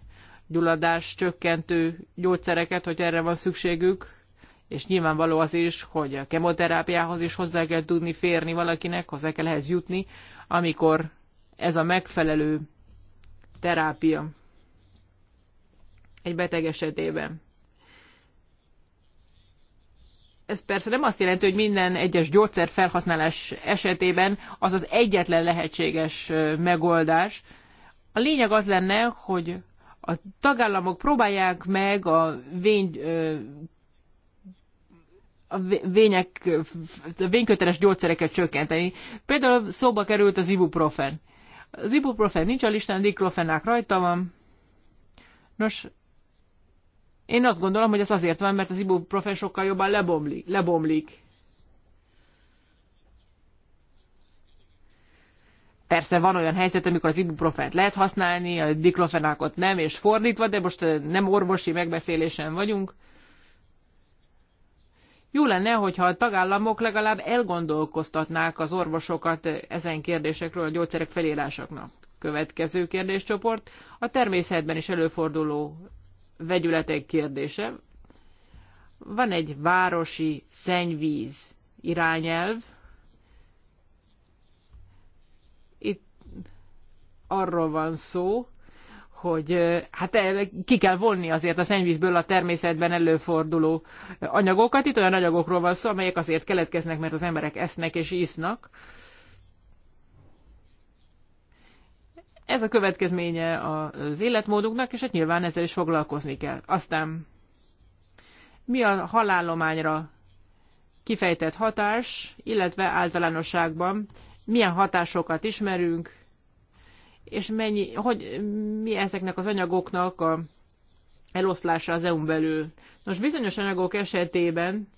gyulladás csökkentő gyógyszereket, hogy erre van szükségük, és nyilvánvaló az is, hogy a kemoterápiához is hozzá kell tudni férni valakinek, hozzá kell ehhez jutni, amikor ez a megfelelő terápia egy beteg esetében ez persze nem azt jelenti, hogy minden egyes gyógyszer felhasználás esetében az az egyetlen lehetséges megoldás. A lényeg az lenne, hogy a tagállamok próbálják meg a vény a vények, a vényköteles gyógyszereket csökkenteni. Például szóba került az ibuprofen. Az ibuprofen nincs a listán, diklofenák rajta van. Nos, én azt gondolom, hogy ez azért van, mert az ibuprofen sokkal jobban lebomlik. lebomlik. Persze van olyan helyzet, amikor az ibuprofent lehet használni, a diklofenákot nem, és fordítva, de most nem orvosi megbeszélésen vagyunk. Jó lenne, hogyha a tagállamok legalább elgondolkoztatnák az orvosokat ezen kérdésekről a gyógyszerek felírásoknak. Következő kérdéscsoport a természetben is előforduló vegyületek kérdése. Van egy városi szennyvíz irányelv. Itt arról van szó, hogy hát ki kell vonni azért a szennyvízből a természetben előforduló anyagokat. Itt olyan anyagokról van szó, amelyek azért keletkeznek, mert az emberek esznek és isznak. Ez a következménye az életmódunknak, és hát nyilván ezzel is foglalkozni kell. Aztán mi a halállományra kifejtett hatás, illetve általánosságban milyen hatásokat ismerünk, és mennyi, hogy mi ezeknek az anyagoknak a eloszlása az EU-n belül. Nos, bizonyos anyagok esetében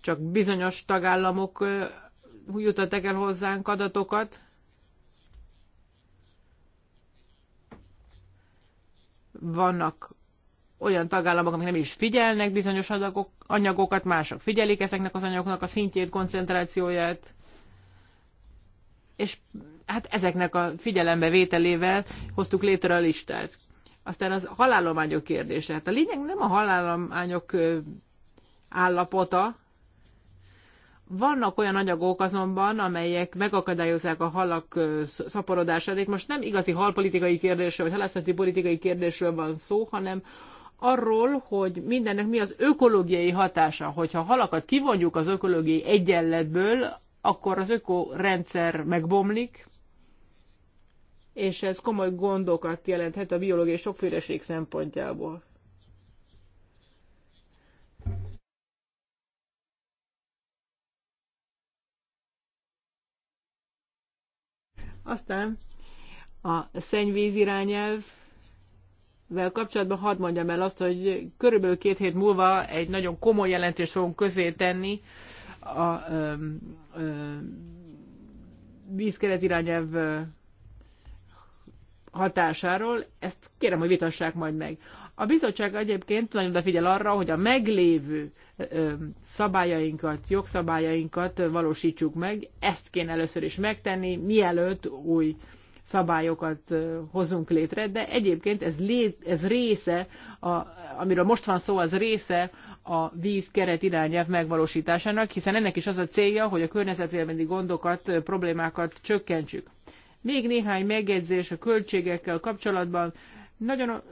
csak bizonyos tagállamok jutottak el hozzánk adatokat, Vannak olyan tagállamok, amik nem is figyelnek bizonyos adagok, anyagokat, mások figyelik ezeknek az anyagoknak a szintjét, koncentrációját, és hát ezeknek a vételével hoztuk létre a listát. Aztán az halálományok kérdése. Hát a lényeg nem a halálományok állapota, vannak olyan anyagok azonban, amelyek megakadályozzák a halak szaporodását. Itt most nem igazi halpolitikai kérdésről, vagy halászati politikai kérdésről van szó, hanem arról, hogy mindennek mi az ökológiai hatása. Hogyha halakat kivonjuk az ökológiai egyenletből, akkor az ökorendszer megbomlik, és ez komoly gondokat jelenthet a biológiai sokféleség szempontjából. Aztán a szennyvíz irányelv vel kapcsolatban hadd mondjam el azt, hogy körülbelül két hét múlva egy nagyon komoly jelentést fogunk közé tenni a ö, ö, vízkeret irányelv hatásáról. Ezt kérem, hogy vitassák majd meg. A bizottság egyébként nagyon odafigyel arra, hogy a meglévő szabályainkat, jogszabályainkat valósítsuk meg. Ezt kéne először is megtenni, mielőtt új szabályokat hozunk létre, de egyébként ez, lé, ez része, a, amiről most van szó, az része a vízkeret irányelv megvalósításának, hiszen ennek is az a célja, hogy a környezetvédelmi gondokat, problémákat csökkentsük. Még néhány megjegyzés a költségekkel kapcsolatban. Nagyon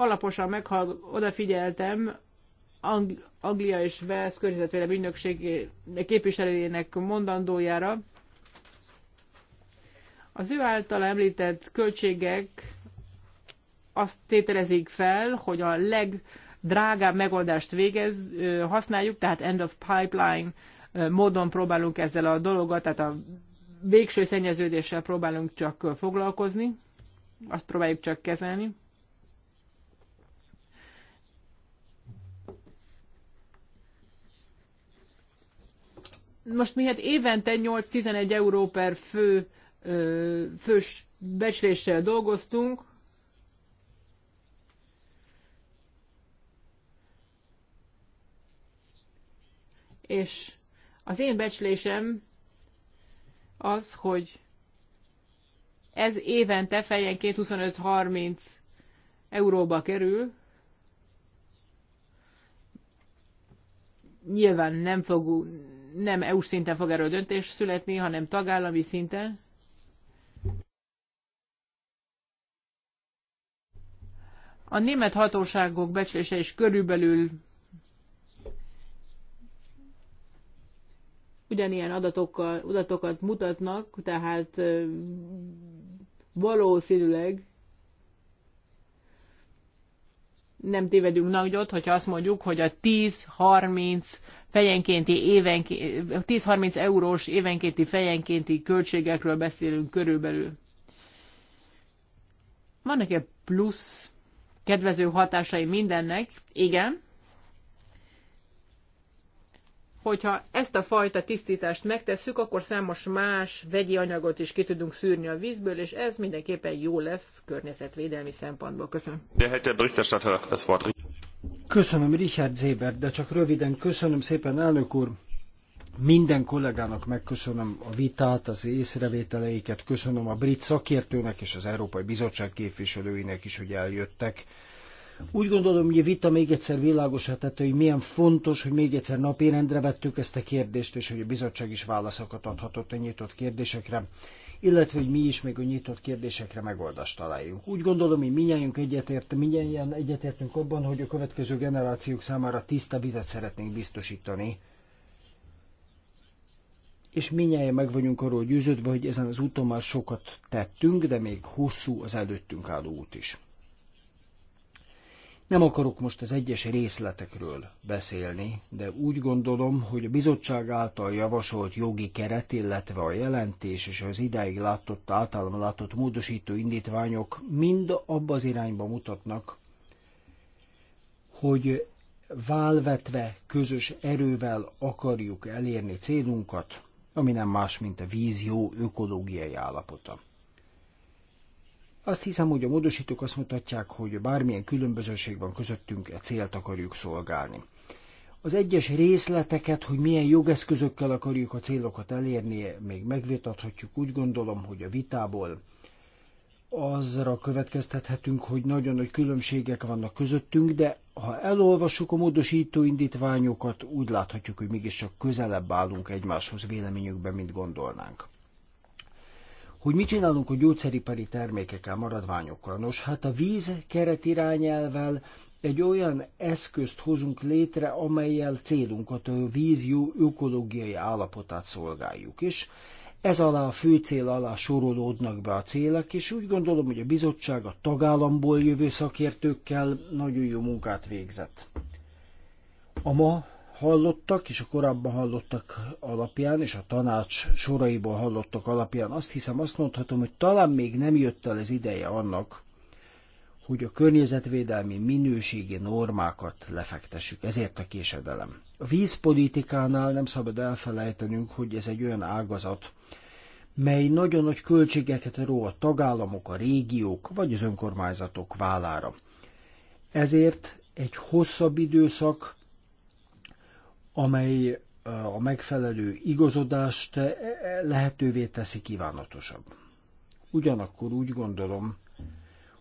alaposan meghall, odafigyeltem Ang- Anglia és Wales környezetvédelmi ügynökség képviselőjének mondandójára. Az ő által említett költségek azt tételezik fel, hogy a legdrágább megoldást végez, használjuk, tehát end of pipeline módon próbálunk ezzel a dologgal, tehát a végső szennyeződéssel próbálunk csak foglalkozni, azt próbáljuk csak kezelni. most mi hát évente 8-11 euró per fő, fős becsléssel dolgoztunk, és az én becslésem az, hogy ez évente fejenként 25-30 euróba kerül. Nyilván nem fogunk, nem EU szinten fog erről döntés születni, hanem tagállami szinten. A német hatóságok becslése is körülbelül ugyanilyen adatokkal, adatokat mutatnak, tehát valószínűleg nem tévedünk nagyot, hogyha azt mondjuk, hogy a 10-30 fejenkénti, évenkénti, 10-30 eurós évenkénti, fejenkénti költségekről beszélünk körülbelül. Vannak-e plusz kedvező hatásai mindennek? Igen. Hogyha ezt a fajta tisztítást megtesszük, akkor számos más vegyi anyagot is ki tudunk szűrni a vízből, és ez mindenképpen jó lesz környezetvédelmi szempontból. Köszönöm. Köszönöm Richard Zébert, de csak röviden köszönöm szépen, elnök úr. Minden kollégának megköszönöm a vitát, az észrevételeiket, köszönöm a brit szakértőnek és az Európai Bizottság képviselőinek is, hogy eljöttek. Úgy gondolom, hogy a vita még egyszer világosra tette, hogy milyen fontos, hogy még egyszer napirendre vettük ezt a kérdést, és hogy a bizottság is válaszokat adhatott a nyitott kérdésekre illetve hogy mi is még a nyitott kérdésekre megoldást találjunk. Úgy gondolom, hogy minnyájunk egyetért, minnyáján egyetértünk abban, hogy a következő generációk számára tiszta vizet szeretnénk biztosítani, és minnyáján meg vagyunk arról győződve, hogy ezen az úton már sokat tettünk, de még hosszú az előttünk álló út is. Nem akarok most az egyes részletekről beszélni, de úgy gondolom, hogy a bizottság által javasolt jogi keret, illetve a jelentés és az idáig látott, általam látott módosító indítványok mind abba az irányba mutatnak, hogy válvetve közös erővel akarjuk elérni célunkat, ami nem más, mint a vízió ökológiai állapota. Azt hiszem, hogy a módosítók azt mutatják, hogy bármilyen különbözőség van közöttünk, e célt akarjuk szolgálni. Az egyes részleteket, hogy milyen jogeszközökkel akarjuk a célokat elérni, még megvitathatjuk. Úgy gondolom, hogy a vitából azra következtethetünk, hogy nagyon nagy különbségek vannak közöttünk, de ha elolvassuk a módosító indítványokat, úgy láthatjuk, hogy mégiscsak közelebb állunk egymáshoz véleményükben, mint gondolnánk hogy mit csinálunk a gyógyszeripari termékekkel, maradványokkal. Nos, hát a víz keretirányelvel egy olyan eszközt hozunk létre, amelyel célunkat, a víz jó ökológiai állapotát szolgáljuk. És ez alá a fő cél alá sorolódnak be a célek, és úgy gondolom, hogy a bizottság a tagállamból jövő szakértőkkel nagyon jó munkát végzett. A ma hallottak, és a korábban hallottak alapján, és a tanács soraiból hallottak alapján azt hiszem, azt mondhatom, hogy talán még nem jött el az ideje annak, hogy a környezetvédelmi minőségi normákat lefektessük. Ezért a késedelem. A vízpolitikánál nem szabad elfelejtenünk, hogy ez egy olyan ágazat, mely nagyon nagy költségeket ró a tagállamok, a régiók vagy az önkormányzatok vállára. Ezért egy hosszabb időszak amely a megfelelő igazodást lehetővé teszi kívánatosabb. Ugyanakkor úgy gondolom,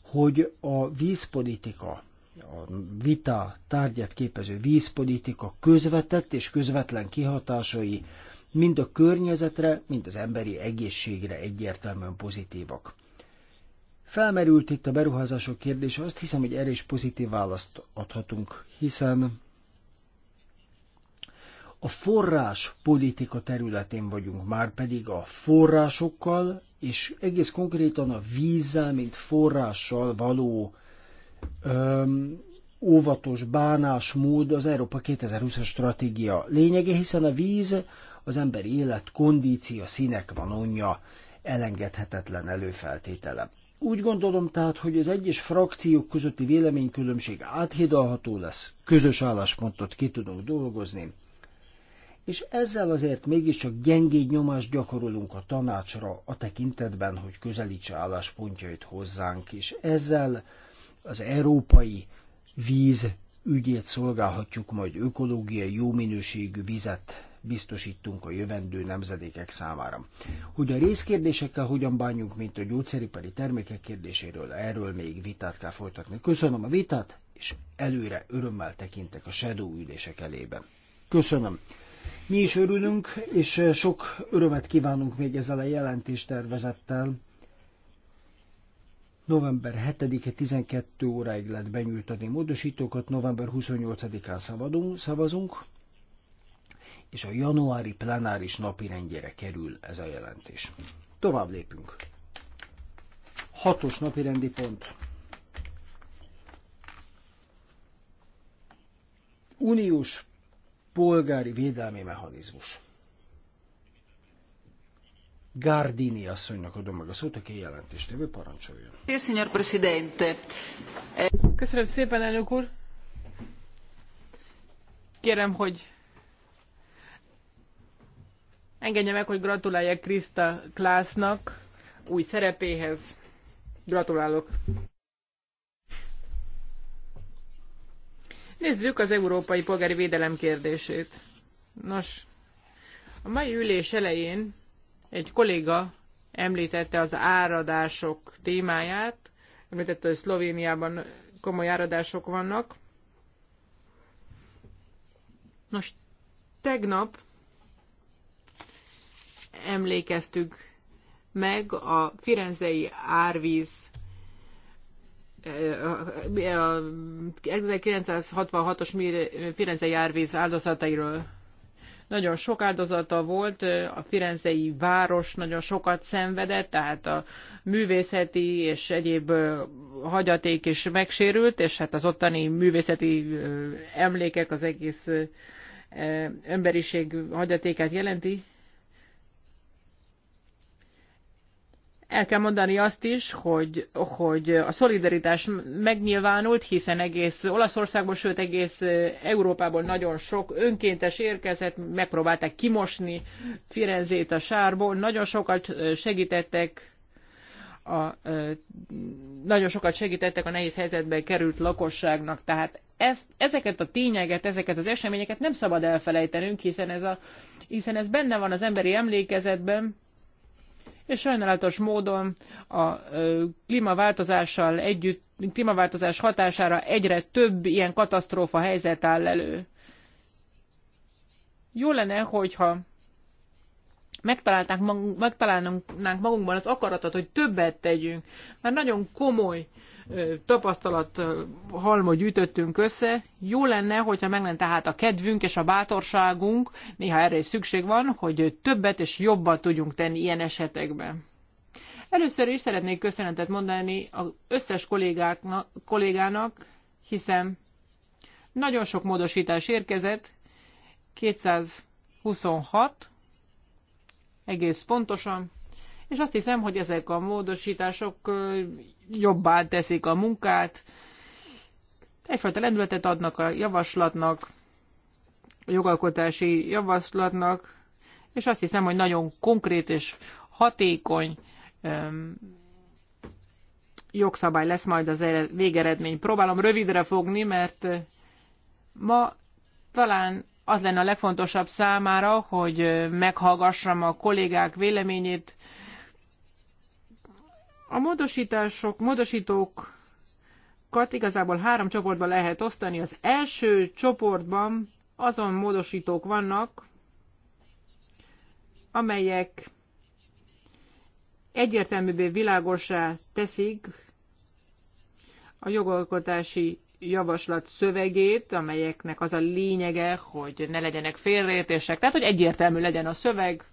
hogy a vízpolitika, a vita tárgyát képező vízpolitika közvetett és közvetlen kihatásai mind a környezetre, mind az emberi egészségre egyértelműen pozitívak. Felmerült itt a beruházások kérdése, azt hiszem, hogy erre is pozitív választ adhatunk, hiszen a forrás politika területén vagyunk, már pedig a forrásokkal, és egész konkrétan a vízzel, mint forrással való öm, óvatos bánásmód az Európa 2020-as stratégia lényege, hiszen a víz az ember élet kondíció színek van onja, elengedhetetlen előfeltétele. Úgy gondolom tehát, hogy az egyes frakciók közötti véleménykülönbség áthidalható lesz, közös álláspontot ki tudunk dolgozni, és ezzel azért mégiscsak gyengéd nyomást gyakorolunk a tanácsra a tekintetben, hogy közelítse álláspontjait hozzánk, és ezzel az európai víz ügyét szolgálhatjuk, majd ökológiai jó minőségű vizet biztosítunk a jövendő nemzedékek számára. Hogy a részkérdésekkel hogyan bánjunk, mint a gyógyszeripari termékek kérdéséről, erről még vitát kell folytatni. Köszönöm a vitát, és előre örömmel tekintek a shadow ülések elébe. Köszönöm. Mi is örülünk, és eh, sok örömet kívánunk még ezzel a jelentéstervezettel. November 7-e 12 óráig lehet benyújtani módosítókat, november 28-án szavazunk, és a januári plenáris napi rendjére kerül ez a jelentés. Tovább lépünk. Hatos napi rendi pont. Uniós polgári védelmi mechanizmus. Gardini asszonynak adom meg a szót, aki jelentéstevő parancsoljon. Köszönöm szépen, elnök úr. Kérem, hogy engedje meg, hogy gratuláljak Krista Klásznak új szerepéhez. Gratulálok! Nézzük az európai polgári védelem kérdését. Nos, a mai ülés elején egy kolléga említette az áradások témáját, említette, hogy Szlovéniában komoly áradások vannak. Nos, tegnap emlékeztük meg a firenzei árvíz a 1966-os Firenze járvíz áldozatairól. Nagyon sok áldozata volt, a firenzei város nagyon sokat szenvedett, tehát a művészeti és egyéb hagyaték is megsérült, és hát az ottani művészeti emlékek az egész emberiség hagyatékát jelenti. El kell mondani azt is, hogy, hogy a szolidaritás megnyilvánult, hiszen egész Olaszországból, sőt egész Európából nagyon sok önkéntes érkezett, megpróbálták kimosni Firenzét a sárból, nagyon sokat segítettek a, nagyon sokat segítettek a nehéz helyzetbe került lakosságnak, tehát ezt, ezeket a tényeket, ezeket az eseményeket nem szabad elfelejtenünk, hiszen ez, a, hiszen ez benne van az emberi emlékezetben, és sajnálatos módon a klímaváltozással együtt, klímaváltozás hatására egyre több ilyen katasztrófa helyzet áll elő. Jó lenne, hogyha megtalálnánk magunkban az akaratot, hogy többet tegyünk. mert nagyon komoly uh, tapasztalat halmot gyűjtöttünk össze. Jó lenne, hogyha meglenne tehát a kedvünk és a bátorságunk, néha erre is szükség van, hogy többet és jobban tudjunk tenni ilyen esetekben. Először is szeretnék köszönetet mondani az összes kollégának, hiszen nagyon sok módosítás érkezett, 226, egész pontosan, és azt hiszem, hogy ezek a módosítások jobbá teszik a munkát, egyfajta lendületet adnak a javaslatnak, a jogalkotási javaslatnak, és azt hiszem, hogy nagyon konkrét és hatékony öm, jogszabály lesz majd az végeredmény. Próbálom rövidre fogni, mert ma talán az lenne a legfontosabb számára, hogy meghallgassam a kollégák véleményét, a módosítások, módosítókat igazából három csoportba lehet osztani. Az első csoportban azon módosítók vannak, amelyek egyértelműbbé világosá teszik a jogalkotási javaslat szövegét, amelyeknek az a lényege, hogy ne legyenek félreértések, tehát hogy egyértelmű legyen a szöveg,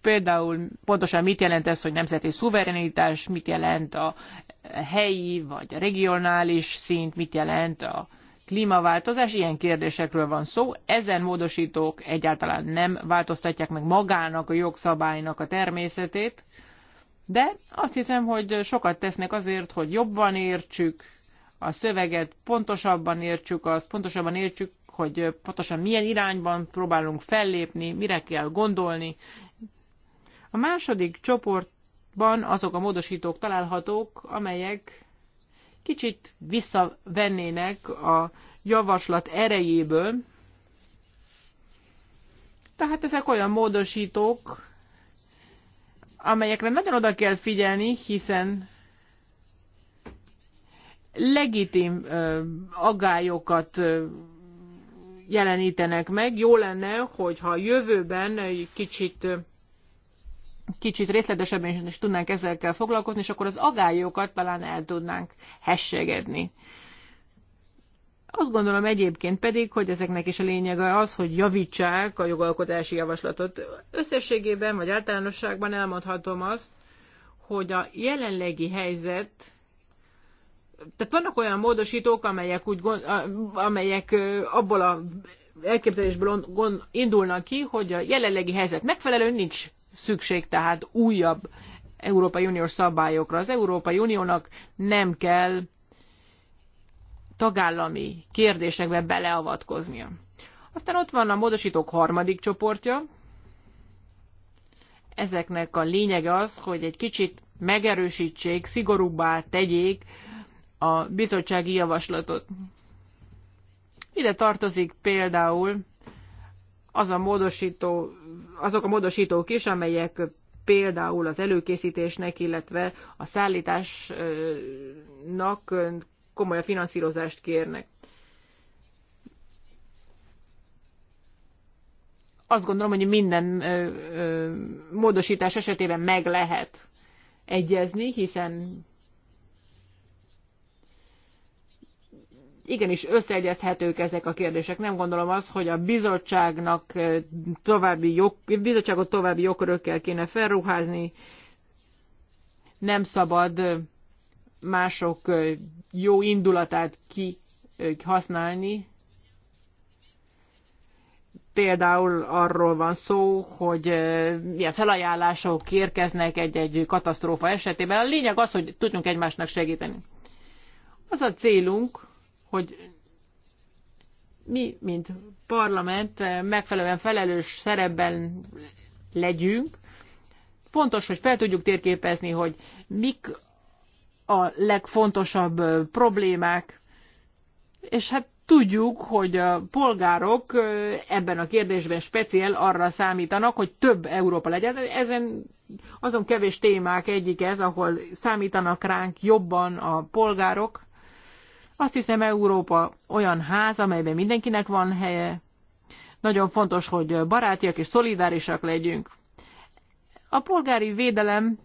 például pontosan mit jelent ez, hogy nemzeti szuverenitás, mit jelent a helyi vagy a regionális szint, mit jelent a klímaváltozás, ilyen kérdésekről van szó. Ezen módosítók egyáltalán nem változtatják meg magának a jogszabálynak a természetét, de azt hiszem, hogy sokat tesznek azért, hogy jobban értsük a szöveget, pontosabban értsük azt, pontosabban értsük, hogy pontosan milyen irányban próbálunk fellépni, mire kell gondolni, a második csoportban azok a módosítók találhatók, amelyek kicsit visszavennének a javaslat erejéből. Tehát ezek olyan módosítók, amelyekre nagyon oda kell figyelni, hiszen legitim ö, agályokat ö, jelenítenek meg. Jó lenne, hogyha a jövőben egy kicsit kicsit részletesebben is tudnánk ezekkel foglalkozni, és akkor az agályokat talán el tudnánk hessegedni. Azt gondolom egyébként pedig, hogy ezeknek is a lényege az, hogy javítsák a jogalkotási javaslatot. Összességében vagy általánosságban elmondhatom azt, hogy a jelenlegi helyzet tehát vannak olyan módosítók, amelyek, úgy, amelyek abból a elképzelésből indulnak ki, hogy a jelenlegi helyzet megfelelő, nincs szükség tehát újabb Európai Uniós szabályokra. Az Európai Uniónak nem kell tagállami kérdésekbe beleavatkoznia. Aztán ott van a módosítók harmadik csoportja. Ezeknek a lényege az, hogy egy kicsit megerősítsék, szigorúbbá tegyék a bizottsági javaslatot. Ide tartozik például az a módosító, azok a módosítók is, amelyek például az előkészítésnek, illetve a szállításnak komoly finanszírozást kérnek. Azt gondolom, hogy minden ö, ö, módosítás esetében meg lehet egyezni, hiszen igenis összeegyezhetők ezek a kérdések. Nem gondolom az, hogy a bizottságnak további jog, bizottságot további jogkörökkel kéne felruházni. Nem szabad mások jó indulatát ki használni. Például arról van szó, hogy ilyen felajánlások érkeznek egy-egy katasztrófa esetében. A lényeg az, hogy tudjunk egymásnak segíteni. Az a célunk, hogy mi, mint parlament megfelelően felelős szerepben legyünk. Fontos, hogy fel tudjuk térképezni, hogy mik a legfontosabb problémák, és hát tudjuk, hogy a polgárok ebben a kérdésben speciál arra számítanak, hogy több Európa legyen. Ezen azon kevés témák egyik ez, ahol számítanak ránk jobban a polgárok. Azt hiszem, Európa olyan ház, amelyben mindenkinek van helye. Nagyon fontos, hogy barátiak és szolidárisak legyünk. A polgári védelem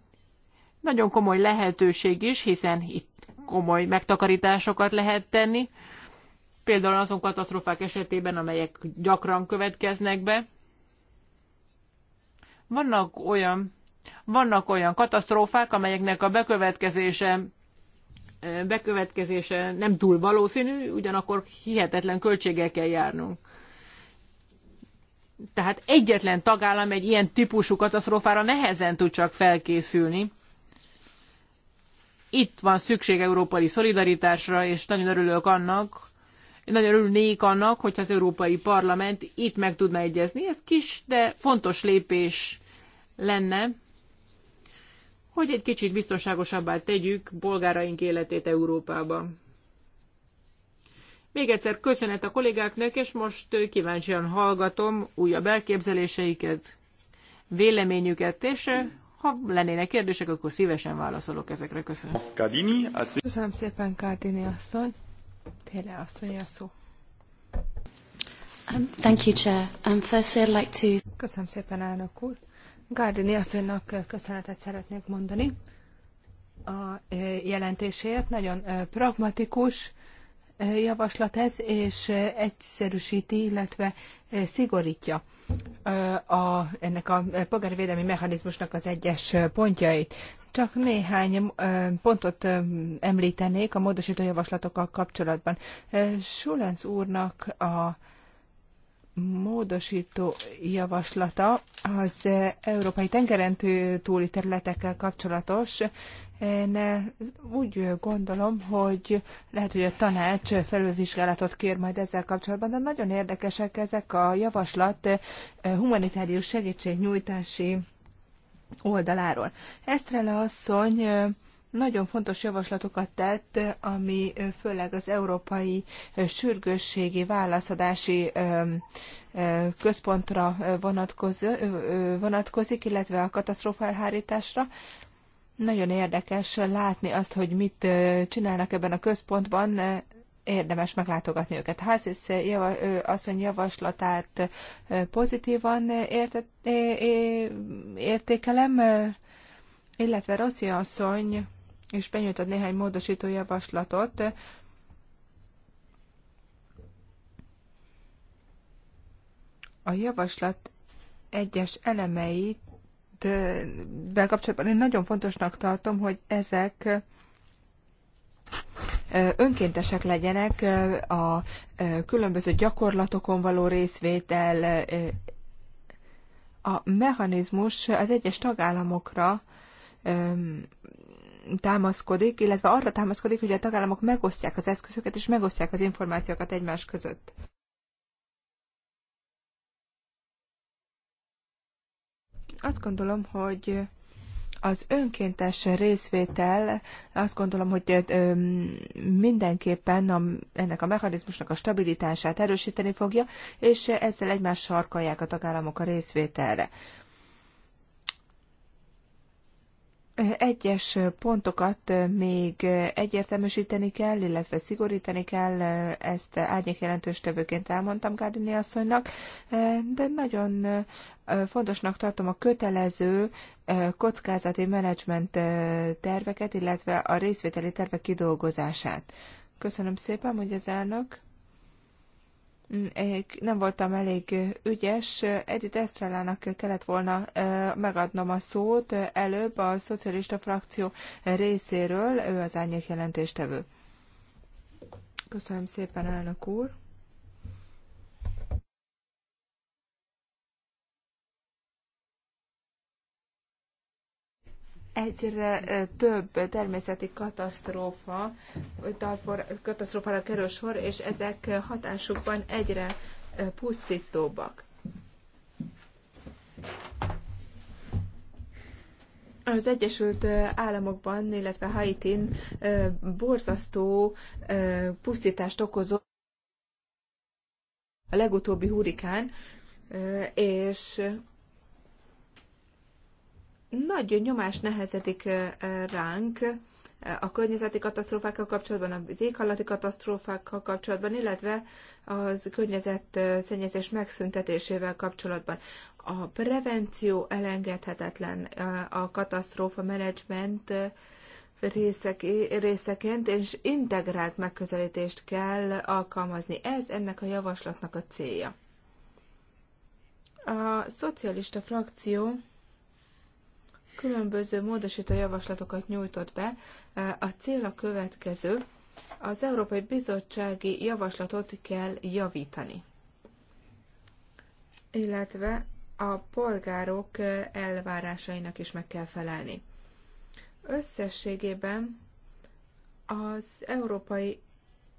nagyon komoly lehetőség is, hiszen itt komoly megtakarításokat lehet tenni. Például azon katasztrófák esetében, amelyek gyakran következnek be. Vannak olyan, vannak olyan katasztrófák, amelyeknek a bekövetkezése bekövetkezése nem túl valószínű, ugyanakkor hihetetlen költségekkel járnunk. Tehát egyetlen tagállam egy ilyen típusú katasztrófára nehezen tud csak felkészülni. Itt van szükség európai szolidaritásra, és nagyon örülök annak, nagyon örülnék annak, hogyha az Európai Parlament itt meg tudna egyezni. Ez kis, de fontos lépés lenne hogy egy kicsit biztonságosabbá tegyük bolgáraink életét Európában. Még egyszer köszönet a kollégáknak, és most kíváncsian hallgatom újabb elképzeléseiket, véleményüket, és eh, ha lennének kérdések, akkor szívesen válaszolok ezekre. Köszönöm. Kadini, az... Köszönöm szépen, Kádini asszony. Tényleg asszony a szó. Um, thank you, Chair. Um, firstly, I'd like to... Köszönöm szépen, elnök úr. Gárdini asszonynak köszönetet szeretnék mondani a jelentésért. Nagyon pragmatikus javaslat ez, és egyszerűsíti, illetve szigorítja a, ennek a polgárvédelmi mechanizmusnak az egyes pontjait. Csak néhány pontot említenék a módosító javaslatokkal kapcsolatban. Schulz úrnak a módosító javaslata az európai tengeren túli területekkel kapcsolatos. Én eh, úgy gondolom, hogy lehet, hogy a tanács felülvizsgálatot kér majd ezzel kapcsolatban, de nagyon érdekesek ezek a javaslat eh, humanitárius segítségnyújtási oldaláról. Esztrele asszony eh, nagyon fontos javaslatokat tett, ami főleg az európai sürgősségi válaszadási központra vonatkozik, illetve a katasztrófaelhárításra. Nagyon érdekes látni azt, hogy mit csinálnak ebben a központban, érdemes meglátogatni őket. Házis java, asszony javaslatát pozitívan érte, értékelem, illetve Rossi asszony és benyújtott néhány módosító javaslatot. A javaslat egyes elemeit de kapcsolatban én nagyon fontosnak tartom, hogy ezek önkéntesek legyenek a különböző gyakorlatokon való részvétel, a mechanizmus az egyes tagállamokra támaszkodik, illetve arra támaszkodik, hogy a tagállamok megosztják az eszközöket és megosztják az információkat egymás között. Azt gondolom, hogy az önkéntes részvétel, azt gondolom, hogy mindenképpen a, ennek a mechanizmusnak a stabilitását erősíteni fogja, és ezzel egymás sarkalják a tagállamok a részvételre. Egyes pontokat még egyértelműsíteni kell, illetve szigorítani kell, ezt árnyék jelentős tevőként elmondtam Gárdini asszonynak, de nagyon fontosnak tartom a kötelező kockázati menedzsment terveket, illetve a részvételi tervek kidolgozását. Köszönöm szépen, hogy az elnök. Eh, nem voltam elég eh, ügyes. Edith Esztrálának kellett volna eh, megadnom a szót előbb a szocialista frakció részéről, ő az árnyék jelentéstevő. Köszönöm szépen, elnök úr! egyre több természeti katasztrófa, Darfur katasztrófára kerül sor, és ezek hatásukban egyre pusztítóbbak. Az Egyesült Államokban, illetve Haitin borzasztó pusztítást okozó a legutóbbi hurikán, és nagy nyomás nehezedik ránk a környezeti katasztrófákkal kapcsolatban, az éghajlati katasztrófákkal kapcsolatban, illetve az környezet szennyezés megszüntetésével kapcsolatban. A prevenció elengedhetetlen a katasztrófa menedzsment részeként, és integrált megközelítést kell alkalmazni. Ez ennek a javaslatnak a célja. A szocialista frakció különböző módosító javaslatokat nyújtott be. A cél a következő, az Európai Bizottsági javaslatot kell javítani, illetve a polgárok elvárásainak is meg kell felelni. Összességében az európai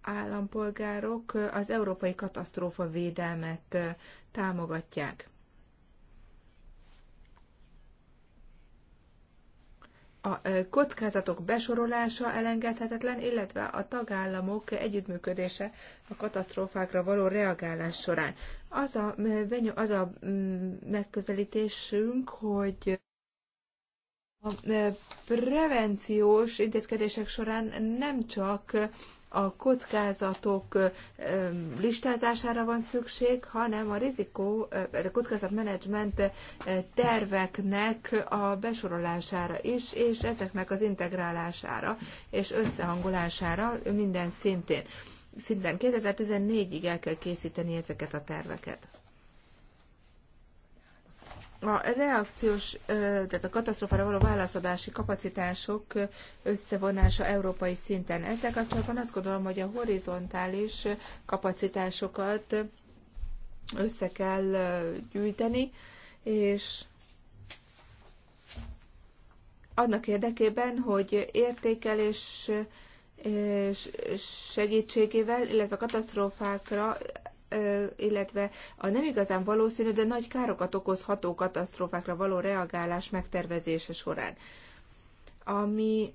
állampolgárok az európai katasztrófa védelmet támogatják. a kockázatok besorolása elengedhetetlen, illetve a tagállamok együttműködése a katasztrófákra való reagálás során. Az a, az a megközelítésünk, hogy a prevenciós intézkedések során nem csak a kockázatok listázására van szükség, hanem a rizikó, a kockázatmenedzsment terveknek a besorolására is, és ezeknek az integrálására és összehangolására minden szintén. Szinten 2014-ig el kell készíteni ezeket a terveket a reakciós, tehát a katasztrófára való válaszadási kapacitások összevonása európai szinten. Ezzel kapcsolatban azt gondolom, hogy a horizontális kapacitásokat össze kell gyűjteni, és annak érdekében, hogy értékelés segítségével, illetve katasztrófákra illetve a nem igazán valószínű, de nagy károkat okozható katasztrófákra való reagálás megtervezése során. Ami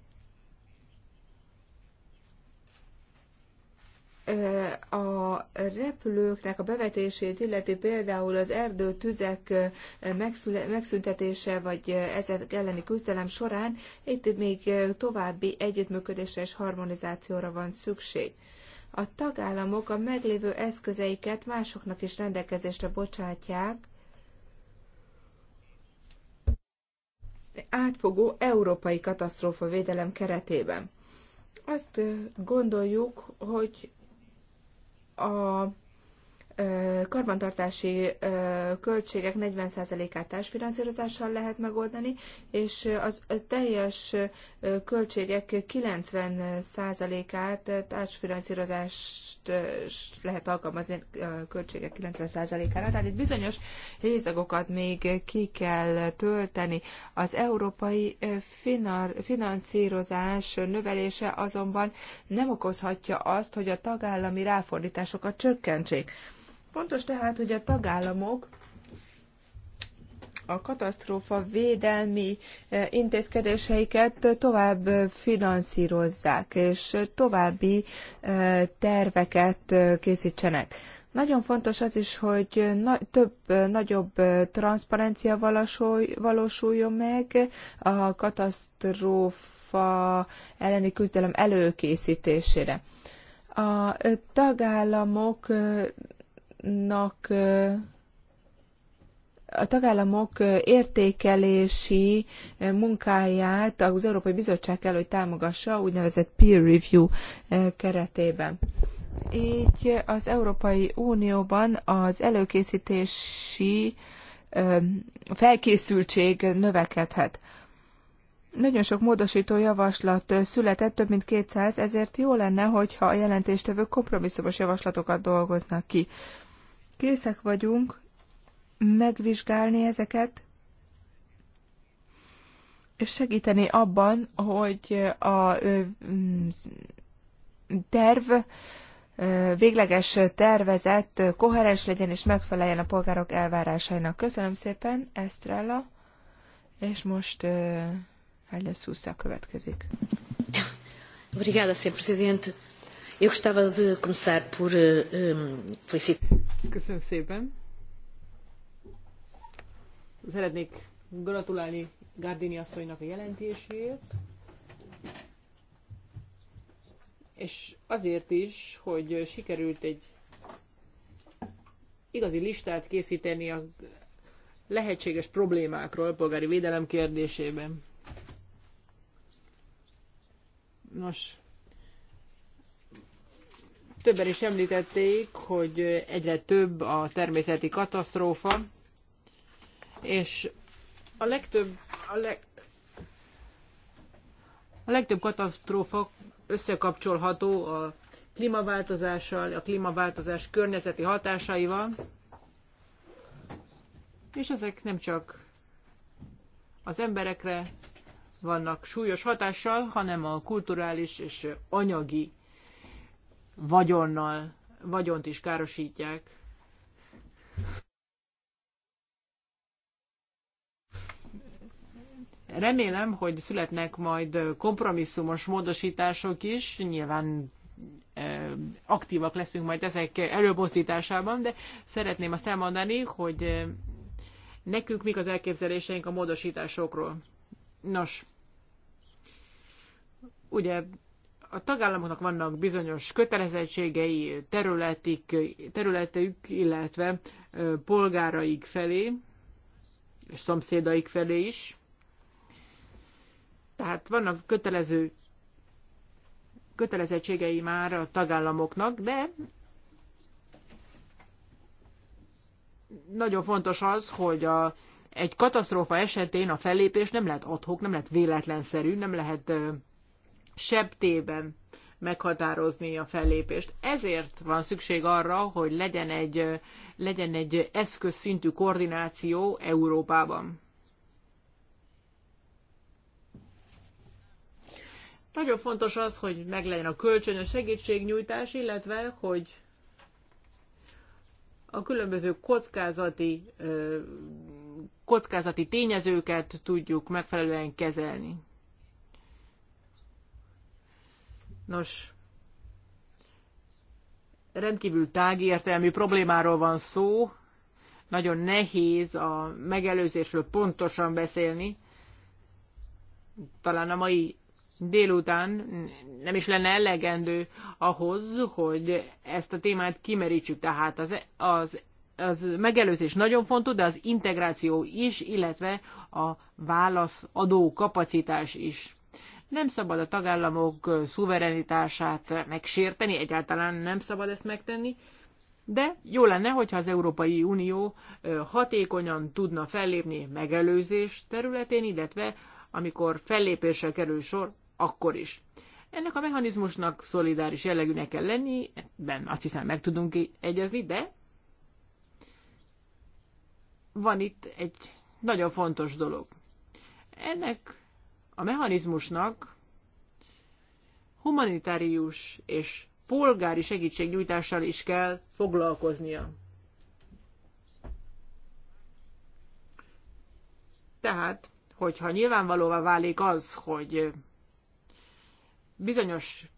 a repülőknek a bevetését illeti például az tüzek megszüntetése, vagy ezek elleni küzdelem során, itt még további együttműködésre és harmonizációra van szükség a tagállamok a meglévő eszközeiket másoknak is rendelkezésre bocsátják, átfogó európai katasztrófa védelem keretében. Azt gondoljuk, hogy a karbantartási költségek 40%-át társfinanszírozással lehet megoldani, és az teljes költségek 90%-át társfinanszírozást lehet alkalmazni a költségek 90%-ára. Tehát itt bizonyos részagokat még ki kell tölteni. Az európai finanszírozás növelése azonban nem okozhatja azt, hogy a tagállami ráfordításokat csökkentsék. Fontos tehát, hogy a tagállamok a katasztrófa védelmi eh, intézkedéseiket tovább finanszírozzák, és további eh, terveket eh, készítsenek. Nagyon fontos az is, hogy na- több nagyobb transzparencia valósul, valósuljon meg a katasztrófa elleni küzdelem előkészítésére. A tagállamok tagállamoknak a tagállamok értékelési munkáját az Európai Bizottság kell, hogy támogassa úgynevezett peer review keretében. Így az Európai Unióban az előkészítési felkészültség növekedhet. Nagyon sok módosító javaslat született, több mint 200, ezért jó lenne, hogyha a jelentéstevők kompromisszumos javaslatokat dolgoznak ki. Készek vagyunk megvizsgálni ezeket, és segíteni abban, hogy a terv, végleges tervezet koherens legyen és megfeleljen a polgárok elvárásainak. Köszönöm szépen, Estrella, és most Helye Szusza következik. Obrigada, Sr. Presidente. Eu gostava de começar por um, felicitar. Köszönöm szépen. Szeretnék gratulálni Gardini asszonynak a jelentéséért, és azért is, hogy sikerült egy igazi listát készíteni a lehetséges problémákról polgári védelem kérdésében. Nos, Többen is említették, hogy egyre több a természeti katasztrófa, és a legtöbb, a, leg, a legtöbb katasztrófa összekapcsolható a klímaváltozással, a klímaváltozás környezeti hatásaival, és ezek nem csak az emberekre vannak súlyos hatással, hanem a kulturális és anyagi vagyonnal, vagyont is károsítják. Remélem, hogy születnek majd kompromisszumos módosítások is, nyilván aktívak leszünk majd ezek előmozdításában, de szeretném azt elmondani, hogy nekünk mik az elképzeléseink a módosításokról. Nos, ugye a tagállamoknak vannak bizonyos kötelezettségei területik, területük, illetve polgáraik felé, és szomszédaik felé is. Tehát vannak kötelező kötelezettségei már a tagállamoknak, de nagyon fontos az, hogy a, egy katasztrófa esetén a fellépés nem lehet adhok, nem lehet véletlenszerű, nem lehet septében meghatározni a fellépést. Ezért van szükség arra, hogy legyen egy, legyen egy eszközszintű koordináció Európában. Nagyon fontos az, hogy meglegyen a kölcsönös segítségnyújtás, illetve, hogy a különböző kockázati, kockázati tényezőket tudjuk megfelelően kezelni. Nos, rendkívül tágértelmű problémáról van szó, nagyon nehéz a megelőzésről pontosan beszélni. Talán a mai délután nem is lenne elegendő ahhoz, hogy ezt a témát kimerítsük. Tehát az, az, az megelőzés nagyon fontos, de az integráció is, illetve a válaszadó kapacitás is. Nem szabad a tagállamok szuverenitását megsérteni, egyáltalán nem szabad ezt megtenni, de jó lenne, hogyha az Európai Unió hatékonyan tudna fellépni megelőzés területén, illetve amikor fellépésre kerül sor, akkor is. Ennek a mechanizmusnak szolidáris jellegűnek kell lenni, ebben azt hiszem meg tudunk egyezni, de van itt egy nagyon fontos dolog. Ennek a mechanizmusnak humanitárius és polgári segítségnyújtással is kell foglalkoznia. Tehát, hogyha nyilvánvalóvá válik az, hogy bizonyos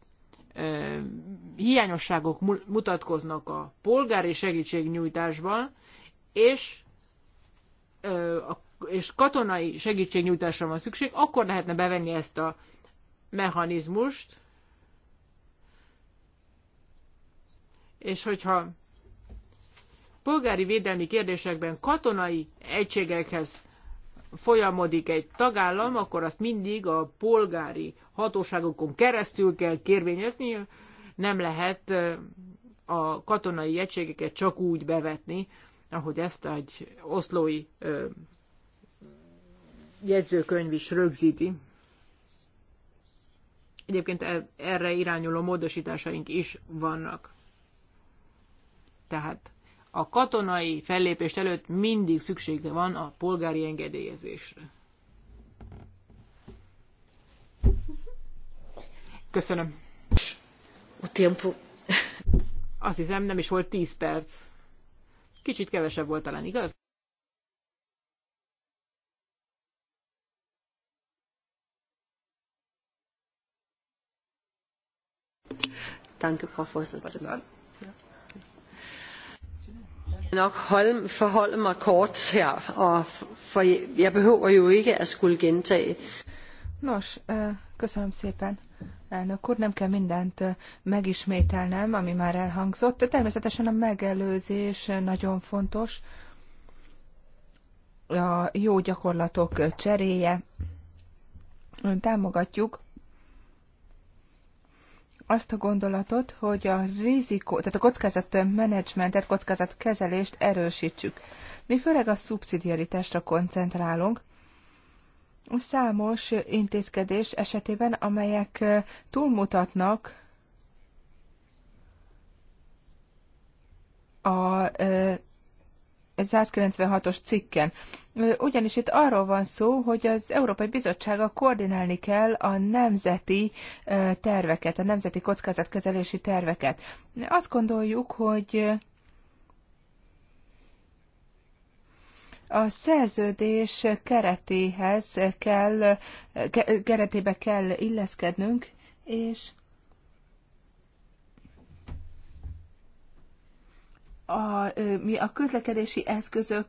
hiányosságok mutatkoznak a polgári segítségnyújtásban, és a és katonai segítségnyújtásra van szükség, akkor lehetne bevenni ezt a mechanizmust, és hogyha polgári védelmi kérdésekben katonai egységekhez folyamodik egy tagállam, akkor azt mindig a polgári hatóságokon keresztül kell kérvényezni, nem lehet a katonai egységeket csak úgy bevetni, ahogy ezt egy oszlói jegyzőkönyv is rögzíti. Egyébként e- erre irányuló módosításaink is vannak. Tehát a katonai fellépést előtt mindig szüksége van a polgári engedélyezésre. Köszönöm. O Azt hiszem, nem is volt 10 perc. Kicsit kevesebb volt talán, igaz? Danke, Frau Vorsitzende. kort her, og ikke at skulle gentage. Nos, eh, köszönöm szépen. Elnök úr, nem kell mindent eh, megismételnem, ami már elhangzott. De természetesen a megelőzés nagyon fontos. A jó gyakorlatok cseréje. Támogatjuk azt a gondolatot, hogy a rizikó, tehát a kockázat kockázat kezelést erősítsük. Mi főleg a szubszidiaritásra koncentrálunk, számos intézkedés esetében, amelyek túlmutatnak a 196-os cikken. Ugyanis itt arról van szó, hogy az Európai Bizottsága koordinálni kell a nemzeti terveket, a nemzeti kockázatkezelési terveket. Azt gondoljuk, hogy a szerződés keretéhez kell, keretébe kell illeszkednünk, és a, mi a közlekedési eszközök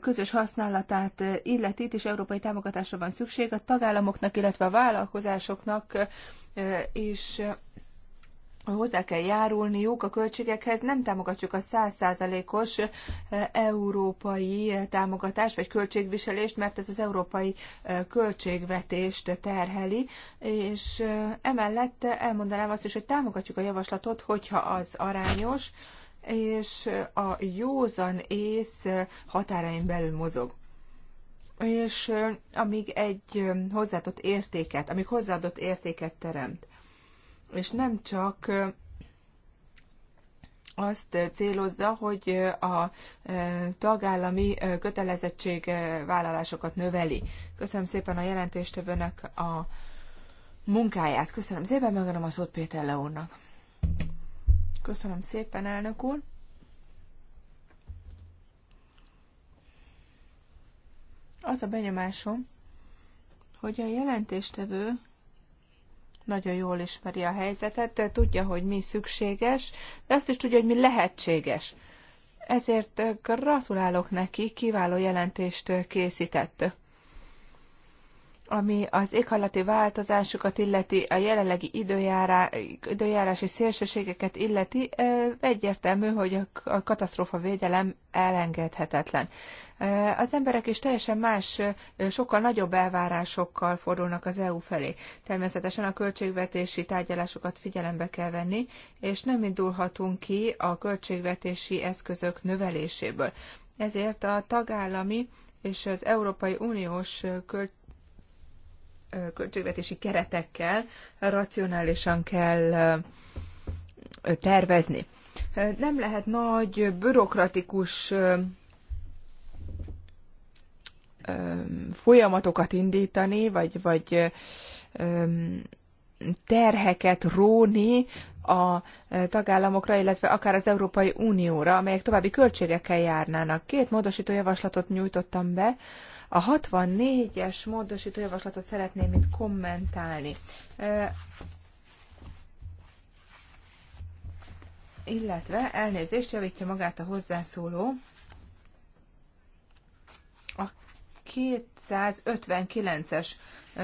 közös használatát illeti, itt is európai támogatásra van szükség a tagállamoknak, illetve a vállalkozásoknak is hozzá kell járulniuk a költségekhez. Nem támogatjuk a 100%-os európai támogatást vagy költségviselést, mert ez az európai költségvetést terheli, és emellett elmondanám azt is, hogy támogatjuk a javaslatot, hogyha az arányos, és a józan ész határain belül mozog. És amíg egy hozzáadott értéket, amíg hozzáadott értéket teremt. És nem csak azt célozza, hogy a tagállami vállalásokat növeli. Köszönöm szépen a jelentéstevőnek a munkáját. Köszönöm szépen, megadom a szót Péter Leónak. Köszönöm szépen, elnök úr. Az a benyomásom, hogy a jelentéstevő nagyon jól ismeri a helyzetet, tudja, hogy mi szükséges, de azt is tudja, hogy mi lehetséges. Ezért gratulálok neki, kiváló jelentést készített ami az éghajlati változásokat illeti, a jelenlegi időjárá, időjárási szélsőségeket illeti, egyértelmű, hogy a katasztrófa védelem elengedhetetlen. Az emberek is teljesen más, sokkal nagyobb elvárásokkal fordulnak az EU felé. Természetesen a költségvetési tárgyalásokat figyelembe kell venni, és nem indulhatunk ki a költségvetési eszközök növeléséből. Ezért a tagállami és az Európai Uniós költségvetési költségvetési keretekkel racionálisan kell tervezni. Nem lehet nagy bürokratikus folyamatokat indítani, vagy, vagy terheket róni a tagállamokra, illetve akár az Európai Unióra, amelyek további költségekkel járnának. Két módosító javaslatot nyújtottam be, a 64-es módosító javaslatot szeretném itt kommentálni. Illetve elnézést javítja magát a hozzászóló. A 259-es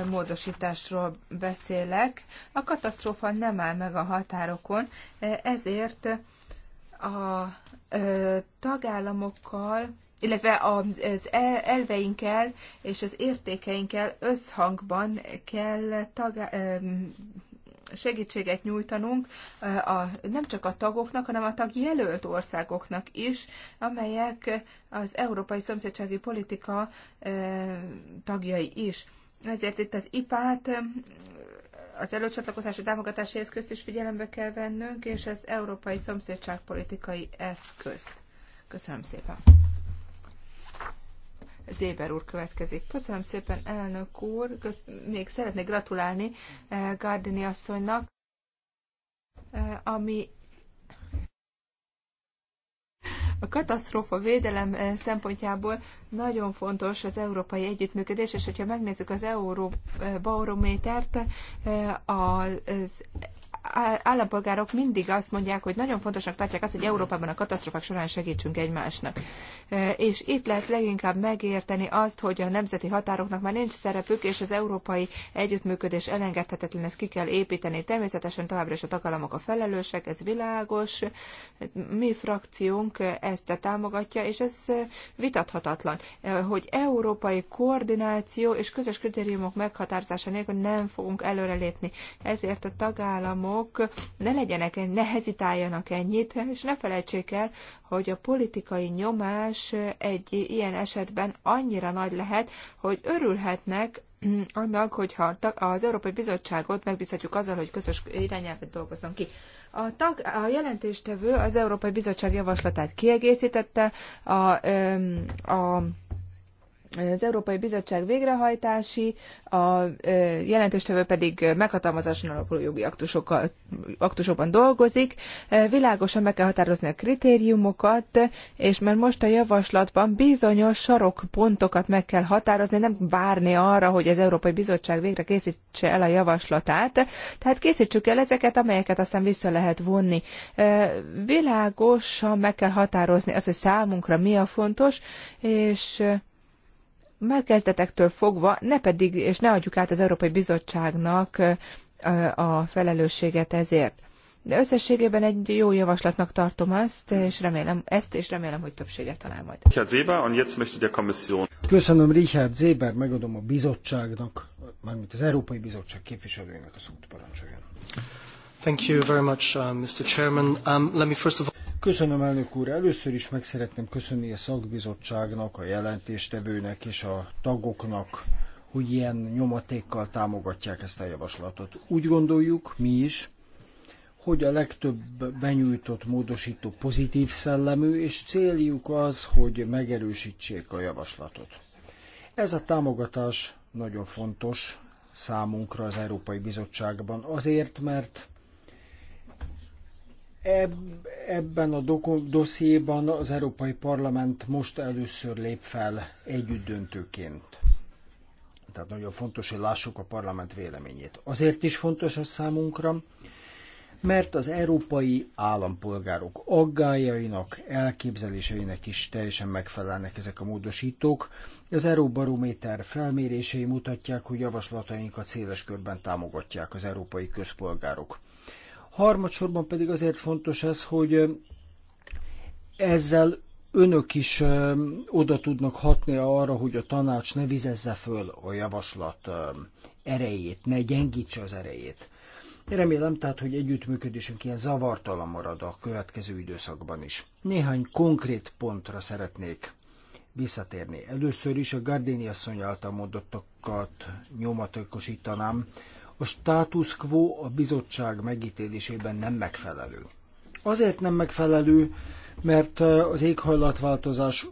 módosításról beszélek. A katasztrófa nem áll meg a határokon, ezért a tagállamokkal illetve az elveinkkel és az értékeinkkel összhangban kell tagá- segítséget nyújtanunk eh, a, nem csak a tagoknak, hanem a tagjelölt országoknak is, amelyek az európai szomszédsági politika eh, tagjai is. Ezért itt az IPÁT eh, az előcsatlakozási támogatási eszközt is figyelembe kell vennünk, és az európai szomszédságpolitikai eszközt. Köszönöm szépen! Zéber úr következik. Köszönöm szépen, elnök úr. Még szeretnék gratulálni eh, Gardini asszonynak, eh, ami a katasztrófa védelem eh, szempontjából nagyon fontos az európai együttműködés, és hogyha megnézzük az Euróbarométert, az állampolgárok mindig azt mondják, hogy nagyon fontosnak tartják azt, hogy Európában a katasztrofák során segítsünk egymásnak. És itt lehet leginkább megérteni azt, hogy a nemzeti határoknak már nincs szerepük, és az európai együttműködés elengedhetetlen, ezt ki kell építeni. Természetesen továbbra is a tagállamok a felelősek, ez világos. Mi frakciónk ezt támogatja, és ez vitathatatlan, hogy európai koordináció és közös kritériumok meghatározása nélkül nem fogunk előrelépni. Ezért a tagállamok programok ne legyenek, ne hezitáljanak ennyit, és ne felejtsék el, hogy a politikai nyomás egy ilyen esetben annyira nagy lehet, hogy örülhetnek annak, hogyha az Európai Bizottságot megbízhatjuk azzal, hogy közös irányelvet dolgozzon ki. A, tag, a jelentéstevő az Európai Bizottság javaslatát kiegészítette, a, a az Európai Bizottság végrehajtási, a jelentéstevő pedig meghatalmazáson alapuló jogi aktusokban dolgozik. Világosan meg kell határozni a kritériumokat, és mert most a javaslatban bizonyos sarokpontokat meg kell határozni, nem várni arra, hogy az Európai Bizottság végre készítse el a javaslatát. Tehát készítsük el ezeket, amelyeket aztán vissza lehet vonni. Világosan meg kell határozni az, hogy számunkra mi a fontos, és már kezdetektől fogva, ne pedig, és ne adjuk át az Európai Bizottságnak a felelősséget ezért. De összességében egy jó javaslatnak tartom ezt, és remélem, ezt, és remélem, hogy többséget talál majd. Richard Zéber, und jetzt möchte der Kommission. Köszönöm Richard Zéber, megadom a bizottságnak, mármint az Európai Bizottság képviselőjének a szót parancsoljon. Thank you very much, uh, Mr. Chairman. Um, let me first of all... Köszönöm, elnök úr. Először is meg szeretném köszönni a szakbizottságnak, a jelentéstevőnek és a tagoknak, hogy ilyen nyomatékkal támogatják ezt a javaslatot. Úgy gondoljuk, mi is, hogy a legtöbb benyújtott módosító pozitív szellemű, és céljuk az, hogy megerősítsék a javaslatot. Ez a támogatás nagyon fontos számunkra az Európai Bizottságban, azért, mert Ebben a dossziéban az Európai Parlament most először lép fel együtt döntőként. Tehát nagyon fontos, hogy lássuk a parlament véleményét. Azért is fontos ez számunkra, mert az európai állampolgárok aggájainak, elképzeléseinek is teljesen megfelelnek ezek a módosítók. Az Euróbarométer felmérései mutatják, hogy javaslatainkat széles körben támogatják az európai közpolgárok. Harmadsorban pedig azért fontos ez, hogy ezzel önök is oda tudnak hatni arra, hogy a tanács ne vizezze föl a javaslat erejét, ne gyengítse az erejét. Remélem tehát, hogy együttműködésünk ilyen zavartalan marad a következő időszakban is. Néhány konkrét pontra szeretnék visszatérni. Először is a Gardini asszony által mondottakat nyomatokosítanám. A status quo a bizottság megítélésében nem megfelelő. Azért nem megfelelő, mert az éghajlatváltozás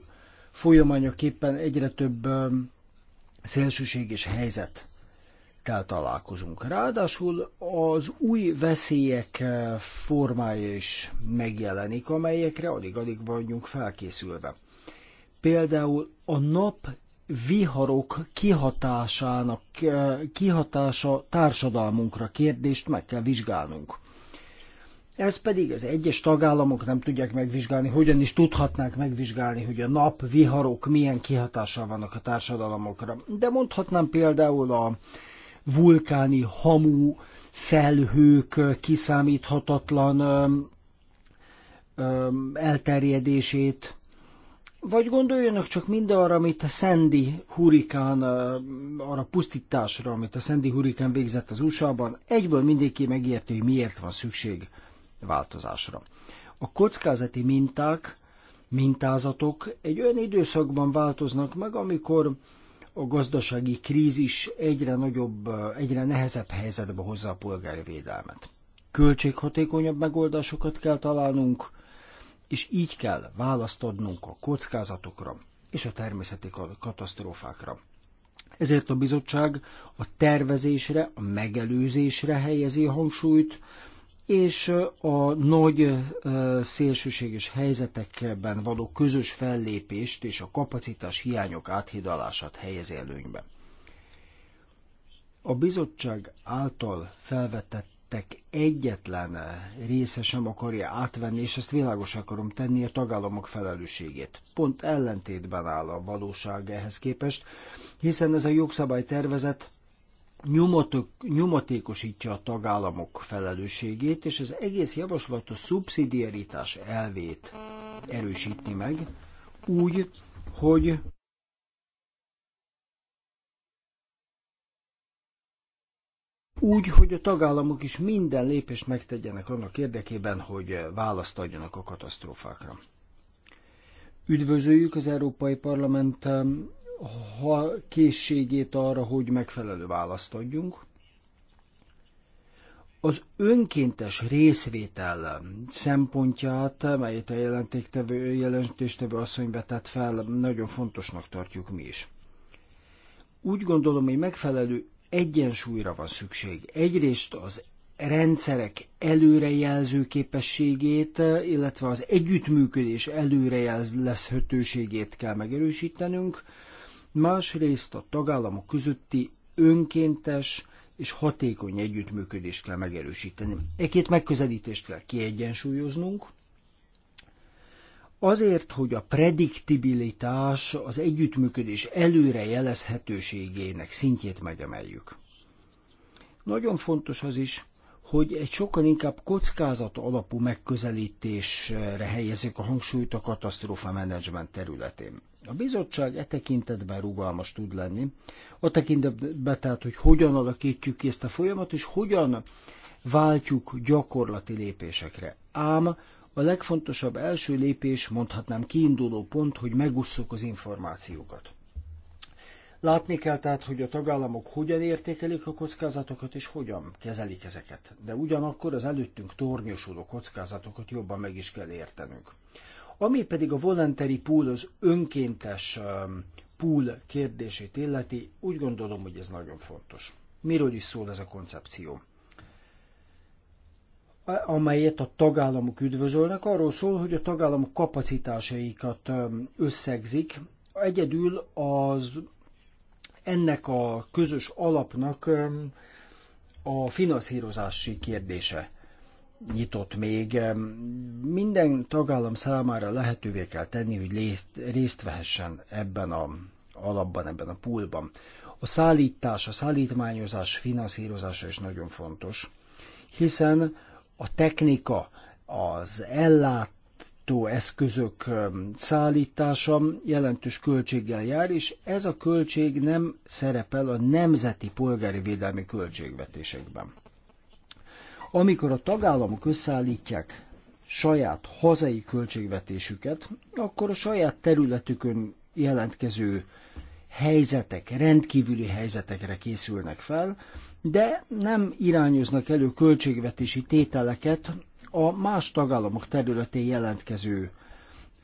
folyamányoképpen egyre több szélsőséges helyzet kell találkozunk. Ráadásul az új veszélyek formája is megjelenik, amelyekre alig-alig vagyunk felkészülve. Például a nap viharok kihatásának, kihatása társadalmunkra kérdést meg kell vizsgálnunk. Ez pedig az egyes tagállamok nem tudják megvizsgálni, hogyan is tudhatnák megvizsgálni, hogy a nap, viharok milyen kihatással vannak a társadalmokra. De mondhatnám például a vulkáni hamu, felhők kiszámíthatatlan elterjedését, vagy gondoljanak csak mindarra, amit a Sandy hurikán, arra pusztításra, amit a Sandy hurikán végzett az USA-ban, egyből mindenki megérti, hogy miért van szükség változásra. A kockázati minták, mintázatok egy olyan időszakban változnak meg, amikor a gazdasági krízis egyre nagyobb, egyre nehezebb helyzetbe hozza a polgári védelmet. Költséghatékonyabb megoldásokat kell találnunk, és így kell választodnunk a kockázatokra és a természeti katasztrófákra. Ezért a bizottság a tervezésre, a megelőzésre helyezi a hangsúlyt, és a nagy szélsőséges helyzetekben való közös fellépést és a kapacitás hiányok áthidalását helyezi előnybe. A bizottság által felvetett projektek egyetlen része sem akarja átvenni, és ezt világos akarom tenni a tagállamok felelősségét. Pont ellentétben áll a valóság ehhez képest, hiszen ez a jogszabálytervezet nyomatok, nyomatékosítja a tagállamok felelősségét, és az egész javaslat a szubszidiaritás elvét erősíti meg, úgy, hogy úgy, hogy a tagállamok is minden lépést megtegyenek annak érdekében, hogy választ adjanak a katasztrófákra. Üdvözöljük az Európai Parlament ha készségét arra, hogy megfelelő választ adjunk. Az önkéntes részvétel szempontját, melyet a jelentéktevő, jelentéstevő asszony betett fel, nagyon fontosnak tartjuk mi is. Úgy gondolom, hogy megfelelő egyensúlyra van szükség. Egyrészt az rendszerek előrejelző képességét, illetve az együttműködés előrejelzhetőségét kell megerősítenünk, másrészt a tagállamok közötti önkéntes és hatékony együttműködést kell megerősíteni. E két megközelítést kell kiegyensúlyoznunk, Azért, hogy a prediktibilitás, az együttműködés előrejelezhetőségének szintjét megemeljük. Nagyon fontos az is, hogy egy sokkal inkább kockázat alapú megközelítésre helyezik a hangsúlyt a katasztrófa menedzsment területén. A bizottság e tekintetben rugalmas tud lenni, a tekintetben tehát, hogy hogyan alakítjuk ki ezt a folyamat, és hogyan váltjuk gyakorlati lépésekre. Ám a legfontosabb első lépés, mondhatnám kiinduló pont, hogy megusszuk az információkat. Látni kell tehát, hogy a tagállamok hogyan értékelik a kockázatokat és hogyan kezelik ezeket, de ugyanakkor az előttünk tornyosuló kockázatokat jobban meg is kell értenünk. Ami pedig a voluntary pool, az önkéntes um, pool kérdését illeti, úgy gondolom, hogy ez nagyon fontos. Miről is szól ez a koncepció? amelyet a tagállamok üdvözölnek, arról szól, hogy a tagállamok kapacitásaikat összegzik. Egyedül az ennek a közös alapnak a finanszírozási kérdése nyitott még. Minden tagállam számára lehetővé kell tenni, hogy részt vehessen ebben a alapban, ebben a poolban. A szállítás, a szállítmányozás finanszírozása is nagyon fontos, hiszen a technika, az ellátó eszközök szállítása jelentős költséggel jár, és ez a költség nem szerepel a nemzeti polgári védelmi költségvetésekben. Amikor a tagállamok összeállítják saját hazai költségvetésüket, akkor a saját területükön jelentkező helyzetek, rendkívüli helyzetekre készülnek fel, de nem irányoznak elő költségvetési tételeket a más tagállamok területén jelentkező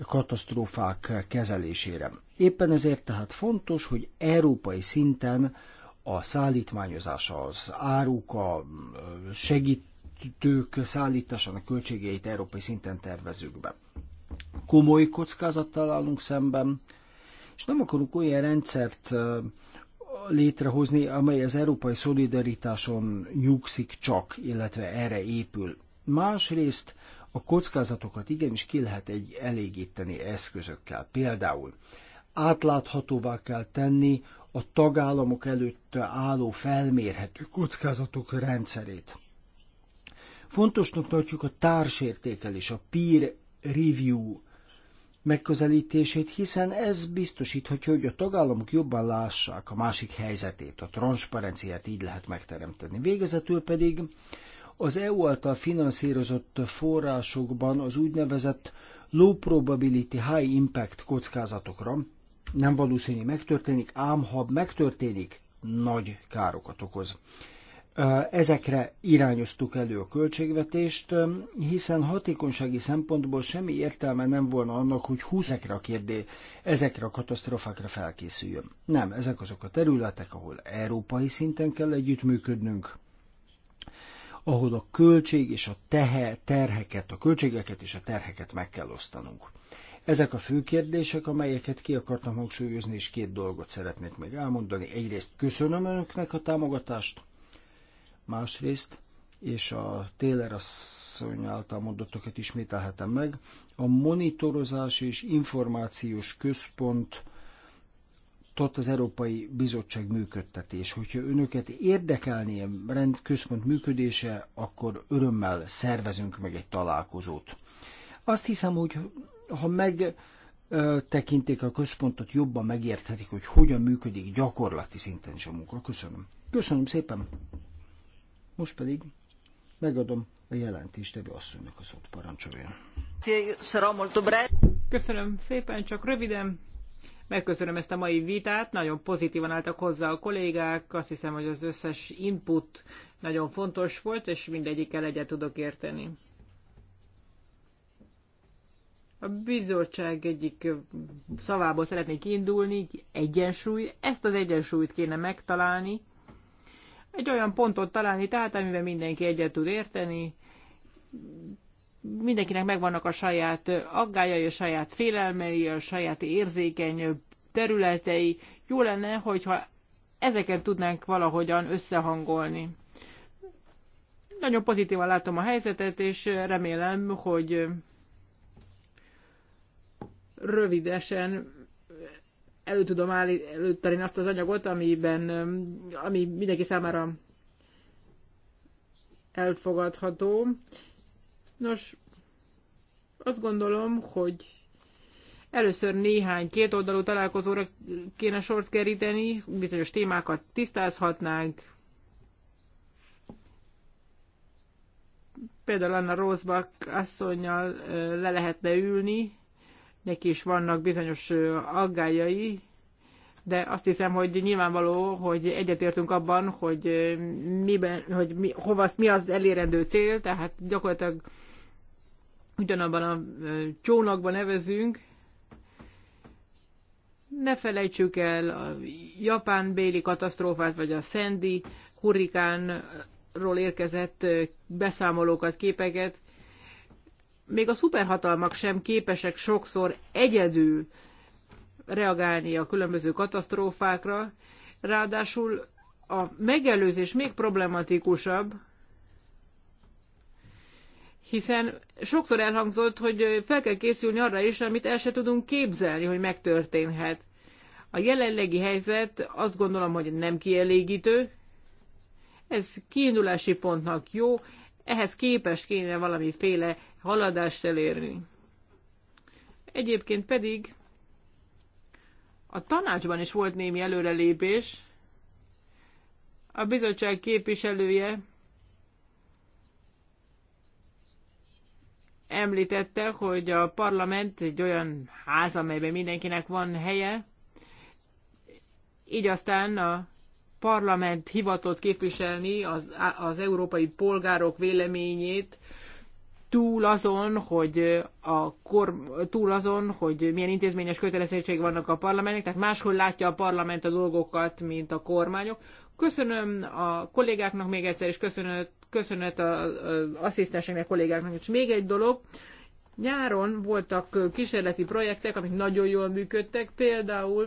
katasztrófák kezelésére. Éppen ezért tehát fontos, hogy európai szinten a szállítmányozás, az áruk, a segítők szállításának költségeit európai szinten tervezünk be. Komoly kockázattal állunk szemben, és nem akarunk olyan rendszert létrehozni, amely az európai szolidaritáson nyugszik csak, illetve erre épül. Másrészt a kockázatokat igenis ki lehet egy elégíteni eszközökkel. Például átláthatóvá kell tenni a tagállamok előtt álló felmérhető kockázatok rendszerét. Fontosnak tartjuk a társértékelés, a peer review megközelítését, hiszen ez biztosíthatja, hogy a tagállamok jobban lássák a másik helyzetét, a transzparenciát így lehet megteremteni. Végezetül pedig az EU által finanszírozott forrásokban az úgynevezett low probability, high impact kockázatokra nem valószínű megtörténik, ám ha megtörténik, nagy károkat okoz. Ezekre irányoztuk elő a költségvetést, hiszen hatékonysági szempontból semmi értelme nem volna annak, hogy 20 ezekre a kérdé, ezekre a katasztrofákra felkészüljön. Nem, ezek azok a területek, ahol európai szinten kell együttműködnünk, ahol a költség és a tehe, terheket, a költségeket és a terheket meg kell osztanunk. Ezek a fő kérdések, amelyeket ki akartam hangsúlyozni, és két dolgot szeretnék még elmondani. Egyrészt köszönöm önöknek a támogatást, másrészt, és a Taylor asszony által mondottokat ismételhetem meg, a monitorozás és információs központ tot az Európai Bizottság működtetés. Hogyha önöket érdekelné a rendközpont működése, akkor örömmel szervezünk meg egy találkozót. Azt hiszem, hogy ha meg tekintik a központot, jobban megérthetik, hogy hogyan működik gyakorlati szinten is a munka. Köszönöm. Köszönöm szépen. Most pedig megadom a jelentéstevő asszonynak a szót parancsoljon. Köszönöm szépen, csak röviden. Megköszönöm ezt a mai vitát, nagyon pozitívan álltak hozzá a kollégák, azt hiszem, hogy az összes input nagyon fontos volt, és mindegyikkel egyet tudok érteni. A bizottság egyik szavából szeretnék indulni, egyensúly, ezt az egyensúlyt kéne megtalálni, egy olyan pontot találni, tehát amivel mindenki egyet tud érteni, mindenkinek megvannak a saját aggájai, a saját félelmei, a saját érzékeny területei. Jó lenne, hogyha ezeket tudnánk valahogyan összehangolni. Nagyon pozitívan látom a helyzetet, és remélem, hogy rövidesen elő tudom állítani azt az anyagot, amiben, ami mindenki számára elfogadható. Nos, azt gondolom, hogy először néhány kétoldalú találkozóra kéne sort keríteni, bizonyos témákat tisztázhatnánk. Például Anna Rosbach asszonynal le lehetne ülni, neki is vannak bizonyos aggályai, de azt hiszem, hogy nyilvánvaló, hogy egyetértünk abban, hogy, miben, hogy mi, hova, mi az elérendő cél, tehát gyakorlatilag ugyanabban a csónakban nevezünk. Ne felejtsük el a japán béli katasztrófát, vagy a Sandy hurrikánról érkezett beszámolókat, képeket még a szuperhatalmak sem képesek sokszor egyedül reagálni a különböző katasztrófákra, ráadásul a megelőzés még problematikusabb, hiszen sokszor elhangzott, hogy fel kell készülni arra is, amit el se tudunk képzelni, hogy megtörténhet. A jelenlegi helyzet azt gondolom, hogy nem kielégítő, ez kiindulási pontnak jó, ehhez képest kéne valamiféle haladást elérni. Egyébként pedig a tanácsban is volt némi előrelépés. A bizottság képviselője említette, hogy a parlament egy olyan ház, amelyben mindenkinek van helye, így aztán a parlament hivatott képviselni az, az európai polgárok véleményét, túl azon, hogy a kor, túl azon, hogy milyen intézményes kötelezettség vannak a parlamentnek, tehát máshol látja a parlament a dolgokat, mint a kormányok. Köszönöm a kollégáknak még egyszer, és köszönöm köszönet az asszisztenseknek, kollégáknak. És még egy dolog, nyáron voltak kísérleti projektek, amik nagyon jól működtek, például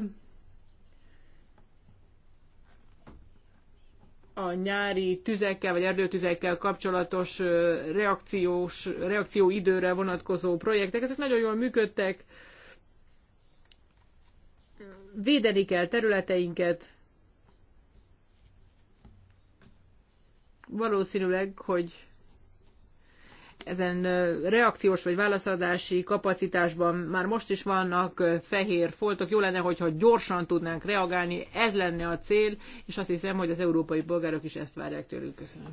a nyári tüzekkel vagy erdőtüzekkel kapcsolatos reakciós, reakcióidőre vonatkozó projektek, ezek nagyon jól működtek. Védeni kell területeinket. Valószínűleg, hogy ezen reakciós vagy válaszadási kapacitásban már most is vannak fehér foltok. Jó lenne, hogyha gyorsan tudnánk reagálni, ez lenne a cél, és azt hiszem, hogy az európai polgárok is ezt várják tőlünk. Köszönöm.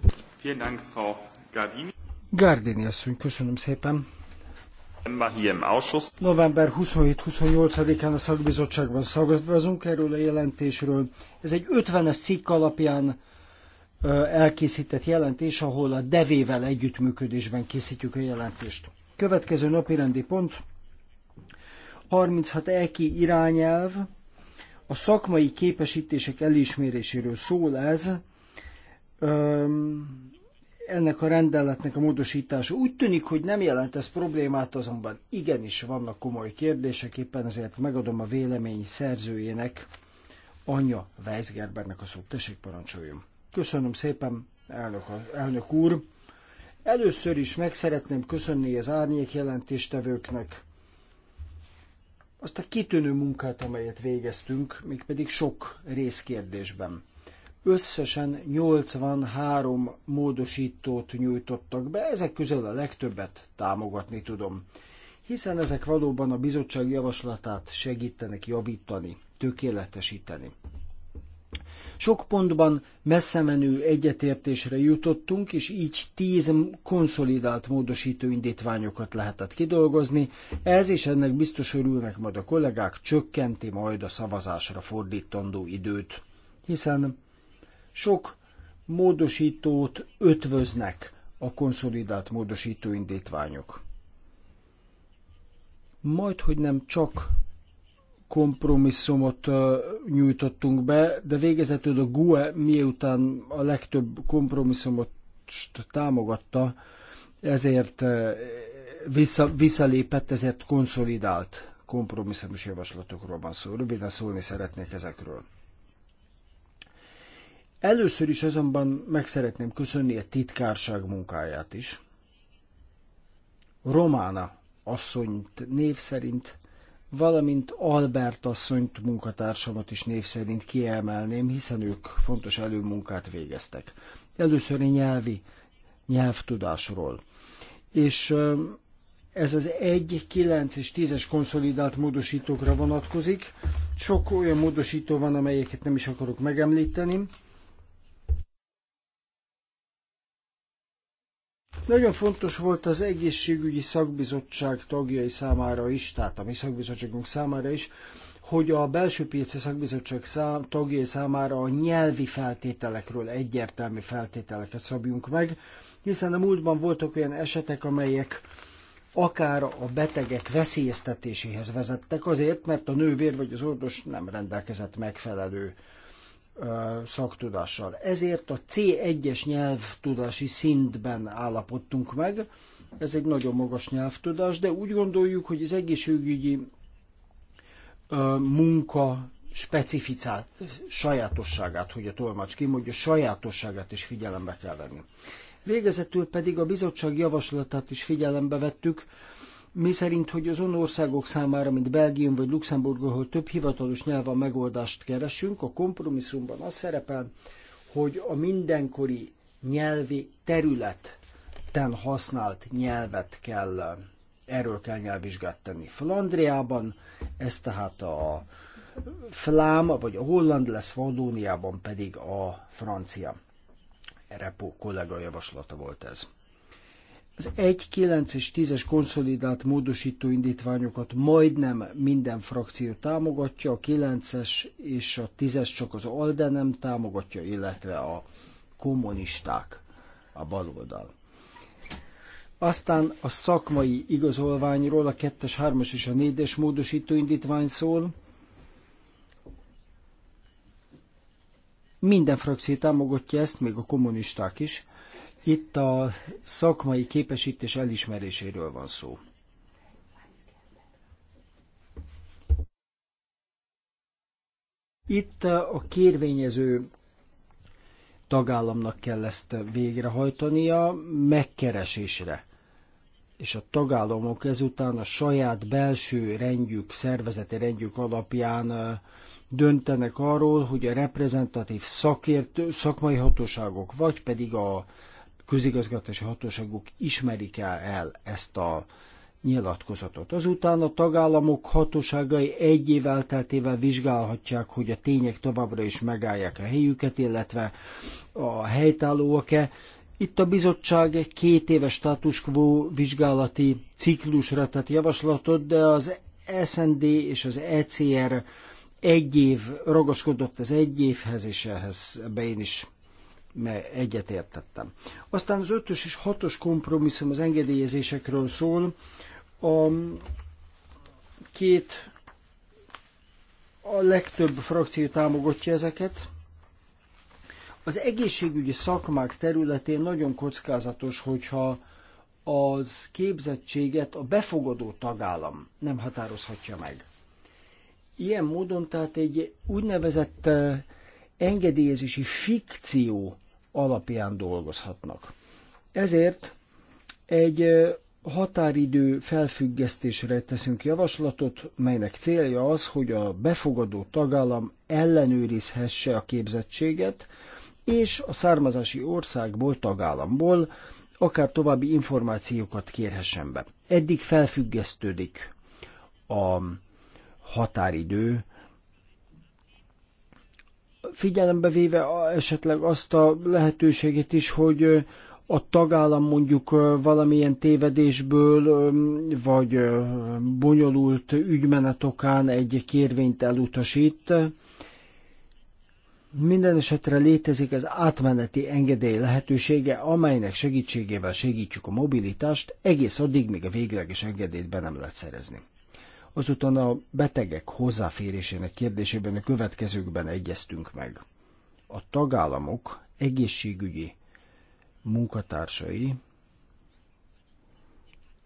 Gardini. asszony, köszönöm szépen. November 27-28-án a szakbizottságban szavazunk erről a jelentésről. Ez egy 50-es cikk alapján elkészített jelentés, ahol a devével együttműködésben készítjük a jelentést. Következő napirendi pont 36 EKI irányelv, a szakmai képesítések elismeréséről szól ez. Öm, ennek a rendeletnek a módosítása úgy tűnik, hogy nem jelent ez problémát, azonban igenis vannak komoly kérdések, éppen ezért megadom a vélemény szerzőjének, Anya Weisgerbernek a szót. Tessék, parancsoljon! Köszönöm szépen, elnök, elnök úr. Először is meg szeretném köszönni az árnyék jelentéstevőknek azt a kitűnő munkát, amelyet végeztünk, mégpedig sok részkérdésben. Összesen 83 módosítót nyújtottak be, ezek közül a legtöbbet támogatni tudom, hiszen ezek valóban a bizottság javaslatát segítenek javítani, tökéletesíteni. Sok pontban messze menő egyetértésre jutottunk, és így tíz konszolidált módosító indítványokat lehetett kidolgozni. Ez és ennek biztos örülnek majd a kollégák, csökkenti majd a szavazásra fordítandó időt. Hiszen sok módosítót ötvöznek a konszolidált módosító indítványok. Majd, hogy nem csak kompromisszumot nyújtottunk be, de végezetül a GUE miután a legtöbb kompromisszumot támogatta, ezért vissza, visszalépett, ezért konszolidált kompromisszumos javaslatokról van szó. Röviden szólni szeretnék ezekről. Először is azonban meg szeretném köszönni a titkárság munkáját is. Romána asszonyt név szerint valamint Albert asszonyt munkatársamat is név szerint kiemelném, hiszen ők fontos előmunkát végeztek. Először a nyelvi nyelvtudásról. És ez az 1, 9 és 10-es konszolidált módosítókra vonatkozik. Sok olyan módosító van, amelyeket nem is akarok megemlíteni. Nagyon fontos volt az egészségügyi szakbizottság tagjai számára is, tehát a mi szakbizottságunk számára is, hogy a belső piaci szakbizottság szám, tagjai számára a nyelvi feltételekről egyértelmű feltételeket szabjunk meg, hiszen a múltban voltak olyan esetek, amelyek akár a betegek veszélyeztetéséhez vezettek azért, mert a nővér vagy az orvos nem rendelkezett megfelelő szaktudással. Ezért a C1-es nyelvtudási szintben állapodtunk meg. Ez egy nagyon magas nyelvtudás, de úgy gondoljuk, hogy az egészségügyi munka specificált sajátosságát, hogy a tolmács kimondja, sajátosságát is figyelembe kell venni. Végezetül pedig a bizottság javaslatát is figyelembe vettük, mi szerint, hogy azon országok számára, mint Belgium vagy Luxemburg, ahol több hivatalos nyelv a megoldást keresünk, a kompromisszumban az szerepel, hogy a mindenkori nyelvi területen használt nyelvet kell, erről kell nyelvvizsgát tenni. Flandriában ez tehát a flám, vagy a holland lesz, Valdóniában pedig a francia. Repó kollega javaslata volt ez. Az 1, 9 és 10-es konszolidált módosító indítványokat majdnem minden frakció támogatja, a 9-es és a 10-es csak az ALDE nem támogatja, illetve a kommunisták, a baloldal. Aztán a szakmai igazolványról a 2-es, 3-as és a 4-es módosító indítvány szól. Minden frakció támogatja ezt, még a kommunisták is. Itt a szakmai képesítés elismeréséről van szó. Itt a kérvényező tagállamnak kell ezt végrehajtania megkeresésre. És a tagállamok ezután a saját belső rendjük, szervezeti rendjük alapján döntenek arról, hogy a reprezentatív szakért, szakmai hatóságok, vagy pedig a közigazgatási hatóságok ismerik el, el ezt a nyilatkozatot. Azután a tagállamok hatóságai egy év elteltével vizsgálhatják, hogy a tények továbbra is megállják a helyüket, illetve a helytállóak-e. Itt a bizottság egy két éves status quo vizsgálati ciklusra tett javaslatot, de az SND és az ECR egy év ragaszkodott az egy évhez, és ehhez be én is meg egyetértettem. Aztán az ötös és hatos kompromisszum az engedélyezésekről szól. A két a legtöbb frakció támogatja ezeket. Az egészségügyi szakmák területén nagyon kockázatos, hogyha az képzettséget a befogadó tagállam nem határozhatja meg. Ilyen módon tehát egy úgynevezett eh, engedélyezési fikció alapján dolgozhatnak. Ezért egy határidő felfüggesztésre teszünk javaslatot, melynek célja az, hogy a befogadó tagállam ellenőrizhesse a képzettséget, és a származási országból, tagállamból akár további információkat kérhessen be. Eddig felfüggesztődik a határidő, figyelembe véve esetleg azt a lehetőséget is, hogy a tagállam mondjuk valamilyen tévedésből vagy bonyolult ügymenetokán egy kérvényt elutasít. Minden esetre létezik az átmeneti engedély lehetősége, amelynek segítségével segítjük a mobilitást, egész addig, míg a végleges engedélyt be nem lehet szerezni. Azután a betegek hozzáférésének kérdésében a következőkben egyeztünk meg. A tagállamok egészségügyi munkatársai,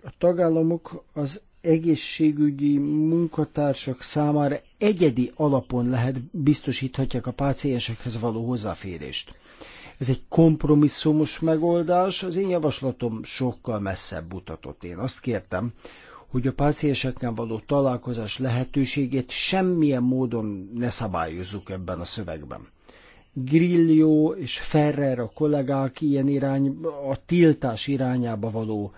a tagállamok az egészségügyi munkatársak számára egyedi alapon lehet biztosíthatják a páciensekhez való hozzáférést. Ez egy kompromisszumos megoldás, az én javaslatom sokkal messzebb mutatott. Én azt kértem, hogy a pácienseknél való találkozás lehetőségét semmilyen módon ne szabályozzuk ebben a szövegben. Grillo és Ferrer a kollégák ilyen irány, a tiltás irányába való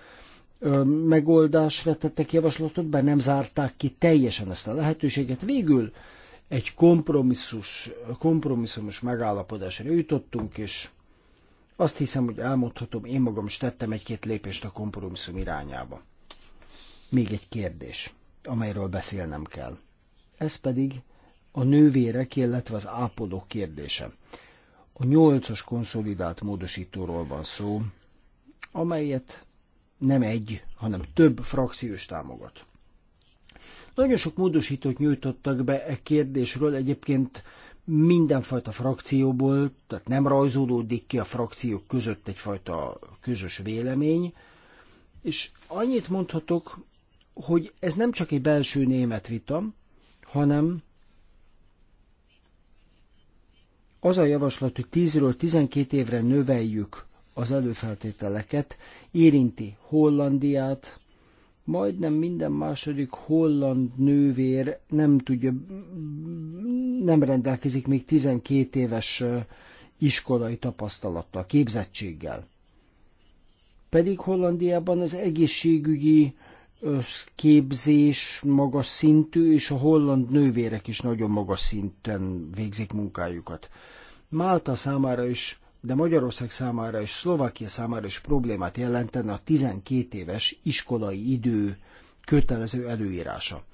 ö, megoldásra tettek javaslatot, bár nem zárták ki teljesen ezt a lehetőséget. Végül egy kompromisszus, kompromisszumos megállapodásra jutottunk, és azt hiszem, hogy elmondhatom, én magam is tettem egy-két lépést a kompromisszum irányába. Még egy kérdés, amelyről beszélnem kell. Ez pedig a nővérek, illetve az ápolók kérdése. A nyolcos konszolidált módosítóról van szó, amelyet nem egy, hanem több frakciós támogat. Nagyon sok módosítót nyújtottak be e kérdésről, egyébként mindenfajta frakcióból, tehát nem rajzolódik ki a frakciók között egyfajta közös vélemény, és annyit mondhatok, hogy ez nem csak egy belső német vita, hanem az a javaslat, hogy 10-ről 12 évre növeljük az előfeltételeket, érinti Hollandiát, majdnem minden második holland nővér nem tudja, nem rendelkezik még 12 éves iskolai tapasztalattal, képzettséggel. Pedig Hollandiában az egészségügyi képzés magas szintű, és a holland nővérek is nagyon magas szinten végzik munkájukat. Málta számára is, de Magyarország számára és Szlovákia számára is problémát jelentene a 12 éves iskolai idő kötelező előírása.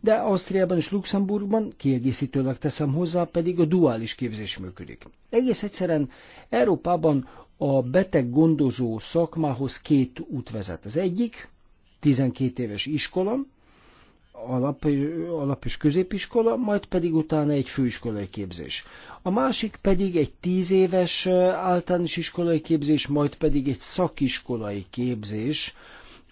De Ausztriában és Luxemburgban, kiegészítőleg teszem hozzá, pedig a duális képzés működik. Egész egyszerűen Európában a beteg gondozó szakmához két út vezet. Az egyik, 12 éves iskola, alap, alap és középiskola, majd pedig utána egy főiskolai képzés. A másik pedig egy 10 éves általános iskolai képzés, majd pedig egy szakiskolai képzés,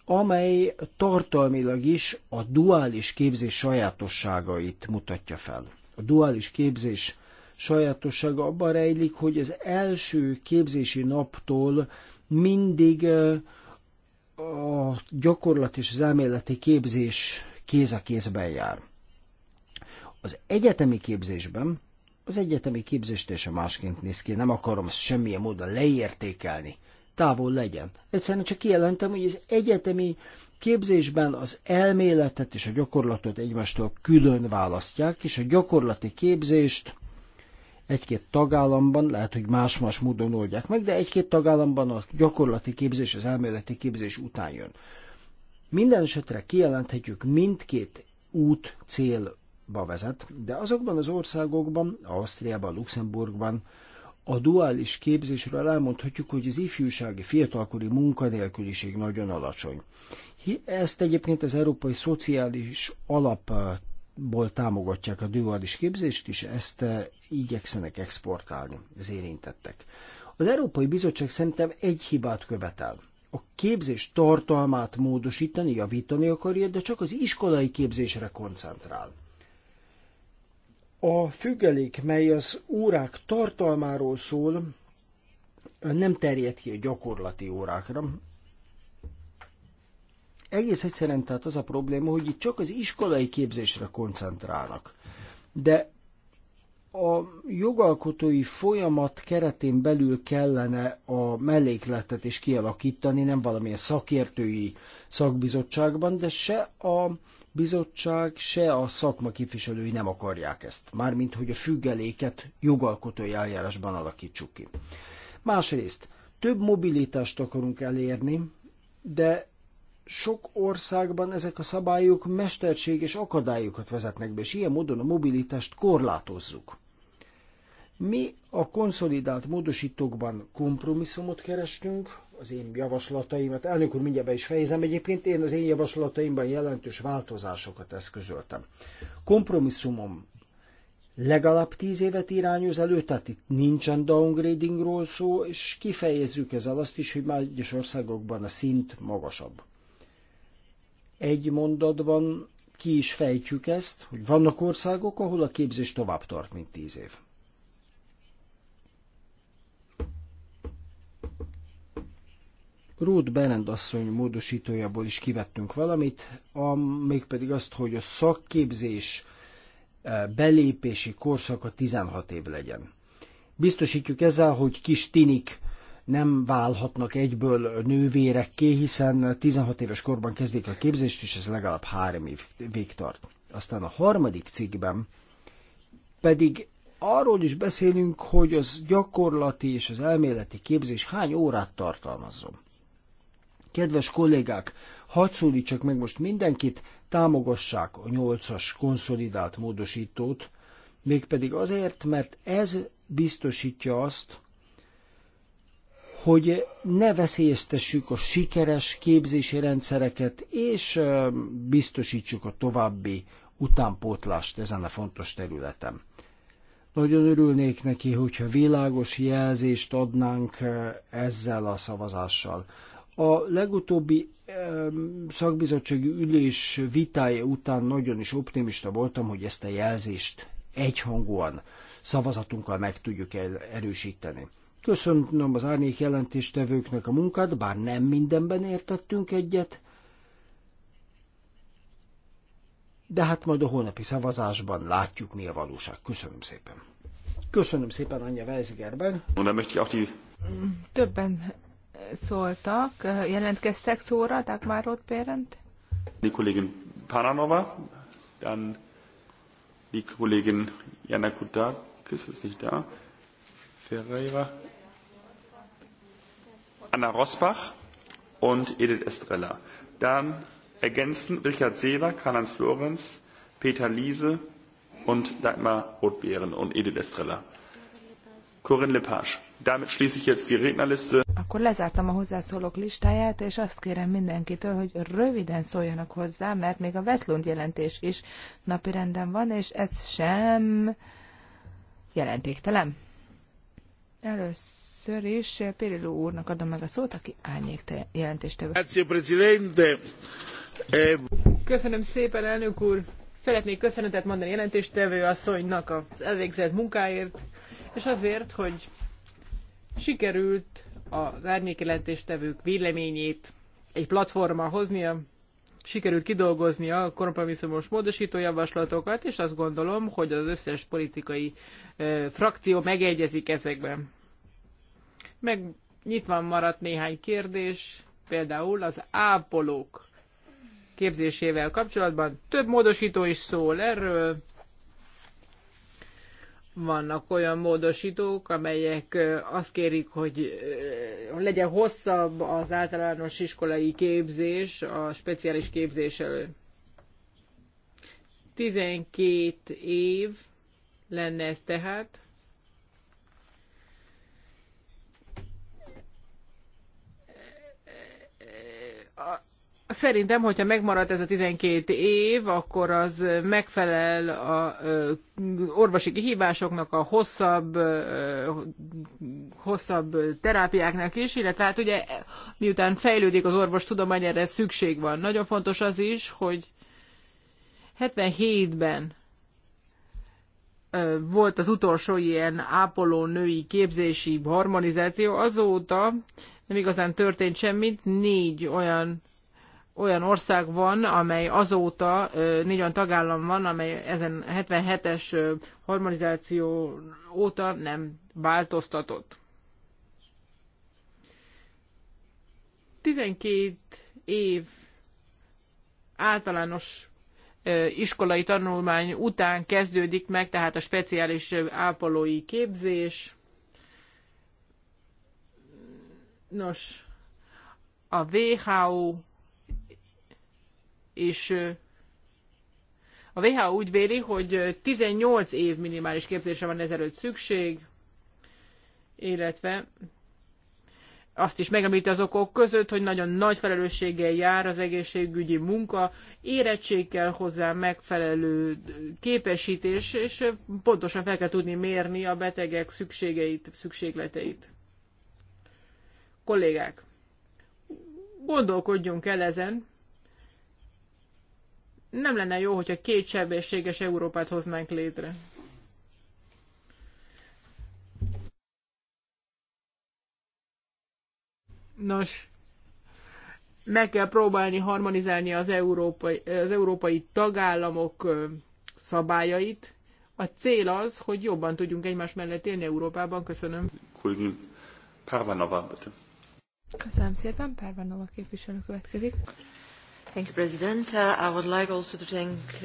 amely tartalmilag is a duális képzés sajátosságait mutatja fel. A duális képzés sajátossága abban rejlik, hogy az első képzési naptól mindig a gyakorlat és az elméleti képzés kéz a kézben jár. Az egyetemi képzésben az egyetemi és a másként néz ki, nem akarom ezt semmilyen módon leértékelni. Távol legyen. Egyszerűen csak kijelentem, hogy az egyetemi képzésben az elméletet és a gyakorlatot egymástól külön választják, és a gyakorlati képzést egy-két tagállamban lehet, hogy más-más módon oldják meg, de egy-két tagállamban a gyakorlati képzés, az elméleti képzés után jön. Minden esetre kijelenthetjük, mindkét út célba vezet, de azokban az országokban, Ausztriában, Luxemburgban, a duális képzésről elmondhatjuk, hogy az ifjúsági fiatalkori munkanélküliség nagyon alacsony. Ezt egyébként az Európai Szociális Alap ból támogatják a dualis képzést, és ezt eh, igyekszenek exportálni az érintettek. Az Európai Bizottság szerintem egy hibát követel. A képzés tartalmát módosítani, javítani akarja, de csak az iskolai képzésre koncentrál. A függelék, mely az órák tartalmáról szól, nem terjed ki a gyakorlati órákra, egész egyszerűen tehát az a probléma, hogy itt csak az iskolai képzésre koncentrálnak. De a jogalkotói folyamat keretén belül kellene a mellékletet is kialakítani, nem valamilyen szakértői szakbizottságban, de se a bizottság, se a szakma képviselői nem akarják ezt. Mármint, hogy a függeléket jogalkotói eljárásban alakítsuk ki. Másrészt, több mobilitást akarunk elérni, de sok országban ezek a szabályok és akadályokat vezetnek be, és ilyen módon a mobilitást korlátozzuk. Mi a konszolidált módosítókban kompromisszumot kerestünk, az én javaslataimat, elnök úr mindjárt be is fejezem, egyébként én az én javaslataimban jelentős változásokat eszközöltem. Kompromisszumom legalább tíz évet irányoz elő, tehát itt nincsen downgradingról szó, és kifejezzük ezzel azt is, hogy már egyes országokban a szint magasabb egy mondatban ki is fejtjük ezt, hogy vannak országok, ahol a képzés tovább tart, mint tíz év. Ruth Berend asszony módosítójából is kivettünk valamit, a, mégpedig azt, hogy a szakképzés e, belépési korszaka 16 év legyen. Biztosítjuk ezzel, hogy kis tinik nem válhatnak egyből nővérekké, hiszen 16 éves korban kezdik a képzést, és ez legalább három évig tart. Aztán a harmadik cikkben pedig arról is beszélünk, hogy az gyakorlati és az elméleti képzés hány órát tartalmazzon. Kedves kollégák, hadd csak meg most mindenkit, támogassák a 8-as konszolidált módosítót, mégpedig azért, mert ez biztosítja azt, hogy ne veszélyeztessük a sikeres képzési rendszereket, és biztosítsuk a további utánpótlást ezen a fontos területen. Nagyon örülnék neki, hogyha világos jelzést adnánk ezzel a szavazással. A legutóbbi szakbizottsági ülés vitája után nagyon is optimista voltam, hogy ezt a jelzést egyhangúan szavazatunkkal meg tudjuk er-, erősíteni. Köszönöm az árnyék jelentéstevőknek a munkát, bár nem mindenben értettünk egyet, de hát majd a holnapi szavazásban látjuk, mi a valóság. Köszönöm szépen. Köszönöm szépen, Anja Weisgerben. Többen szóltak, jelentkeztek szóra, Dagmar Roth Bérent. Die Kollegin Paranova, dann die Kollegin Jana Kutakis ist nicht da. Ferreira. Anna Rosbach und Edith Estrella. Dann ergänzen Richard Seeler, Karl-Heinz Florenz, Peter Liese und Dagmar Rotbeeren und Edith Estrella. Corinne Lepage. Damit schließe ich jetzt die Rednerliste. Akkor lezártam a hozzászólók listáját, és azt kérem mindenkitől, hogy röviden szóljanak hozzá, mert még a Veszlund jelentés is napirenden van, és ez sem jelentéktelen. Először Először is Piriló úrnak adom meg a szót, aki árnyék jelentéstevő. E- Köszönöm szépen, elnök úr! Szeretnék köszönetet mondani jelentéstevő asszonynak az elvégzett munkáért, és azért, hogy sikerült az árnyék jelentéstevők véleményét egy platformra hoznia, sikerült kidolgozni a kompromisszumos javaslatokat és azt gondolom, hogy az összes politikai ö, e, frakció megegyezik ezekben. Meg nyitva maradt néhány kérdés, például az ápolók képzésével kapcsolatban. Több módosító is szól erről. Vannak olyan módosítók, amelyek azt kérik, hogy legyen hosszabb az általános iskolai képzés a speciális képzés elő. 12 év lenne ez tehát. szerintem, hogyha megmarad ez a 12 év, akkor az megfelel a orvosi kihívásoknak, a hosszabb, hosszabb terápiáknak is, illetve hát ugye miután fejlődik az orvos tudomány, erre szükség van. Nagyon fontos az is, hogy 77-ben volt az utolsó ilyen ápoló női képzési harmonizáció, azóta nem igazán történt semmit, négy olyan olyan ország van, amely azóta, négy olyan tagállam van, amely ezen 77-es harmonizáció óta nem változtatott. 12 év általános iskolai tanulmány után kezdődik meg, tehát a speciális ápolói képzés. Nos, a WHO és a WHO úgy véli, hogy 18 év minimális képzésre van ezelőtt szükség, illetve azt is megemlíti az okok között, hogy nagyon nagy felelősséggel jár az egészségügyi munka, érettség kell hozzá megfelelő képesítés, és pontosan fel kell tudni mérni a betegek szükségeit, szükségleteit. Kollégák, gondolkodjunk el ezen. Nem lenne jó, hogyha kétsebességes Európát hoznánk létre. Nos, meg kell próbálni harmonizálni az európai, az európai tagállamok szabályait. A cél az, hogy jobban tudjunk egymás mellett élni Európában. Köszönöm. Köszönöm szépen, Párvanova képviselő következik. Uh,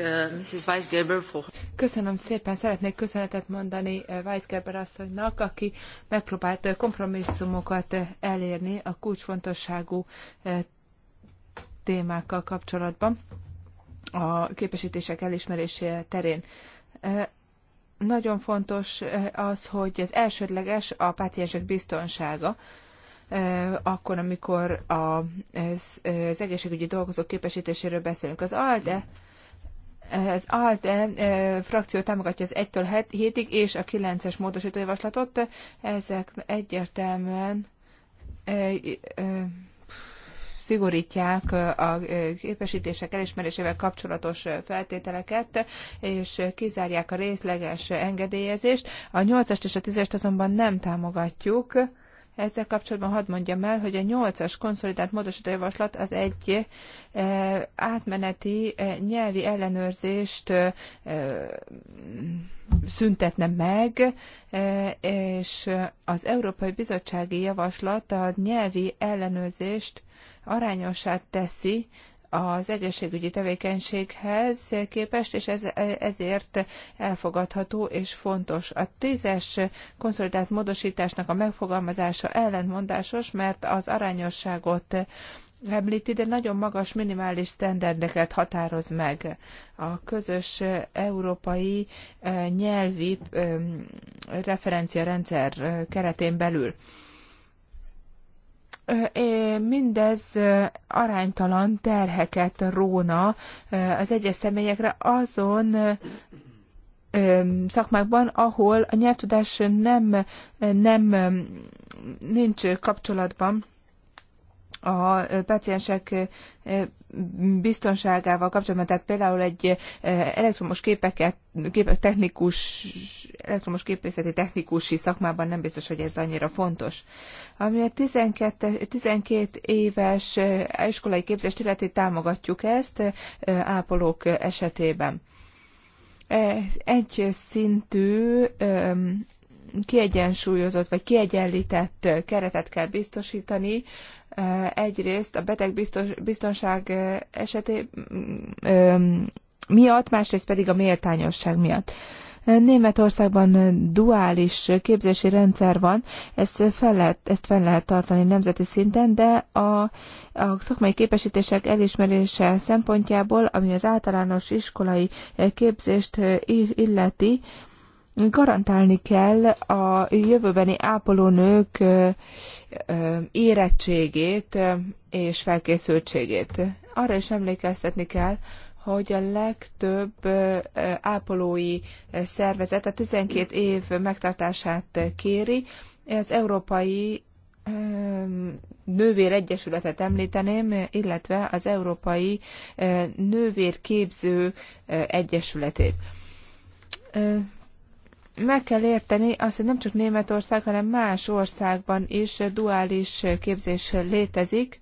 uh, Köszönöm szépen, szeretnék köszönetet mondani uh, Weisgerber asszonynak, aki megpróbált kompromisszumokat elérni a kulcsfontosságú témákkal kapcsolatban a képesítések elismerése terén. Nagyon fontos az, hogy az elsődleges a páciensek biztonsága, akkor, amikor a, az, az egészségügyi dolgozók képesítéséről beszélünk. Az ALDE az ALDE frakció támogatja az 1-től 7-ig és a 9-es módosítójavaslatot. Ezek egyértelműen szigorítják a képesítések elismerésével kapcsolatos feltételeket, és kizárják a részleges engedélyezést. A 8-est és a 10-est azonban nem támogatjuk ezzel kapcsolatban hadd mondjam el, hogy a 8-as konszolidált módosító javaslat az egy eh, átmeneti eh, nyelvi ellenőrzést eh, szüntetne meg, és az Európai Bizottsági Javaslat a nyelvi ellenőrzést arányosát teszi az egészségügyi tevékenységhez képest, és ez, ezért elfogadható és fontos. A tízes konszolidált módosításnak a megfogalmazása ellentmondásos, mert az arányosságot említi, de nagyon magas minimális sztenderdeket határoz meg. A közös európai eh, nyelvi eh, referenciarendszer eh, keretén belül mindez aránytalan terheket róna az egyes személyekre azon szakmákban, ahol a nyelvtudás nem, nem nincs kapcsolatban a paciensek biztonságával kapcsolatban, tehát például egy elektromos képeket, képek technikus, elektromos képészeti technikusi szakmában nem biztos, hogy ez annyira fontos. Ami a 12, 12 éves iskolai képzést illeti, támogatjuk ezt ápolók esetében. Egy szintű kiegyensúlyozott vagy kiegyenlített keretet kell biztosítani. Egyrészt a beteg biztonság esetében miatt, másrészt pedig a méltányosság miatt. Németországban duális képzési rendszer van, ezt fel lehet, ezt fel lehet tartani nemzeti szinten, de a, a szakmai képesítések elismerése szempontjából, ami az általános iskolai képzést illeti, garantálni kell a jövőbeni ápolónők érettségét és felkészültségét. Arra is emlékeztetni kell, hogy a legtöbb ápolói szervezet a 12 év megtartását kéri. Az Európai Nővér Egyesületet említeném, illetve az Európai Nővérképző Egyesületét meg kell érteni azt, hogy nem csak Németország, hanem más országban is duális képzés létezik,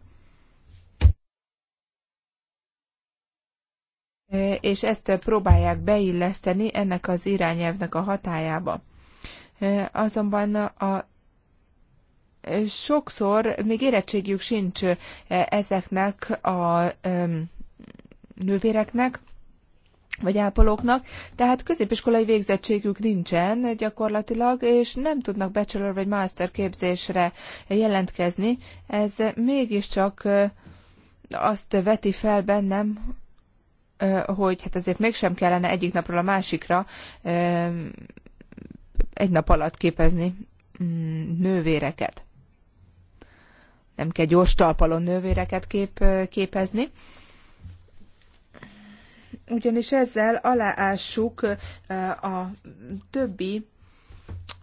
és ezt próbálják beilleszteni ennek az irányelvnek a hatájába. Azonban a sokszor még érettségjük sincs ezeknek a nővéreknek, vagy ápolóknak, tehát középiskolai végzettségük nincsen gyakorlatilag, és nem tudnak bachelor vagy master képzésre jelentkezni. Ez mégiscsak azt veti fel bennem, hogy hát azért mégsem kellene egyik napról a másikra egy nap alatt képezni mm, nővéreket. Nem kell gyors talpalon nővéreket kép, képezni ugyanis ezzel aláássuk a többi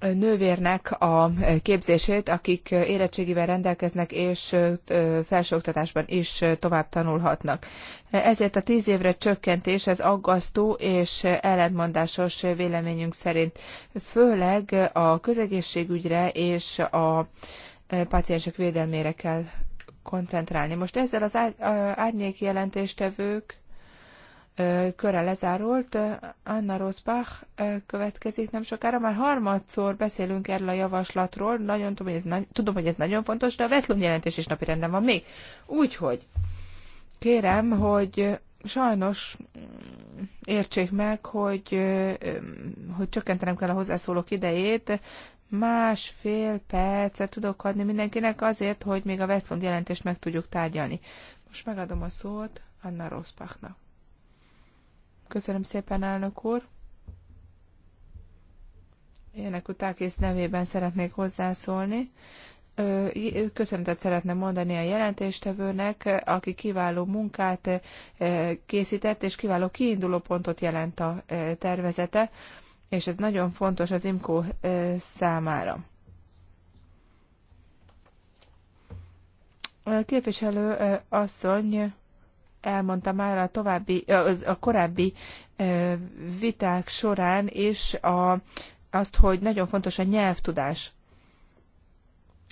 nővérnek a képzését, akik érettségivel rendelkeznek, és felsőoktatásban is tovább tanulhatnak. Ezért a tíz évre csökkentés, ez aggasztó és ellentmondásos véleményünk szerint, főleg a közegészségügyre és a páciensek védelmére kell koncentrálni. Most ezzel az árnyék jelentéstevők köre lezárult. Anna Rosbach következik nem sokára. Már harmadszor beszélünk erről a javaslatról. Nagyon tudom, hogy ez, nagy, tudom, hogy ez nagyon fontos, de a Veszlum jelentés is napirenden van még. Úgyhogy kérem, hogy sajnos mm, értsék meg, hogy, hogy csökkentenem kell a hozzászólók idejét, másfél percet tudok adni mindenkinek azért, hogy még a Westlund jelentést meg tudjuk tárgyalni. Most megadom a szót Anna Rosbachnak. Köszönöm szépen, elnök úr. Ének utákész nevében szeretnék hozzászólni. Köszönetet szeretném mondani a jelentéstevőnek, aki kiváló munkát készített, és kiváló kiinduló pontot jelent a tervezete, és ez nagyon fontos az IMCO számára. képviselő asszony elmondta már a további, az, a korábbi viták során is a, azt, hogy nagyon fontos a nyelvtudás.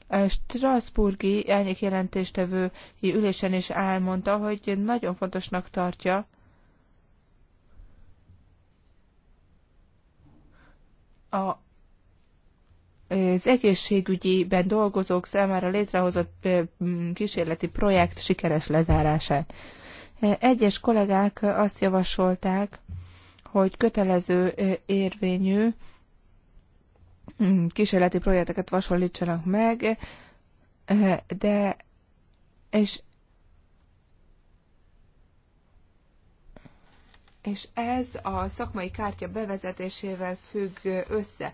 A Strasburgi jelentéstevői ülésen is elmondta, hogy nagyon fontosnak tartja, a, az egészségügyiben dolgozók számára létrehozott kísérleti projekt sikeres lezárását. Egyes kollégák azt javasolták, hogy kötelező érvényű mm, kísérleti projekteket vasolítsanak meg, de és és ez a szakmai kártya bevezetésével függ össze.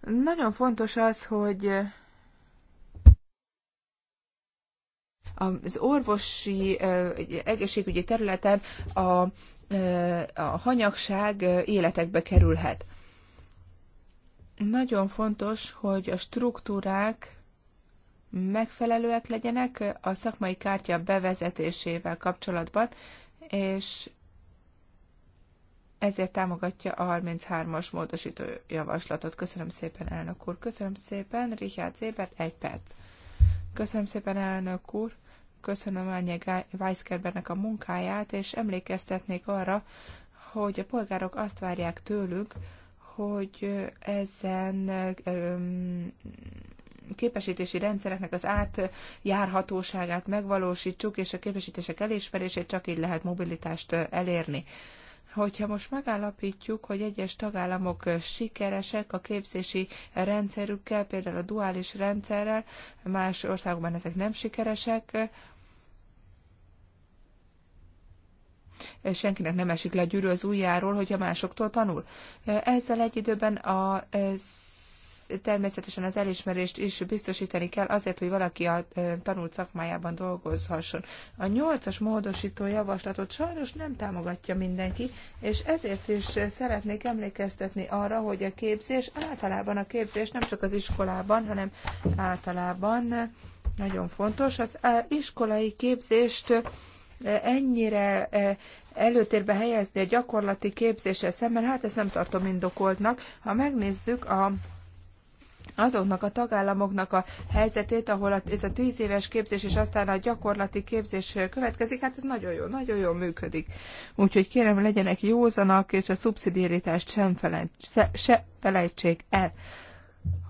Nagyon fontos az, hogy Az orvosi egészségügyi területen a, a hanyagság életekbe kerülhet. Nagyon fontos, hogy a struktúrák megfelelőek legyenek a szakmai kártya bevezetésével kapcsolatban, és ezért támogatja a 33-as módosító javaslatot. Köszönöm szépen, elnök úr. Köszönöm szépen, Richard Zébert, egy perc. Köszönöm szépen, elnök úr köszönöm Ányi Weisgerbernek a munkáját, és emlékeztetnék arra, hogy a polgárok azt várják tőlünk, hogy ezen képesítési rendszereknek az átjárhatóságát megvalósítsuk, és a képesítések elismerését csak így lehet mobilitást elérni. Hogyha most megállapítjuk, hogy egyes tagállamok sikeresek a képzési rendszerükkel, például a duális rendszerrel, más országokban ezek nem sikeresek, senkinek nem esik le a gyűrű az ujjáról, hogyha másoktól tanul. Ezzel egy időben a természetesen az elismerést is biztosítani kell azért, hogy valaki a tanult szakmájában dolgozhasson. A nyolcas módosító javaslatot sajnos nem támogatja mindenki, és ezért is szeretnék emlékeztetni arra, hogy a képzés általában a képzés nem csak az iskolában, hanem általában nagyon fontos. Az iskolai képzést ennyire e, előtérbe helyezni a gyakorlati képzéssel szemben, hát ezt nem tartom indokoltnak. Ha megnézzük a azoknak a tagállamoknak a helyzetét, ahol ez a tíz éves képzés és aztán a gyakorlati képzés következik, hát ez nagyon jó, nagyon jól működik. Úgyhogy kérem, legyenek józanak, és a szubszidiaritást sem felejt, se, se felejtsék el,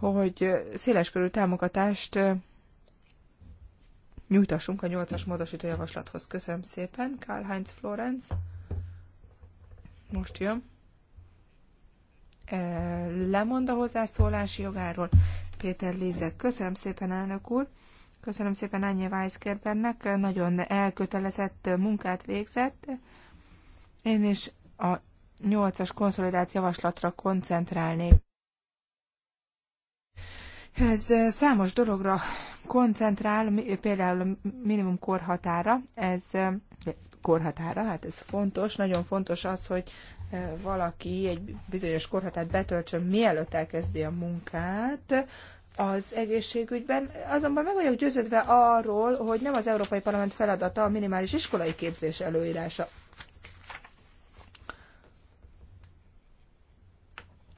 hogy széleskörű támogatást nyújtassunk a nyolcas módosító javaslathoz. Köszönöm szépen, Karl-Heinz Florenz. Most jön. Eh, lemond a hozzászólási jogáról Péter Lézek. Köszönöm szépen, elnök úr. Köszönöm szépen Ányi Weiskerbernek, nagyon elkötelezett munkát végzett. Én is a nyolcas konszolidált javaslatra koncentrálnék. Ez eh, számos dologra koncentrál például a minimum korhatára, ez korhatára, hát ez fontos, nagyon fontos az, hogy valaki egy bizonyos korhatárt betöltsön, mielőtt elkezdi a munkát, az egészségügyben, azonban meg vagyok győződve arról, hogy nem az Európai Parlament feladata a minimális iskolai képzés előírása.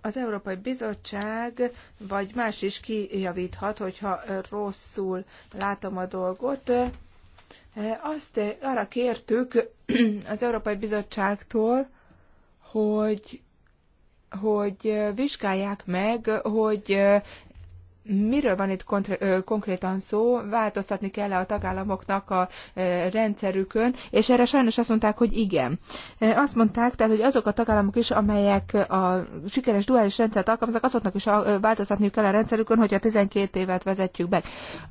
az Európai Bizottság vagy más is kijavíthat, hogyha rosszul látom a dolgot. E, azt arra kértük *clears throat* az Európai Bizottságtól, hogy hogy vizsgálják meg, hogy Miről van itt konkrétan szó? Változtatni kell -e a tagállamoknak a rendszerükön? És erre sajnos azt mondták, hogy igen. Azt mondták, tehát, hogy azok a tagállamok is, amelyek a sikeres duális rendszert alkalmaznak, azoknak is változtatniuk kell a rendszerükön, hogyha 12 évet vezetjük be.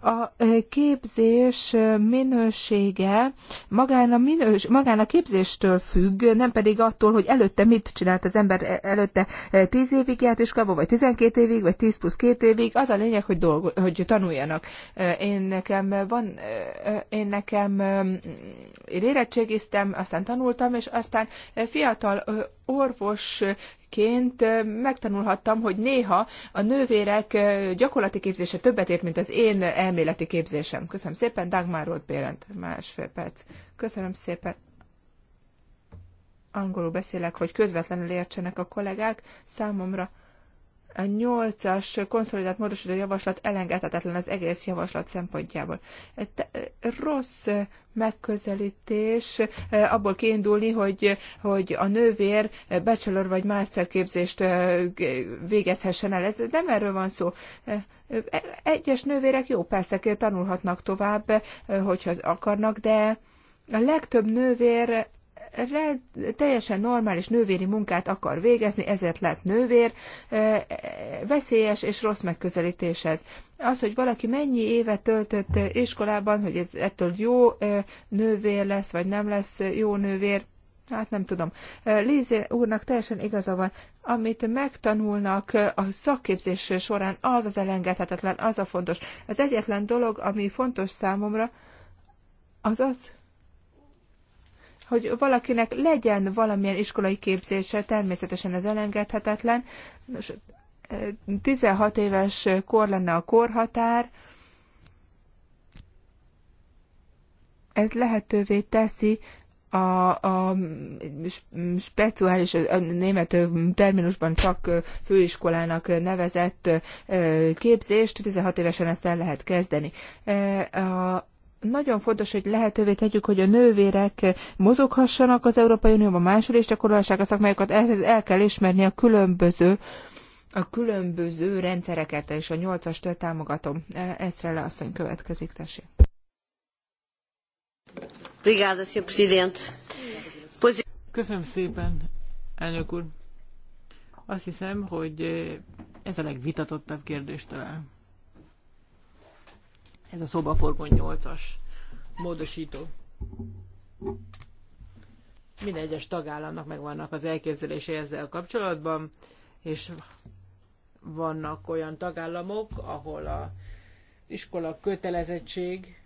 A képzés minősége magán a, minős, magán a képzéstől függ, nem pedig attól, hogy előtte mit csinált az ember e, előtte 10 e, évig járt iskolába, vagy 12 évig, vagy 10 plusz 2 évig. Az a lényeg, hogy, dolgo, hogy tanuljanak. Én nekem van, én nekem én érettségiztem, aztán tanultam, és aztán fiatal orvos ként megtanulhattam, hogy néha a nővérek gyakorlati képzése többet ér, mint az én elméleti képzésem. Köszönöm szépen, Dagmar Roth Bérent, másfél perc. Köszönöm szépen. Angolul beszélek, hogy közvetlenül értsenek a kollégák. Számomra a nyolcas konszolidált módosító javaslat elengedhetetlen az egész javaslat szempontjából. Te, rossz megközelítés eh, abból kiindulni, hogy, hogy a nővér bachelor vagy master képzést eh, végezhessen el. Ez nem erről van szó. Eh, e- egyes nővérek jó, persze tanulhatnak tovább, hogyha akarnak, de a legtöbb nővér teljesen normális nővéri munkát akar végezni, ezért lett nővér, e, veszélyes és rossz megközelítés ez. Az, hogy valaki mennyi évet töltött iskolában, hogy ez ettől jó nővér lesz, vagy nem lesz jó nővér, Hát nem tudom. Lézi úrnak teljesen igaza van. Amit megtanulnak a szakképzés során, az az elengedhetetlen, az a fontos. Az egyetlen dolog, ami fontos számomra, az az, hogy valakinek legyen valamilyen iskolai képzése, természetesen ez elengedhetetlen. Nos, 16 éves kor lenne a korhatár, ez lehetővé teszi a, a speciális, a német terminusban csak főiskolának nevezett képzést, 16 évesen ezt el lehet kezdeni. A, nagyon fontos, hogy lehetővé tegyük, hogy a nővérek mozoghassanak az Európai Unióban, máshol is gyakorolhassák a szakmájukat, ehhez el kell ismerni a különböző a különböző rendszereket, és a nyolcastól támogatom. Ezre le asszony következik, tessék. Köszönöm szépen, elnök úr. Azt hiszem, hogy ez a legvitatottabb kérdés talán. Ez a szobaforgó 8-as módosító. Minden egyes tagállamnak megvannak az elképzelései ezzel kapcsolatban, és vannak olyan tagállamok, ahol a iskola kötelezettség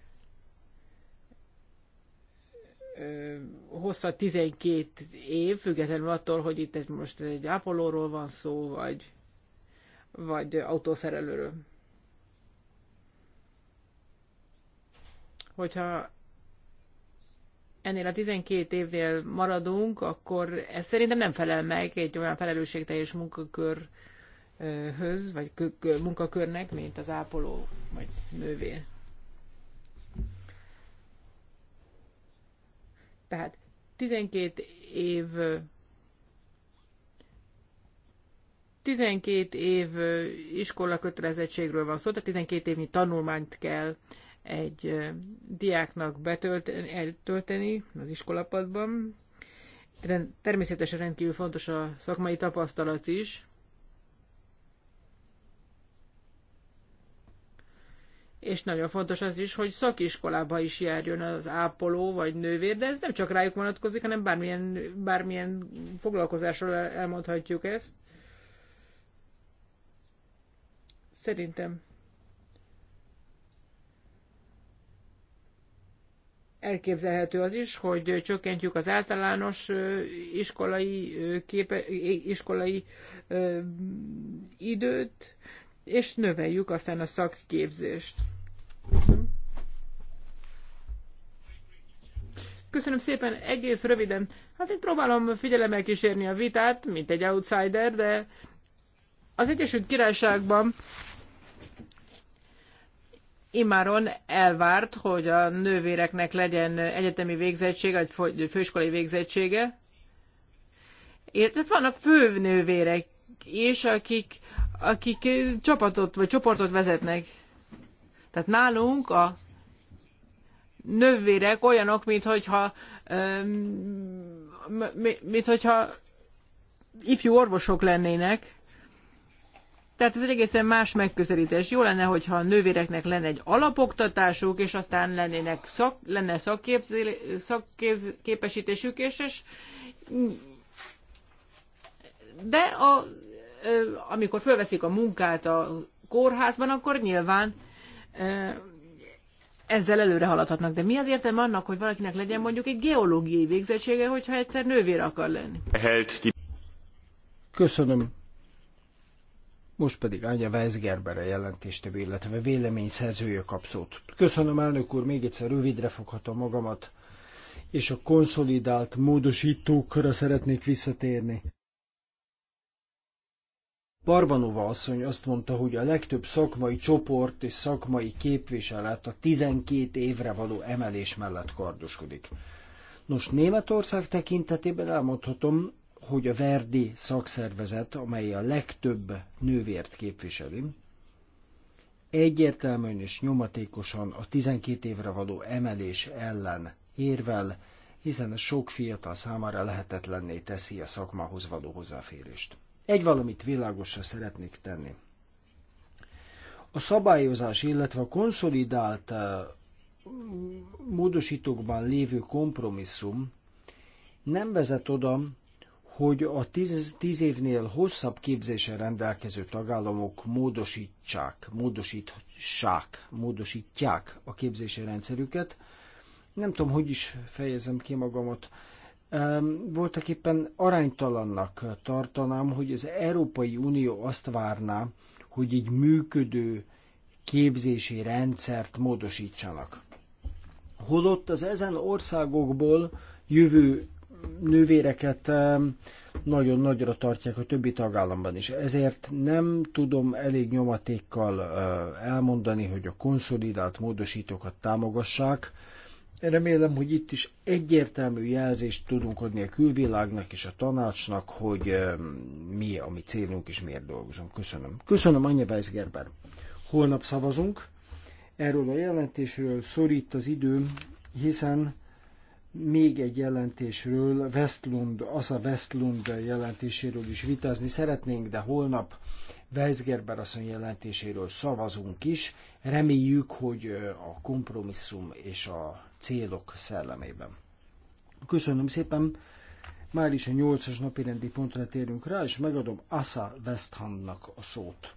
hossza 12 év, függetlenül attól, hogy itt most egy ápolóról van szó, vagy, vagy autószerelőről. hogyha ennél a 12 évnél maradunk, akkor ez szerintem nem felel meg egy olyan felelősségteljes munkakörhöz, vagy munkakörnek, mint az ápoló vagy nővér. Tehát 12 év 12 év iskola kötelezettségről van szó, tehát 12 évnyi tanulmányt kell egy diáknak betölteni az iskolapadban. Természetesen rendkívül fontos a szakmai tapasztalat is, és nagyon fontos az is, hogy szakiskolába is járjon az ápoló vagy nővér, de ez nem csak rájuk vonatkozik, hanem bármilyen, bármilyen foglalkozásról elmondhatjuk ezt. Szerintem elképzelhető az is, hogy csökkentjük az általános iskolai, képe, iskolai időt, és növeljük aztán a szakképzést. Köszönöm. Köszönöm szépen, egész röviden. Hát én próbálom figyelemmel kísérni a vitát, mint egy outsider, de az Egyesült Királyságban Imáron elvárt, hogy a nővéreknek legyen egyetemi végzettsége, vagy főiskolai végzettsége. Tehát vannak főnővérek is, akik, akik csapatot vagy csoportot vezetnek. Tehát nálunk a nővérek olyanok, mint hogyha, mint hogyha ifjú orvosok lennének. Tehát ez egészen más megközelítés. Jó lenne, hogyha a nővéreknek lenne egy alapoktatásuk, és aztán lennének szak, lenne szakképesítésük, és, és de a, amikor fölveszik a munkát a kórházban, akkor nyilván ezzel előre haladhatnak. De mi az értelme annak, hogy valakinek legyen mondjuk egy geológiai végzettsége, hogyha egyszer nővér akar lenni? Köszönöm. Most pedig Anya Weisgerber a jelentéstevő, illetve szerzője kap szót. Köszönöm, elnök úr, még egyszer rövidre foghatom magamat, és a konszolidált módosítókra szeretnék visszatérni. Barbanova asszony azt mondta, hogy a legtöbb szakmai csoport és szakmai képviselet a 12 évre való emelés mellett kardoskodik. Nos, Németország tekintetében elmondhatom, hogy a Verdi szakszervezet, amely a legtöbb nővért képviseli, egyértelműen és nyomatékosan a 12 évre való emelés ellen érvel, hiszen a sok fiatal számára lehetetlenné teszi a szakmához való hozzáférést. Egy valamit világosra szeretnék tenni. A szabályozás, illetve a konszolidált eh, módosítókban lévő kompromisszum nem vezet oda, hogy a tíz, tíz évnél hosszabb képzésen rendelkező tagállamok módosítsák, módosítsák, módosítják a képzési rendszerüket. Nem tudom, hogy is fejezem ki magamat. Voltak éppen aránytalannak tartanám, hogy az Európai Unió azt várná, hogy egy működő képzési rendszert módosítsanak. Holott az ezen országokból jövő nővéreket nagyon nagyra tartják a többi tagállamban is. Ezért nem tudom elég nyomatékkal eh, elmondani, hogy a konszolidált módosítókat támogassák. Remélem, hogy itt is egyértelmű jelzést tudunk adni a külvilágnak és a tanácsnak, hogy mi a mi célunk és miért dolgozunk. Köszönöm. Köszönöm, Anya Weisgerber. Holnap szavazunk. Erről a jelentésről szorít az idő, hiszen még egy jelentésről, Westlund, az a Westlund jelentéséről is vitázni szeretnénk, de holnap Weisgerber asszony jelentéséről szavazunk is. Reméljük, hogy a kompromisszum és a célok szellemében. Köszönöm szépen! Már is a nyolcas napi rendi pontra térünk rá, és megadom Asa Westhandnak a szót.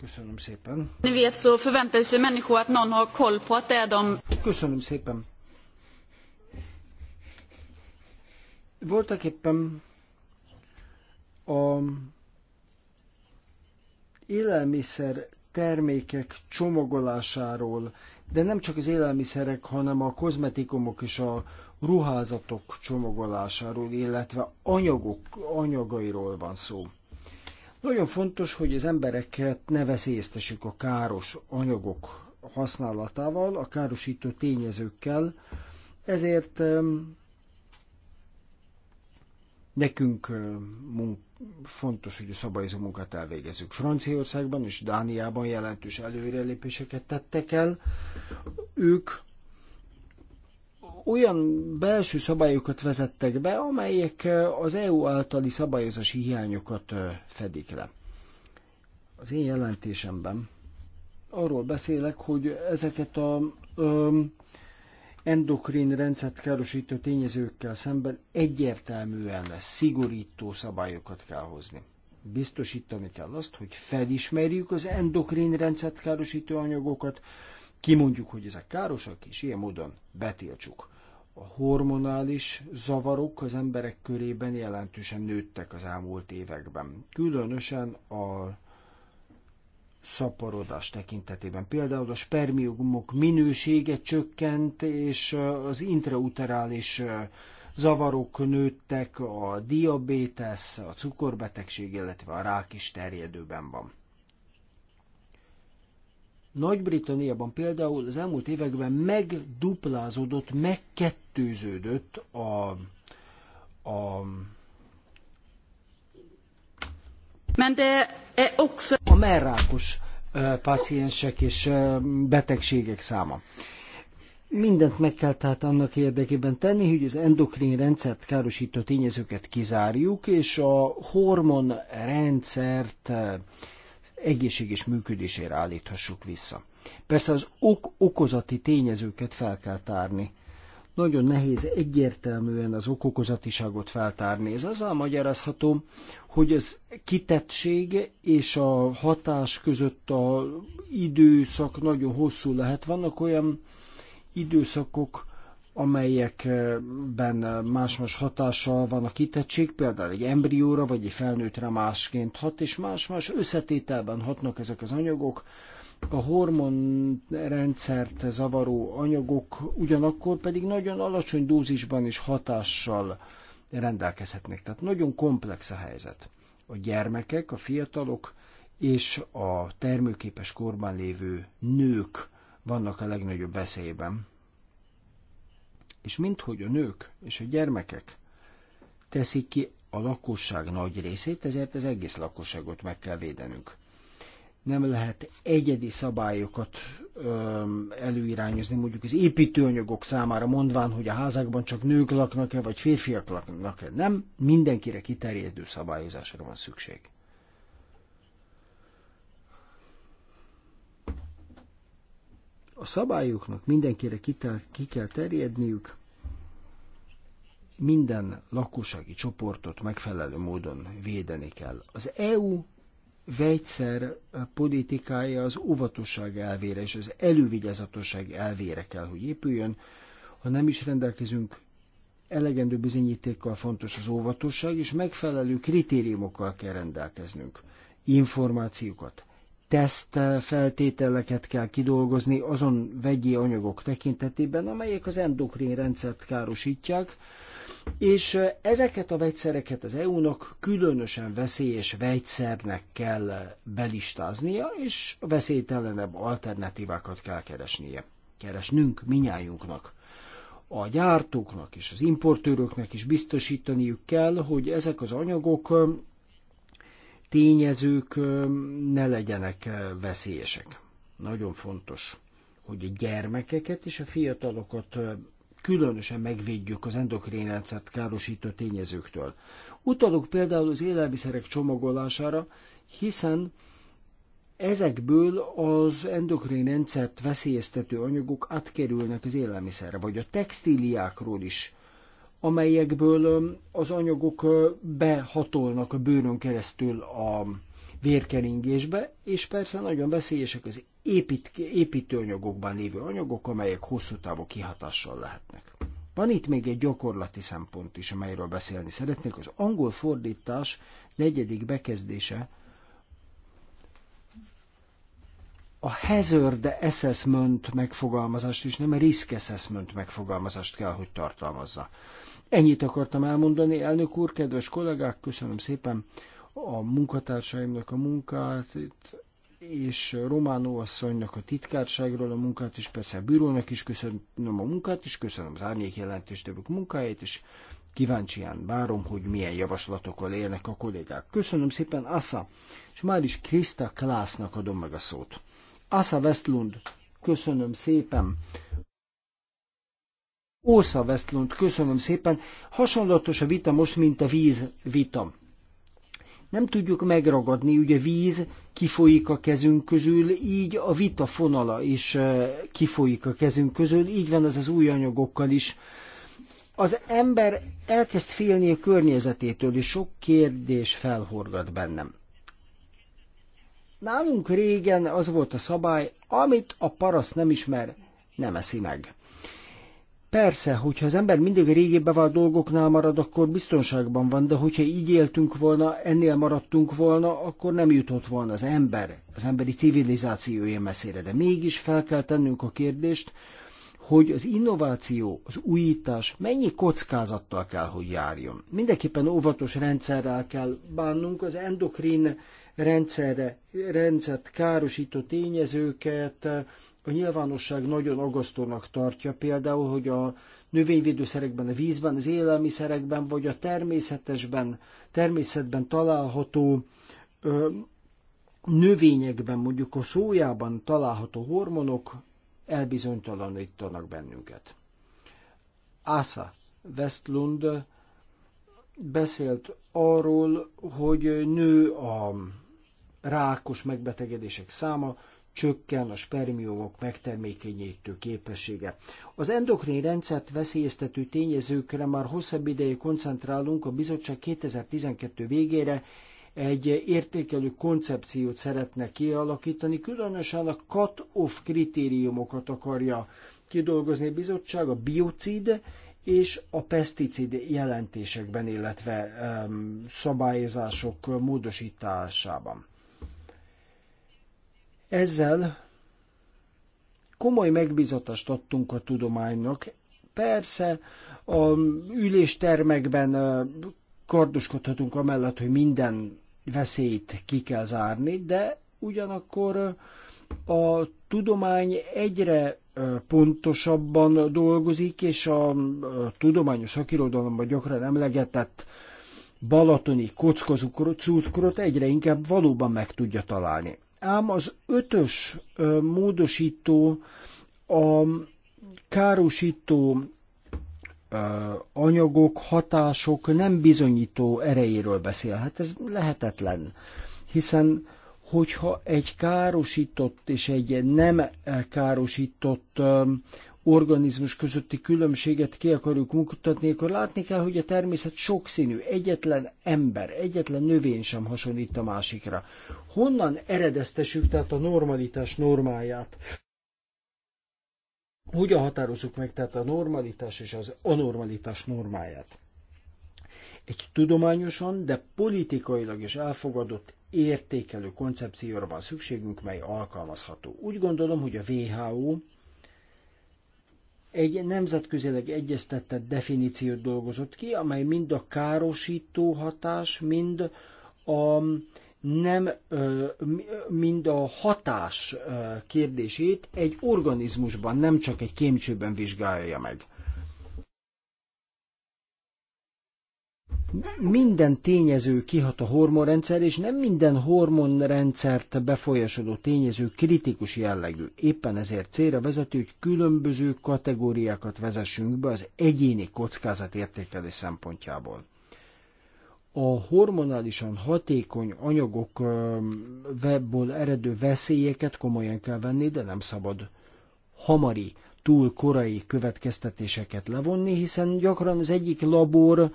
Köszönöm szépen. Ni vet så förväntar sig människor att någon har koll på att det är de... Köszönöm szépen. Voltak éppen a élelmiszer termékek csomagolásáról, de nem csak az élelmiszerek, hanem a kozmetikumok és a ruházatok csomagolásáról, illetve anyagok, anyagairól van szó. Nagyon fontos, hogy az embereket ne veszélyeztessük a káros anyagok használatával, a károsító tényezőkkel, ezért Nekünk fontos, hogy a szabályozó munkát elvégezzük. Franciaországban és Dániában jelentős előrelépéseket tettek el. Ők olyan belső szabályokat vezettek be, amelyek az EU általi szabályozási hiányokat fedik le. Az én jelentésemben arról beszélek, hogy ezeket a ö, endokrin rendszert károsító tényezőkkel szemben egyértelműen szigorító szabályokat kell hozni. Biztosítani kell azt, hogy felismerjük az endokrin rendszert károsító anyagokat, kimondjuk, hogy ezek károsak, és ilyen módon betiltsuk. A hormonális zavarok az emberek körében jelentősen nőttek az elmúlt években. Különösen a szaporodás tekintetében. Például a spermiumok minősége csökkent, és az intrauterális zavarok nőttek, a diabétesz, a cukorbetegség, illetve a rák is terjedőben van. Nagy-Britanniában például az elmúlt években megduplázódott, megkettőződött a, a a merrákos paciensek és betegségek száma. Mindent meg kell tehát annak érdekében tenni, hogy az endokrin rendszert károsító tényezőket kizárjuk, és a hormon rendszert egészséges működésére állíthassuk vissza. Persze az ok-okozati tényezőket fel kell tárni, nagyon nehéz egyértelműen az okokozatiságot feltárni. Ez azzal magyarázható, hogy az kitettség és a hatás között a időszak nagyon hosszú lehet. Vannak olyan időszakok, amelyekben más-más hatással van a kitettség, például egy embrióra vagy egy felnőttre másként hat, és más-más összetételben hatnak ezek az anyagok, a hormonrendszert zavaró anyagok ugyanakkor pedig nagyon alacsony dózisban is hatással rendelkezhetnek. Tehát nagyon komplex a helyzet. A gyermekek, a fiatalok és a termőképes korban lévő nők vannak a legnagyobb veszélyben. És minthogy a nők és a gyermekek teszik ki a lakosság nagy részét, ezért az egész lakosságot meg kell védenünk nem lehet egyedi szabályokat öm, előirányozni, mondjuk az építőanyagok számára mondván, hogy a házakban csak nők laknak-e, vagy férfiak laknak-e. Nem, mindenkire kiterjedő szabályozásra van szükség. A szabályoknak mindenkire kitel, ki kell terjedniük, minden lakossági csoportot megfelelő módon védeni kell. Az EU vegyszer politikája az óvatosság elvére és az elővigyázatosság elvére kell, hogy épüljön. Ha nem is rendelkezünk elegendő bizonyítékkal fontos az óvatosság, és megfelelő kritériumokkal kell rendelkeznünk. Információkat, teszt feltételeket kell kidolgozni azon vegyi anyagok tekintetében, amelyek az endokrin rendszert károsítják, és ezeket a vegyszereket az EU-nak különösen veszélyes vegyszernek kell belistáznia, és veszélytelenebb alternatívákat kell keresnie. Keresnünk minnyájunknak. A gyártóknak és az importőröknek is biztosítaniuk kell, hogy ezek az anyagok, tényezők ne legyenek veszélyesek. Nagyon fontos, hogy a gyermekeket és a fiatalokat különösen megvédjük az endokrénrendszert károsító tényezőktől. Utalok például az élelmiszerek csomagolására, hiszen ezekből az endokrénrendszert veszélyeztető anyagok átkerülnek az élelmiszerre, vagy a textíliákról is, amelyekből um, az anyagok uh, behatolnak a bőrön keresztül a vérkeringésbe, és persze nagyon veszélyesek az épít, építőanyagokban lévő anyagok, amelyek hosszú távú kihatással lehetnek. Van itt még egy gyakorlati szempont is, amelyről beszélni szeretnék. Az angol fordítás negyedik bekezdése a hazard assessment megfogalmazást is, nem a risk assessment megfogalmazást kell, hogy tartalmazza. Ennyit akartam elmondani, elnök úr, kedves kollégák, köszönöm szépen a munkatársaimnak a munkát, és Románó asszonynak a titkárságról a munkát, és persze a bírónak is köszönöm a munkát, és köszönöm az árnyék jelentéstevők munkáját, és kíváncsián várom, hogy milyen javaslatokkal élnek a kollégák. Köszönöm szépen, Asza, és már is Krista Klásznak adom meg a szót. Asza Westlund, köszönöm szépen. Ósza Westlund, köszönöm szépen. Hasonlatos a vita most, mint a víz vita nem tudjuk megragadni, ugye víz kifolyik a kezünk közül, így a vita fonala is eh, kifolyik a kezünk közül, így van ez az új anyagokkal is. Az ember elkezd félni a környezetétől, és sok kérdés felhorgat bennem. Nálunk régen az volt a szabály, amit a paraszt nem ismer, nem eszi meg. Persze, hogyha az ember mindig a régi bevált dolgoknál marad, akkor biztonságban van, de hogyha így éltünk volna, ennél maradtunk volna, akkor nem jutott volna az ember, az emberi civilizációja messzére. De mégis fel kell tennünk a kérdést, hogy az innováció, az újítás mennyi kockázattal kell, hogy járjon. Mindenképpen óvatos rendszerrel kell bánnunk, az endokrin rendszerre, rendszert károsító tényezőket a nyilvánosság nagyon agasztónak tartja, például, hogy a növényvédőszerekben, a vízben, az élelmiszerekben, vagy a természetesben, természetben található ö, növényekben, mondjuk a szójában található hormonok elbizonytalanítanak bennünket. Asa Westlund beszélt arról, hogy nő a rákos megbetegedések száma, csökken a spermiumok megtermékenyítő képessége. Az endokrin rendszert veszélyeztető tényezőkre már hosszabb ideje koncentrálunk, a bizottság 2012 végére egy értékelő koncepciót szeretne kialakítani, különösen a cut-off kritériumokat akarja kidolgozni a bizottság, a biocid és a peszticid jelentésekben, illetve um, szabályozások módosításában. Ezzel komoly megbizatást adtunk a tudománynak. Persze a üléstermekben kardoskodhatunk amellett, hogy minden veszélyt ki kell zárni, de ugyanakkor a tudomány egyre pontosabban dolgozik, és a tudományos szakirodalomban gyakran emlegetett balatoni kockacukrot egyre inkább valóban meg tudja találni. Ám az ötös módosító a károsító anyagok, hatások nem bizonyító erejéről beszél. Hát ez lehetetlen, hiszen hogyha egy károsított és egy nem károsított organizmus közötti különbséget ki akarjuk mutatni, akkor látni kell, hogy a természet sokszínű. Egyetlen ember, egyetlen növény sem hasonlít a másikra. Honnan eredeztessük tehát a normalitás normáját? Hogyan határozzuk meg tehát a normalitás és az anormalitás normáját? Egy tudományosan, de politikailag is elfogadott értékelő koncepcióra van szükségünk, mely alkalmazható. Úgy gondolom, hogy a WHO egy nemzetközileg egyeztetett definíciót dolgozott ki, amely mind a károsító hatás, mind a nem mind a hatás kérdését egy organizmusban, nem csak egy kémcsőben vizsgálja meg. minden tényező kihat a hormonrendszer, és nem minden hormonrendszert befolyásoló tényező kritikus jellegű. Éppen ezért célra vezető, hogy különböző kategóriákat vezessünk be az egyéni értékelés szempontjából. A hormonálisan hatékony anyagok webból eredő veszélyeket komolyan kell venni, de nem szabad hamari, túl korai következtetéseket levonni, hiszen gyakran az egyik labor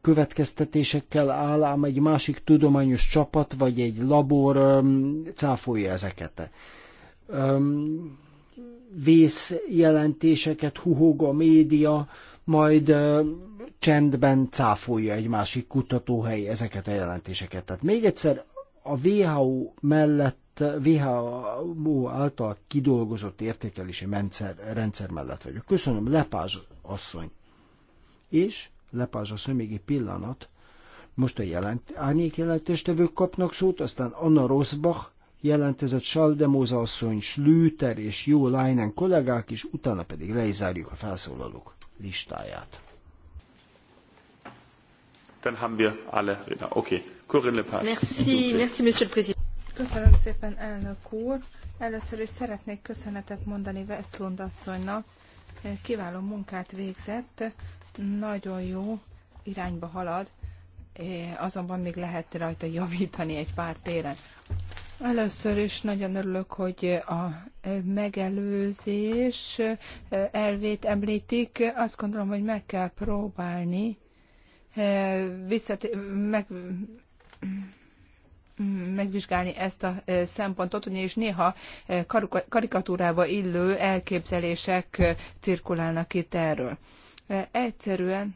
következtetésekkel áll, ám egy másik tudományos csapat vagy egy labor cáfolja ezeket. Vészjelentéseket huhog a média, majd csendben cáfolja egy másik kutatóhely ezeket a jelentéseket. Tehát még egyszer a WHO mellett, WHO által kidolgozott értékelési rendszer, rendszer mellett vagyok. Köszönöm, Lepázs asszony. És Lepázs asszony, még egy pillanat. Most a jelent, árnyék jelentéstevők kapnak szót, aztán Anna Rosbach, jelentezett Saldemóza asszony, Slüter és Jó Leinen kollégák, is. utána pedig leizárjuk a felszólalók listáját. Dann haben wir alle Redner. Okay. Corinne Lepage. Merci, merci, Monsieur le Président. Köszönöm szépen, elnök úr. Először is szeretnék köszönetet mondani Westlund asszonynak. Kiváló munkát végzett nagyon jó irányba halad, azonban még lehet rajta javítani egy pár téren. Először is nagyon örülök, hogy a e, megelőzés e, elvét említik. Azt gondolom, hogy meg kell próbálni e, visszat- meg, megvizsgálni ezt a szempontot, ugyanis néha karikatúrába illő elképzelések cirkulálnak itt erről. Egyszerűen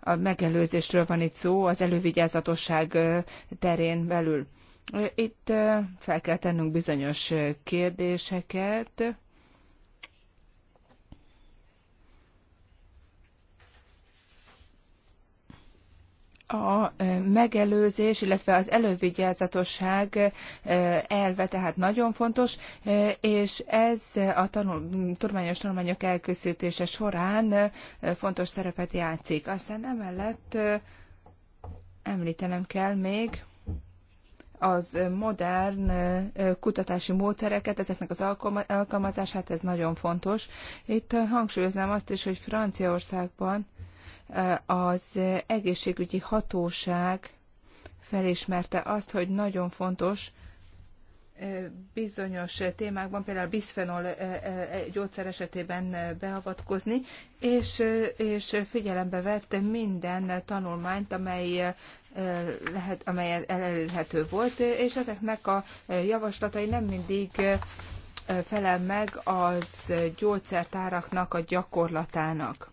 a megelőzésről van itt szó, az elővigyázatosság terén belül. Itt fel kell tennünk bizonyos kérdéseket, a megelőzés, illetve az elővigyázatosság elve tehát nagyon fontos, és ez a tanul, tudományos tanulmányok elkészítése során fontos szerepet játszik. Aztán emellett említenem kell még az modern kutatási módszereket, ezeknek az alkalmazását, ez nagyon fontos. Itt hangsúlyoznám azt is, hogy Franciaországban az egészségügyi hatóság felismerte azt, hogy nagyon fontos bizonyos témákban, például bisphenol gyógyszer esetében beavatkozni, és, és figyelembe vette minden tanulmányt, amely lehet, amely elérhető volt, és ezeknek a javaslatai nem mindig felel meg az gyógyszertáraknak a gyakorlatának.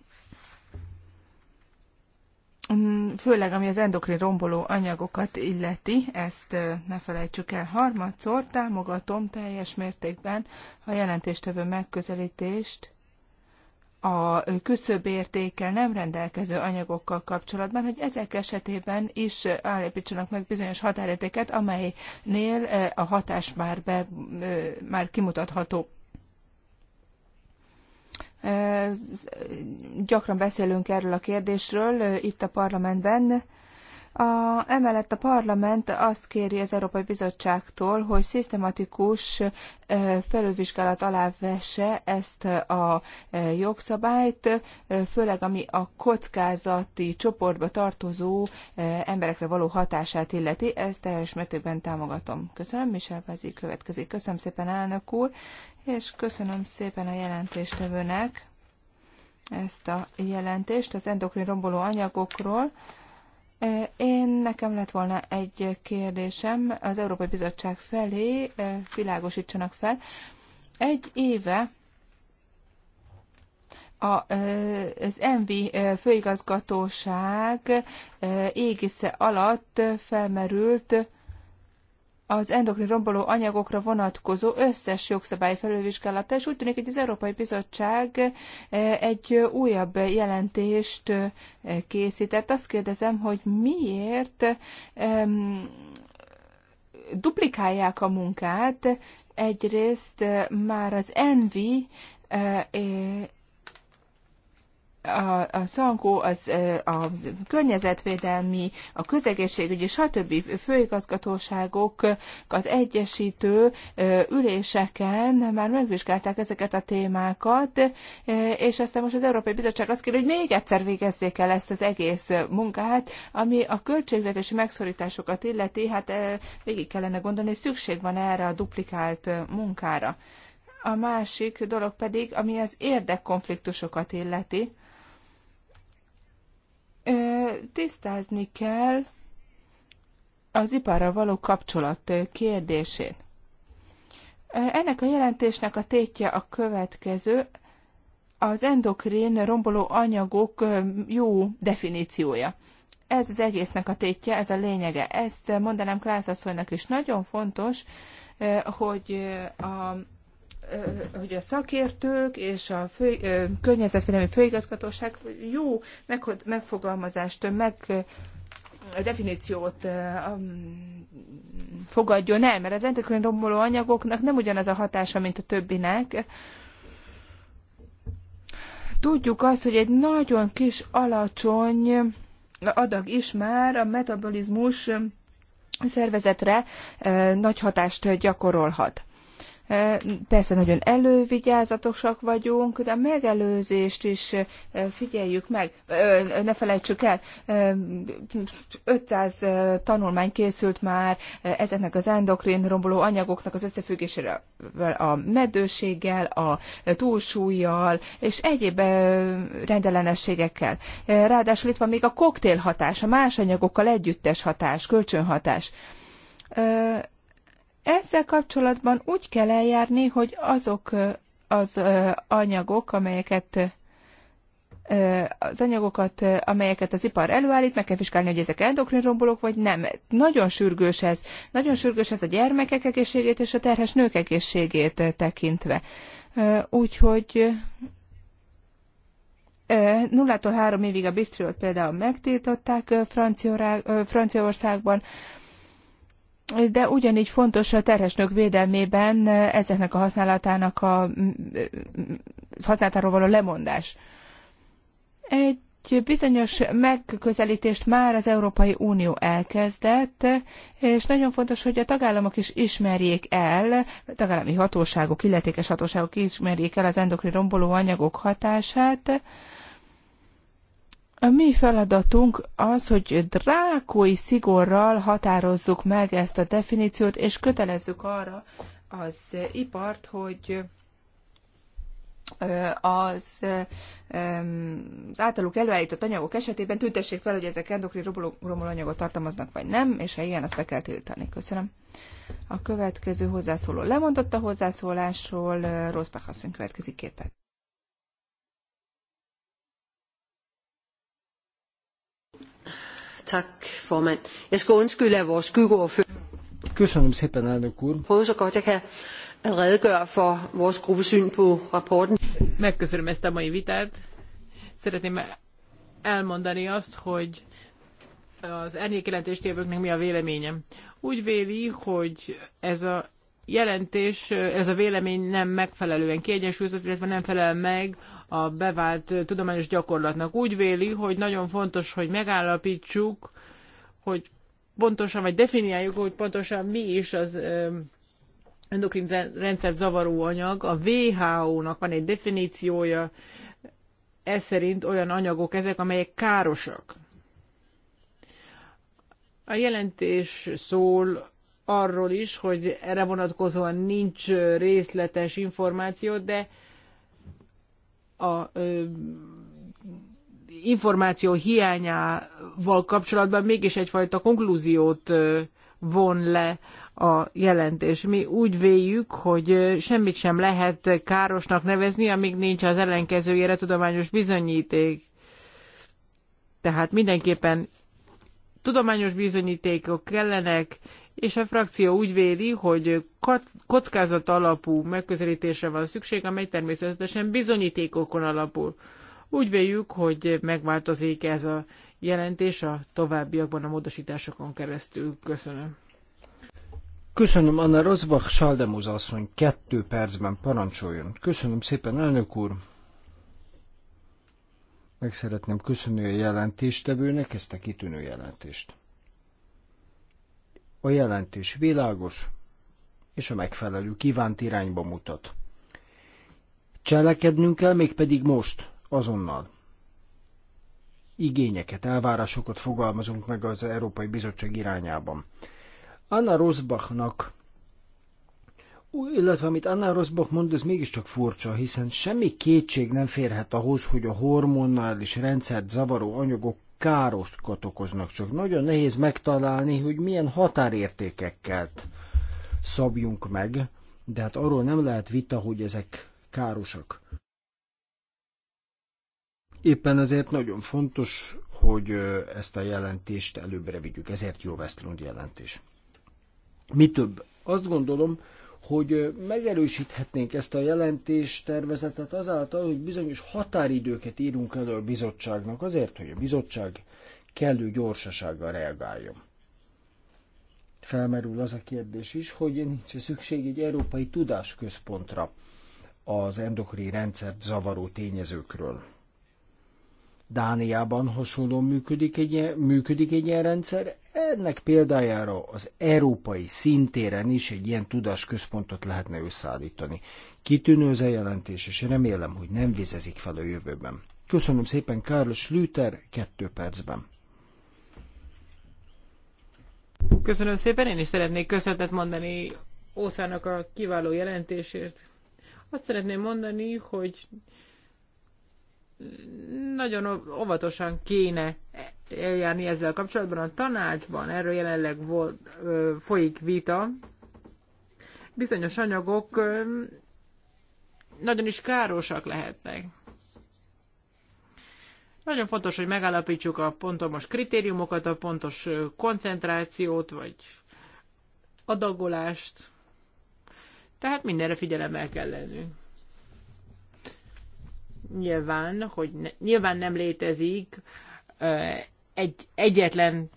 Mm, főleg ami az endokrin romboló anyagokat illeti, ezt ne felejtsük el harmadszor, támogatom teljes mértékben a jelentéstevő megközelítést a küszöbértékkel nem rendelkező anyagokkal kapcsolatban, hogy ezek esetében is állapítsanak meg bizonyos határértéket, amelynél a hatás már, be, már kimutatható. Gyakran beszélünk erről a kérdésről itt a parlamentben. A, emellett a parlament azt kéri az Európai Bizottságtól, hogy szisztematikus felülvizsgálat alá vesse ezt a jogszabályt, főleg ami a kockázati csoportba tartozó emberekre való hatását illeti. Ezt teljes mértékben támogatom. Köszönöm, Michel Vazi következik. Köszönöm szépen, elnök úr és köszönöm szépen a jelentéstevőnek ezt a jelentést az endokrin romboló anyagokról. E, én nekem lett volna egy kérdésem az Európai Bizottság felé, e, világosítsanak fel. Egy éve a, e, az ENVI főigazgatóság égisze alatt felmerült az endokrin romboló anyagokra vonatkozó összes jogszabály felülvizsgálata, és úgy tűnik, hogy az Európai Bizottság eh, egy újabb jelentést eh, készített. Azt kérdezem, hogy miért duplikálják a munkát, egyrészt eh, már az ENVI a, a szankó, az, a környezetvédelmi, a közegészségügyi, stb. főigazgatóságokat egyesítő üléseken már megvizsgálták ezeket a témákat, és aztán most az Európai Bizottság azt kér, hogy még egyszer végezzék el ezt az egész munkát, ami a költségvetési megszorításokat illeti, hát végig kellene gondolni, hogy szükség van erre a duplikált munkára. A másik dolog pedig, ami az érdekkonfliktusokat illeti, tisztázni kell az iparra való kapcsolat kérdését. Ennek a jelentésnek a tétje a következő, az endokrén romboló anyagok jó definíciója. Ez az egésznek a tétje, ez a lényege. Ezt mondanám Klász asszonynak is. Nagyon fontos, hogy a hogy a szakértők és a fő, környezetvédelmi főigazgatóság jó megfogalmazást, meg definíciót fogadjon el, mert az endokrin romboló anyagoknak nem ugyanaz a hatása, mint a többinek. Tudjuk azt, hogy egy nagyon kis, alacsony adag is már a metabolizmus szervezetre nagy hatást gyakorolhat. Persze nagyon elővigyázatosak vagyunk, de a megelőzést is figyeljük meg, ne felejtsük el, 500 tanulmány készült már ezeknek az endokrin romboló anyagoknak az összefüggésével a meddőséggel, a túlsúlyjal és egyéb rendellenességekkel. Ráadásul itt van még a koktélhatás, a más anyagokkal együttes hatás, kölcsönhatás ezzel kapcsolatban úgy kell eljárni, hogy azok az anyagok, amelyeket az anyagokat, amelyeket az ipar előállít, meg kell vizsgálni, hogy ezek endokrin rombolók, vagy nem. Nagyon sürgős ez. Nagyon sürgős ez a gyermekek egészségét és a terhes nők egészségét tekintve. Úgyhogy nullától három évig a bisztriót például megtiltották Franciaországban, de ugyanígy fontos a terhesnők védelmében ezeknek a használatának a használatáról való lemondás. Egy egy bizonyos megközelítést már az Európai Unió elkezdett, és nagyon fontos, hogy a tagállamok is ismerjék el, a tagállami hatóságok, illetékes hatóságok ismerjék el az endokrin romboló anyagok hatását, a mi feladatunk az, hogy drákói szigorral határozzuk meg ezt a definíciót, és kötelezzük arra az ipart, hogy az, az általuk előállított anyagok esetében tüntessék fel, hogy ezek endokrin anyagot tartalmaznak, vagy nem, és ha igen, azt be kell tiltani. Köszönöm. A következő hozzászóló lemondott a hozzászólásról, Rosbach asszony következik képet. tak, formand. Jeg skal undskylde, at vores skyggeordfører... Köszönöm szépen, elnök úr. Prøve så godt jeg kan redegøre for vores gruppesyn på rapporten. Megköszönöm ezt a mai vitát. Szeretném elmondani azt, hogy az árnyék jelentéstévőknek mi a véleményem. Úgy véli, hogy ez a jelentés, ez a vélemény nem megfelelően kiegyensúlyozott, illetve nem felel meg a bevált tudományos gyakorlatnak. Úgy véli, hogy nagyon fontos, hogy megállapítsuk, hogy pontosan, vagy definiáljuk, hogy pontosan mi is az endokrin rendszer zavaró anyag. A WHO-nak van egy definíciója, ez szerint olyan anyagok ezek, amelyek károsak. A jelentés szól arról is, hogy erre vonatkozóan nincs részletes információ, de a információ hiányával kapcsolatban mégis egyfajta konklúziót von le a jelentés. Mi úgy véljük, hogy semmit sem lehet károsnak nevezni, amíg nincs az ellenkezőjére tudományos bizonyíték. Tehát mindenképpen tudományos bizonyítékok kellenek, és a frakció úgy véli, hogy kockázat alapú megközelítésre van szükség, amely természetesen bizonyítékokon alapul. Úgy véljük, hogy megváltozik ez a jelentés a továbbiakban a módosításokon keresztül. Köszönöm. Köszönöm, Anna Rozbach, Saldemuz asszony, kettő percben parancsoljon. Köszönöm szépen, elnök úr. Meg szeretném köszönni a jelentéstevőnek ezt a kitűnő jelentést. A jelentés világos, és a megfelelő kívánt irányba mutat. Cselekednünk kell mégpedig most, azonnal. Igényeket, elvárásokat fogalmazunk meg az Európai Bizottság irányában. Anna Rosbachnak, illetve amit Anna Rosbach mond, ez mégiscsak furcsa, hiszen semmi kétség nem férhet ahhoz, hogy a hormonális rendszert zavaró anyagok károkat okoznak, csak nagyon nehéz megtalálni, hogy milyen határértékekkel szabjunk meg, de hát arról nem lehet vita, hogy ezek károsak. Éppen ezért nagyon fontos, hogy ezt a jelentést előbbre vigyük, ezért jó Westlund jelentés. Mi több, azt gondolom, hogy megerősíthetnénk ezt a jelentést tervezetet azáltal, hogy bizonyos határidőket írunk elő a bizottságnak azért, hogy a bizottság kellő gyorsasággal reagáljon. Felmerül az a kérdés is, hogy nincs szükség egy európai tudásközpontra az endokrin rendszert zavaró tényezőkről. Dániában hasonlóan működik egy, működik egy ilyen rendszer. Ennek példájára az európai szintéren is egy ilyen tudásközpontot lehetne összeállítani. Kitűnő az a jelentés, és remélem, hogy nem vizezik fel a jövőben. Köszönöm szépen, Carlos Schlüter, kettő percben. Köszönöm szépen, én is szeretnék köszönetet mondani Ószának a kiváló jelentésért. Azt szeretném mondani, hogy nagyon óvatosan kéne eljárni ezzel kapcsolatban. A tanácsban erről jelenleg volt, folyik vita. Bizonyos anyagok nagyon is károsak lehetnek. Nagyon fontos, hogy megállapítsuk a pontos kritériumokat, a pontos koncentrációt, vagy adagolást. Tehát mindenre figyelemmel kell lennünk nyilván, hogy ne, nyilván nem létezik egy egyetlen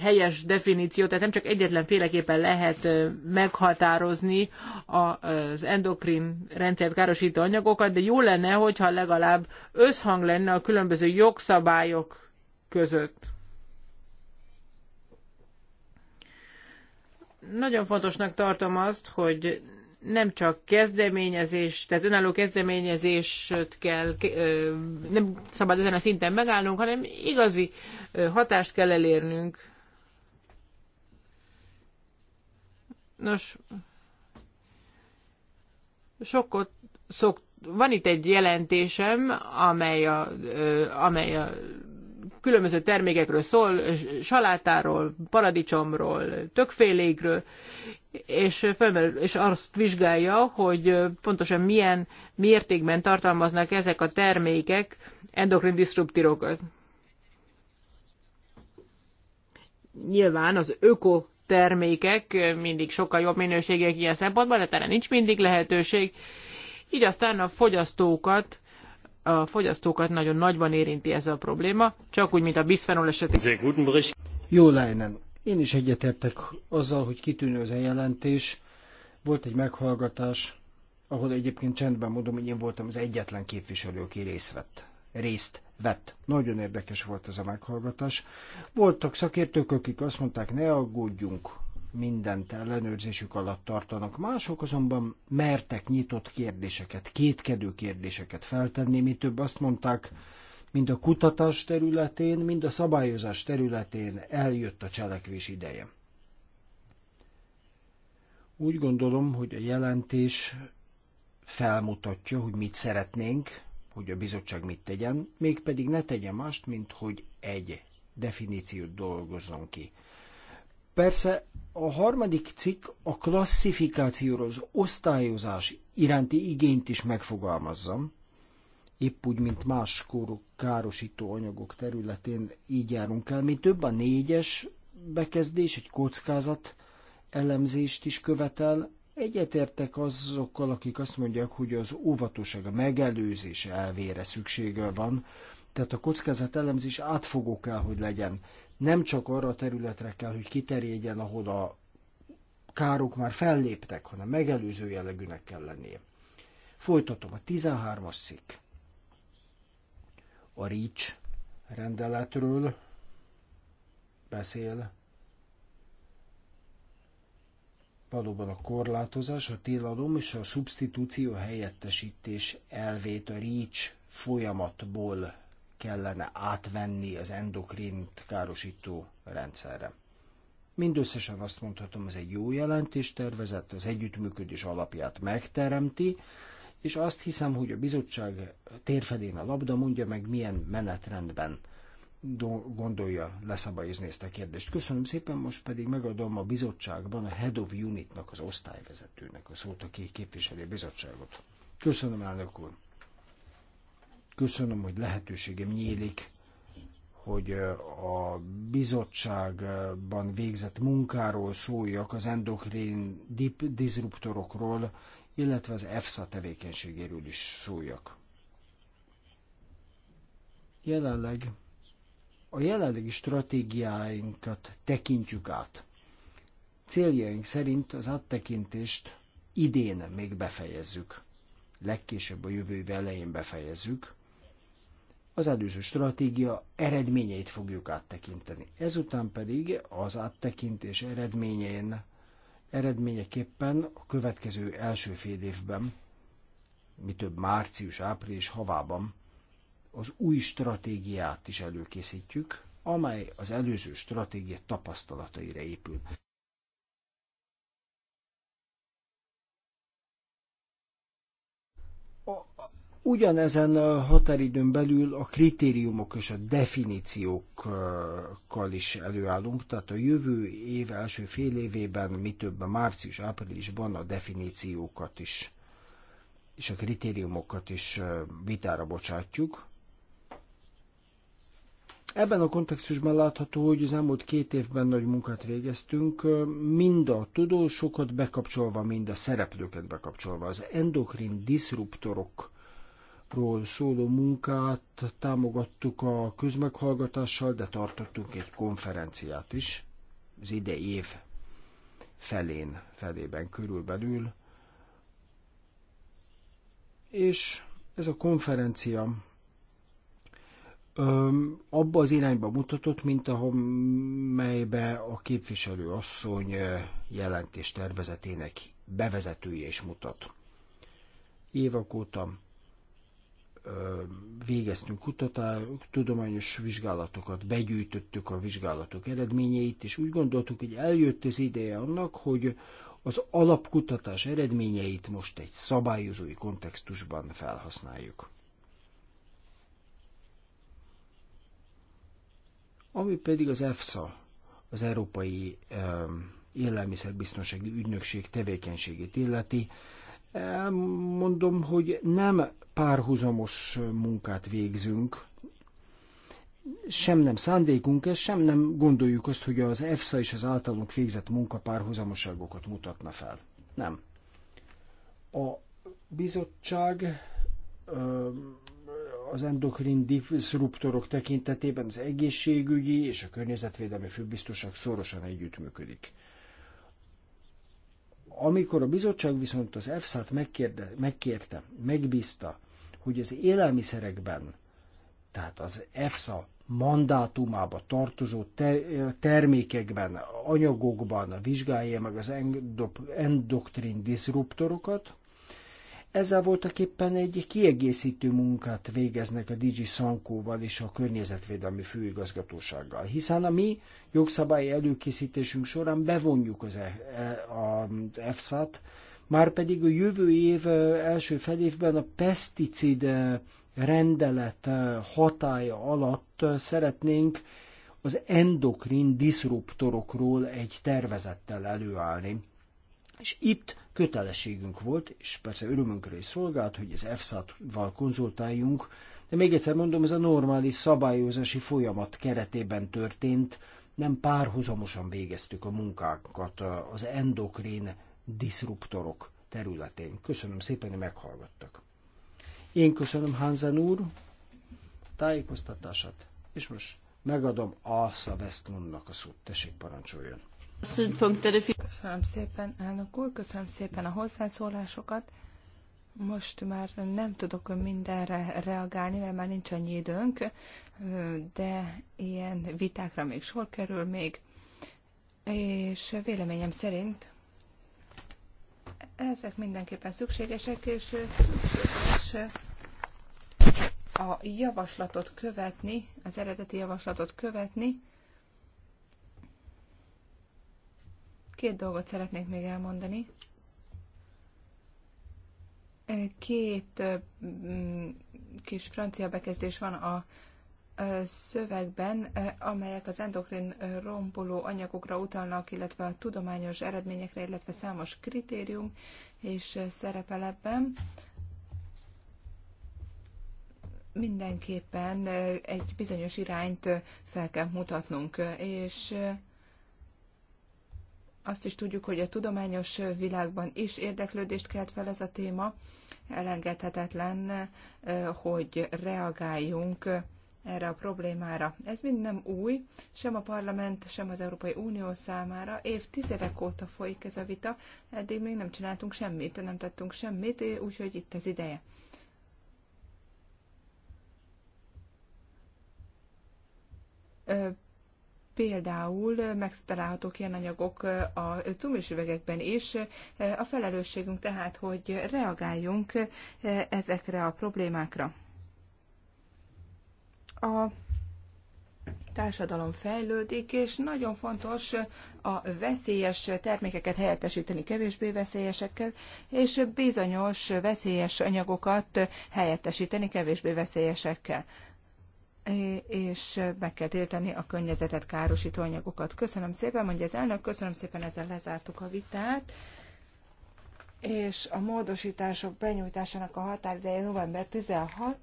helyes definíció, tehát nem csak egyetlen féleképpen lehet meghatározni az endokrin rendszert károsító anyagokat, de jó lenne, hogyha legalább összhang lenne a különböző jogszabályok között. Nagyon fontosnak tartom azt, hogy nem csak kezdeményezés, tehát önálló kezdeményezést kell, nem szabad ezen a szinten megállnunk, hanem igazi hatást kell elérnünk. Nos, sokkot szok, van itt egy jelentésem, amely a, amely a különböző termékekről szól, salátáról, paradicsomról, tökfélékről, és, felmerül, és azt vizsgálja, hogy pontosan milyen mértékben tartalmaznak ezek a termékek endokrin disruptírokat. Nyilván az öko termékek mindig sokkal jobb minőségek ilyen szempontból, de erre nincs mindig lehetőség. Így aztán a fogyasztókat a fogyasztókat nagyon nagyban érinti ez a probléma, csak úgy, mint a bisphenol esetében. Jó Leinen. Én is egyetértek azzal, hogy kitűnő az jelentés. Volt egy meghallgatás, ahol egyébként csendben mondom, hogy én voltam az egyetlen képviselő, aki részt vett. Részt vett. Nagyon érdekes volt ez a meghallgatás. Voltak szakértők, akik azt mondták, ne aggódjunk, mindent ellenőrzésük alatt tartanak. Mások azonban mertek nyitott kérdéseket, kétkedő kérdéseket feltenni, mi több azt mondták, mind a kutatás területén, mind a szabályozás területén eljött a cselekvés ideje. Úgy gondolom, hogy a jelentés felmutatja, hogy mit szeretnénk, hogy a bizottság mit tegyen, mégpedig ne tegye mást, mint hogy egy definíciót dolgozzon ki Persze a harmadik cikk a klasszifikációról, az osztályozás iránti igényt is megfogalmazza, épp úgy, mint más kórok, károsító anyagok területén így járunk el, mint több a négyes bekezdés, egy kockázat elemzést is követel. Egyetértek azokkal, akik azt mondják, hogy az óvatosság, a megelőzés elvére szüksége van, tehát a kockázat elemzés átfogó kell, hogy legyen nem csak arra a területre kell, hogy kiterjedjen, ahol a károk már felléptek, hanem megelőző jellegűnek kell lennie. Folytatom a 13-as szik. A REACH rendeletről beszél. Valóban a korlátozás, a tilalom és a szubstitúció helyettesítés elvét a REACH folyamatból kellene átvenni az endokrint károsító rendszerre. Mindösszesen azt mondhatom, ez egy jó jelentés tervezett, az együttműködés alapját megteremti, és azt hiszem, hogy a bizottság térfedén a labda mondja meg, milyen menetrendben gondolja leszabályozni ezt a kérdést. Köszönöm szépen, most pedig megadom a bizottságban a Head of Unitnak, az osztályvezetőnek a szót, aki képviseli a bizottságot. Köszönöm, elnök úr! Köszönöm, hogy lehetőségem nyílik, hogy a bizottságban végzett munkáról szóljak, az endokrin disruptorokról, illetve az EFSA tevékenységéről is szóljak. Jelenleg a jelenlegi stratégiáinkat tekintjük át. Céljaink szerint az áttekintést idén még befejezzük. Legkésőbb a jövő elején befejezzük, az előző stratégia eredményeit fogjuk áttekinteni. Ezután pedig az áttekintés eredményén, eredményeképpen a következő első fél évben, mi több március, április havában az új stratégiát is előkészítjük, amely az előző stratégia tapasztalataira épül. A, Ugyanezen határidőn belül a kritériumok és a definíciókkal is előállunk, tehát a jövő év első fél évében, mi több március-áprilisban a definíciókat is és a kritériumokat is vitára bocsátjuk. Ebben a kontextusban látható, hogy az elmúlt két évben nagy munkát végeztünk, mind a tudósokat bekapcsolva, mind a szereplőket bekapcsolva. Az endokrin diszruptorok ról szóló munkát támogattuk a közmeghallgatással, de tartottunk egy konferenciát is az idei év felén, felében körülbelül. És ez a konferencia abba az irányba mutatott, mint ahol melybe a képviselő asszony jelentés tervezetének bevezetője is mutat. Évek óta végeztünk kutatá, tudományos vizsgálatokat, begyűjtöttük a vizsgálatok eredményeit, és úgy gondoltuk, hogy eljött az ideje annak, hogy az alapkutatás eredményeit most egy szabályozói kontextusban felhasználjuk. Ami pedig az EFSA, az Európai Élelmiszerbiztonsági Ügynökség tevékenységét illeti, mondom, hogy nem párhuzamos munkát végzünk. Sem nem szándékunk ez, sem nem gondoljuk azt, hogy az EFSA és az általunk végzett munka párhuzamoságokat mutatna fel. Nem. A bizottság az endokrin diszruptorok tekintetében az egészségügyi és a környezetvédelmi főbiztosság szorosan együttműködik. Amikor a bizottság viszont az EFSA-t megkérte, megbízta, hogy az élelmiszerekben, tehát az EFSA mandátumába tartozó ter- termékekben, anyagokban vizsgálja meg az endop- endokrin diszruptorokat, ezzel voltak éppen egy kiegészítő munkát végeznek a Digi Sankóval és a Környezetvédelmi Főigazgatósággal, hiszen a mi jogszabályi előkészítésünk során bevonjuk az, e-, e- az EFSA-t, Márpedig a jövő év első felévben a peszticid rendelet hatája alatt szeretnénk az endokrin diszruptorokról egy tervezettel előállni. És itt kötelességünk volt, és persze örömünkre is szolgált, hogy az EFSA-val konzultáljunk, de még egyszer mondom, ez a normális szabályozási folyamat keretében történt, nem párhuzamosan végeztük a munkákat az endokrin diszruptorok területén. Köszönöm szépen, hogy meghallgattak. Én köszönöm Hansen úr tájékoztatását, és most megadom Alsza Westlundnak a szót. Tessék, parancsoljon. Köszönöm szépen, elnök úr, köszönöm szépen a hozzászólásokat. Most már nem tudok mindenre reagálni, mert már nincs annyi időnk, de ilyen vitákra még sor kerül még, és véleményem szerint ezek mindenképpen szükségesek, és szükséges a javaslatot követni, az eredeti javaslatot követni. Két dolgot szeretnék még elmondani. Két mm, kis francia bekezdés van a szövegben, amelyek az endokrin romboló anyagokra utalnak, illetve a tudományos eredményekre, illetve számos kritérium és szerepel ebben. Mindenképpen egy bizonyos irányt fel kell mutatnunk, és azt is tudjuk, hogy a tudományos világban is érdeklődést kelt fel ez a téma. Elengedhetetlen, hogy reagáljunk erre a problémára. Ez mind nem új, sem a parlament, sem az Európai Unió számára. Évtizedek óta folyik ez a vita, eddig még nem csináltunk semmit, nem tettünk semmit, úgyhogy itt az ideje. Például megtalálhatók ilyen anyagok a cumis üvegekben is. A felelősségünk tehát, hogy reagáljunk ezekre a problémákra. A társadalom fejlődik, és nagyon fontos a veszélyes termékeket helyettesíteni kevésbé veszélyesekkel, és bizonyos veszélyes anyagokat helyettesíteni kevésbé veszélyesekkel és meg kell tiltani a környezetet károsító anyagokat. Köszönöm szépen, mondja az elnök, köszönöm szépen, ezzel lezártuk a vitát, és a módosítások benyújtásának a határideje november 16,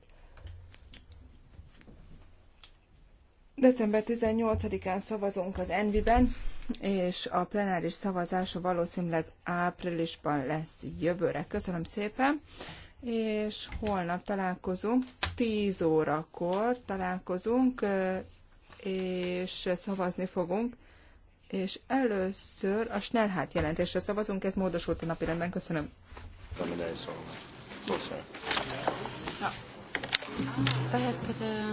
December 18-án szavazunk az Envi-ben, és a plenáris szavazása valószínűleg áprilisban lesz jövőre. Köszönöm szépen, és holnap találkozunk, 10 órakor találkozunk, és szavazni fogunk, és először a Schnellhardt jelentésre szavazunk, ez módosult a napirendben. Köszönöm. Köszönöm.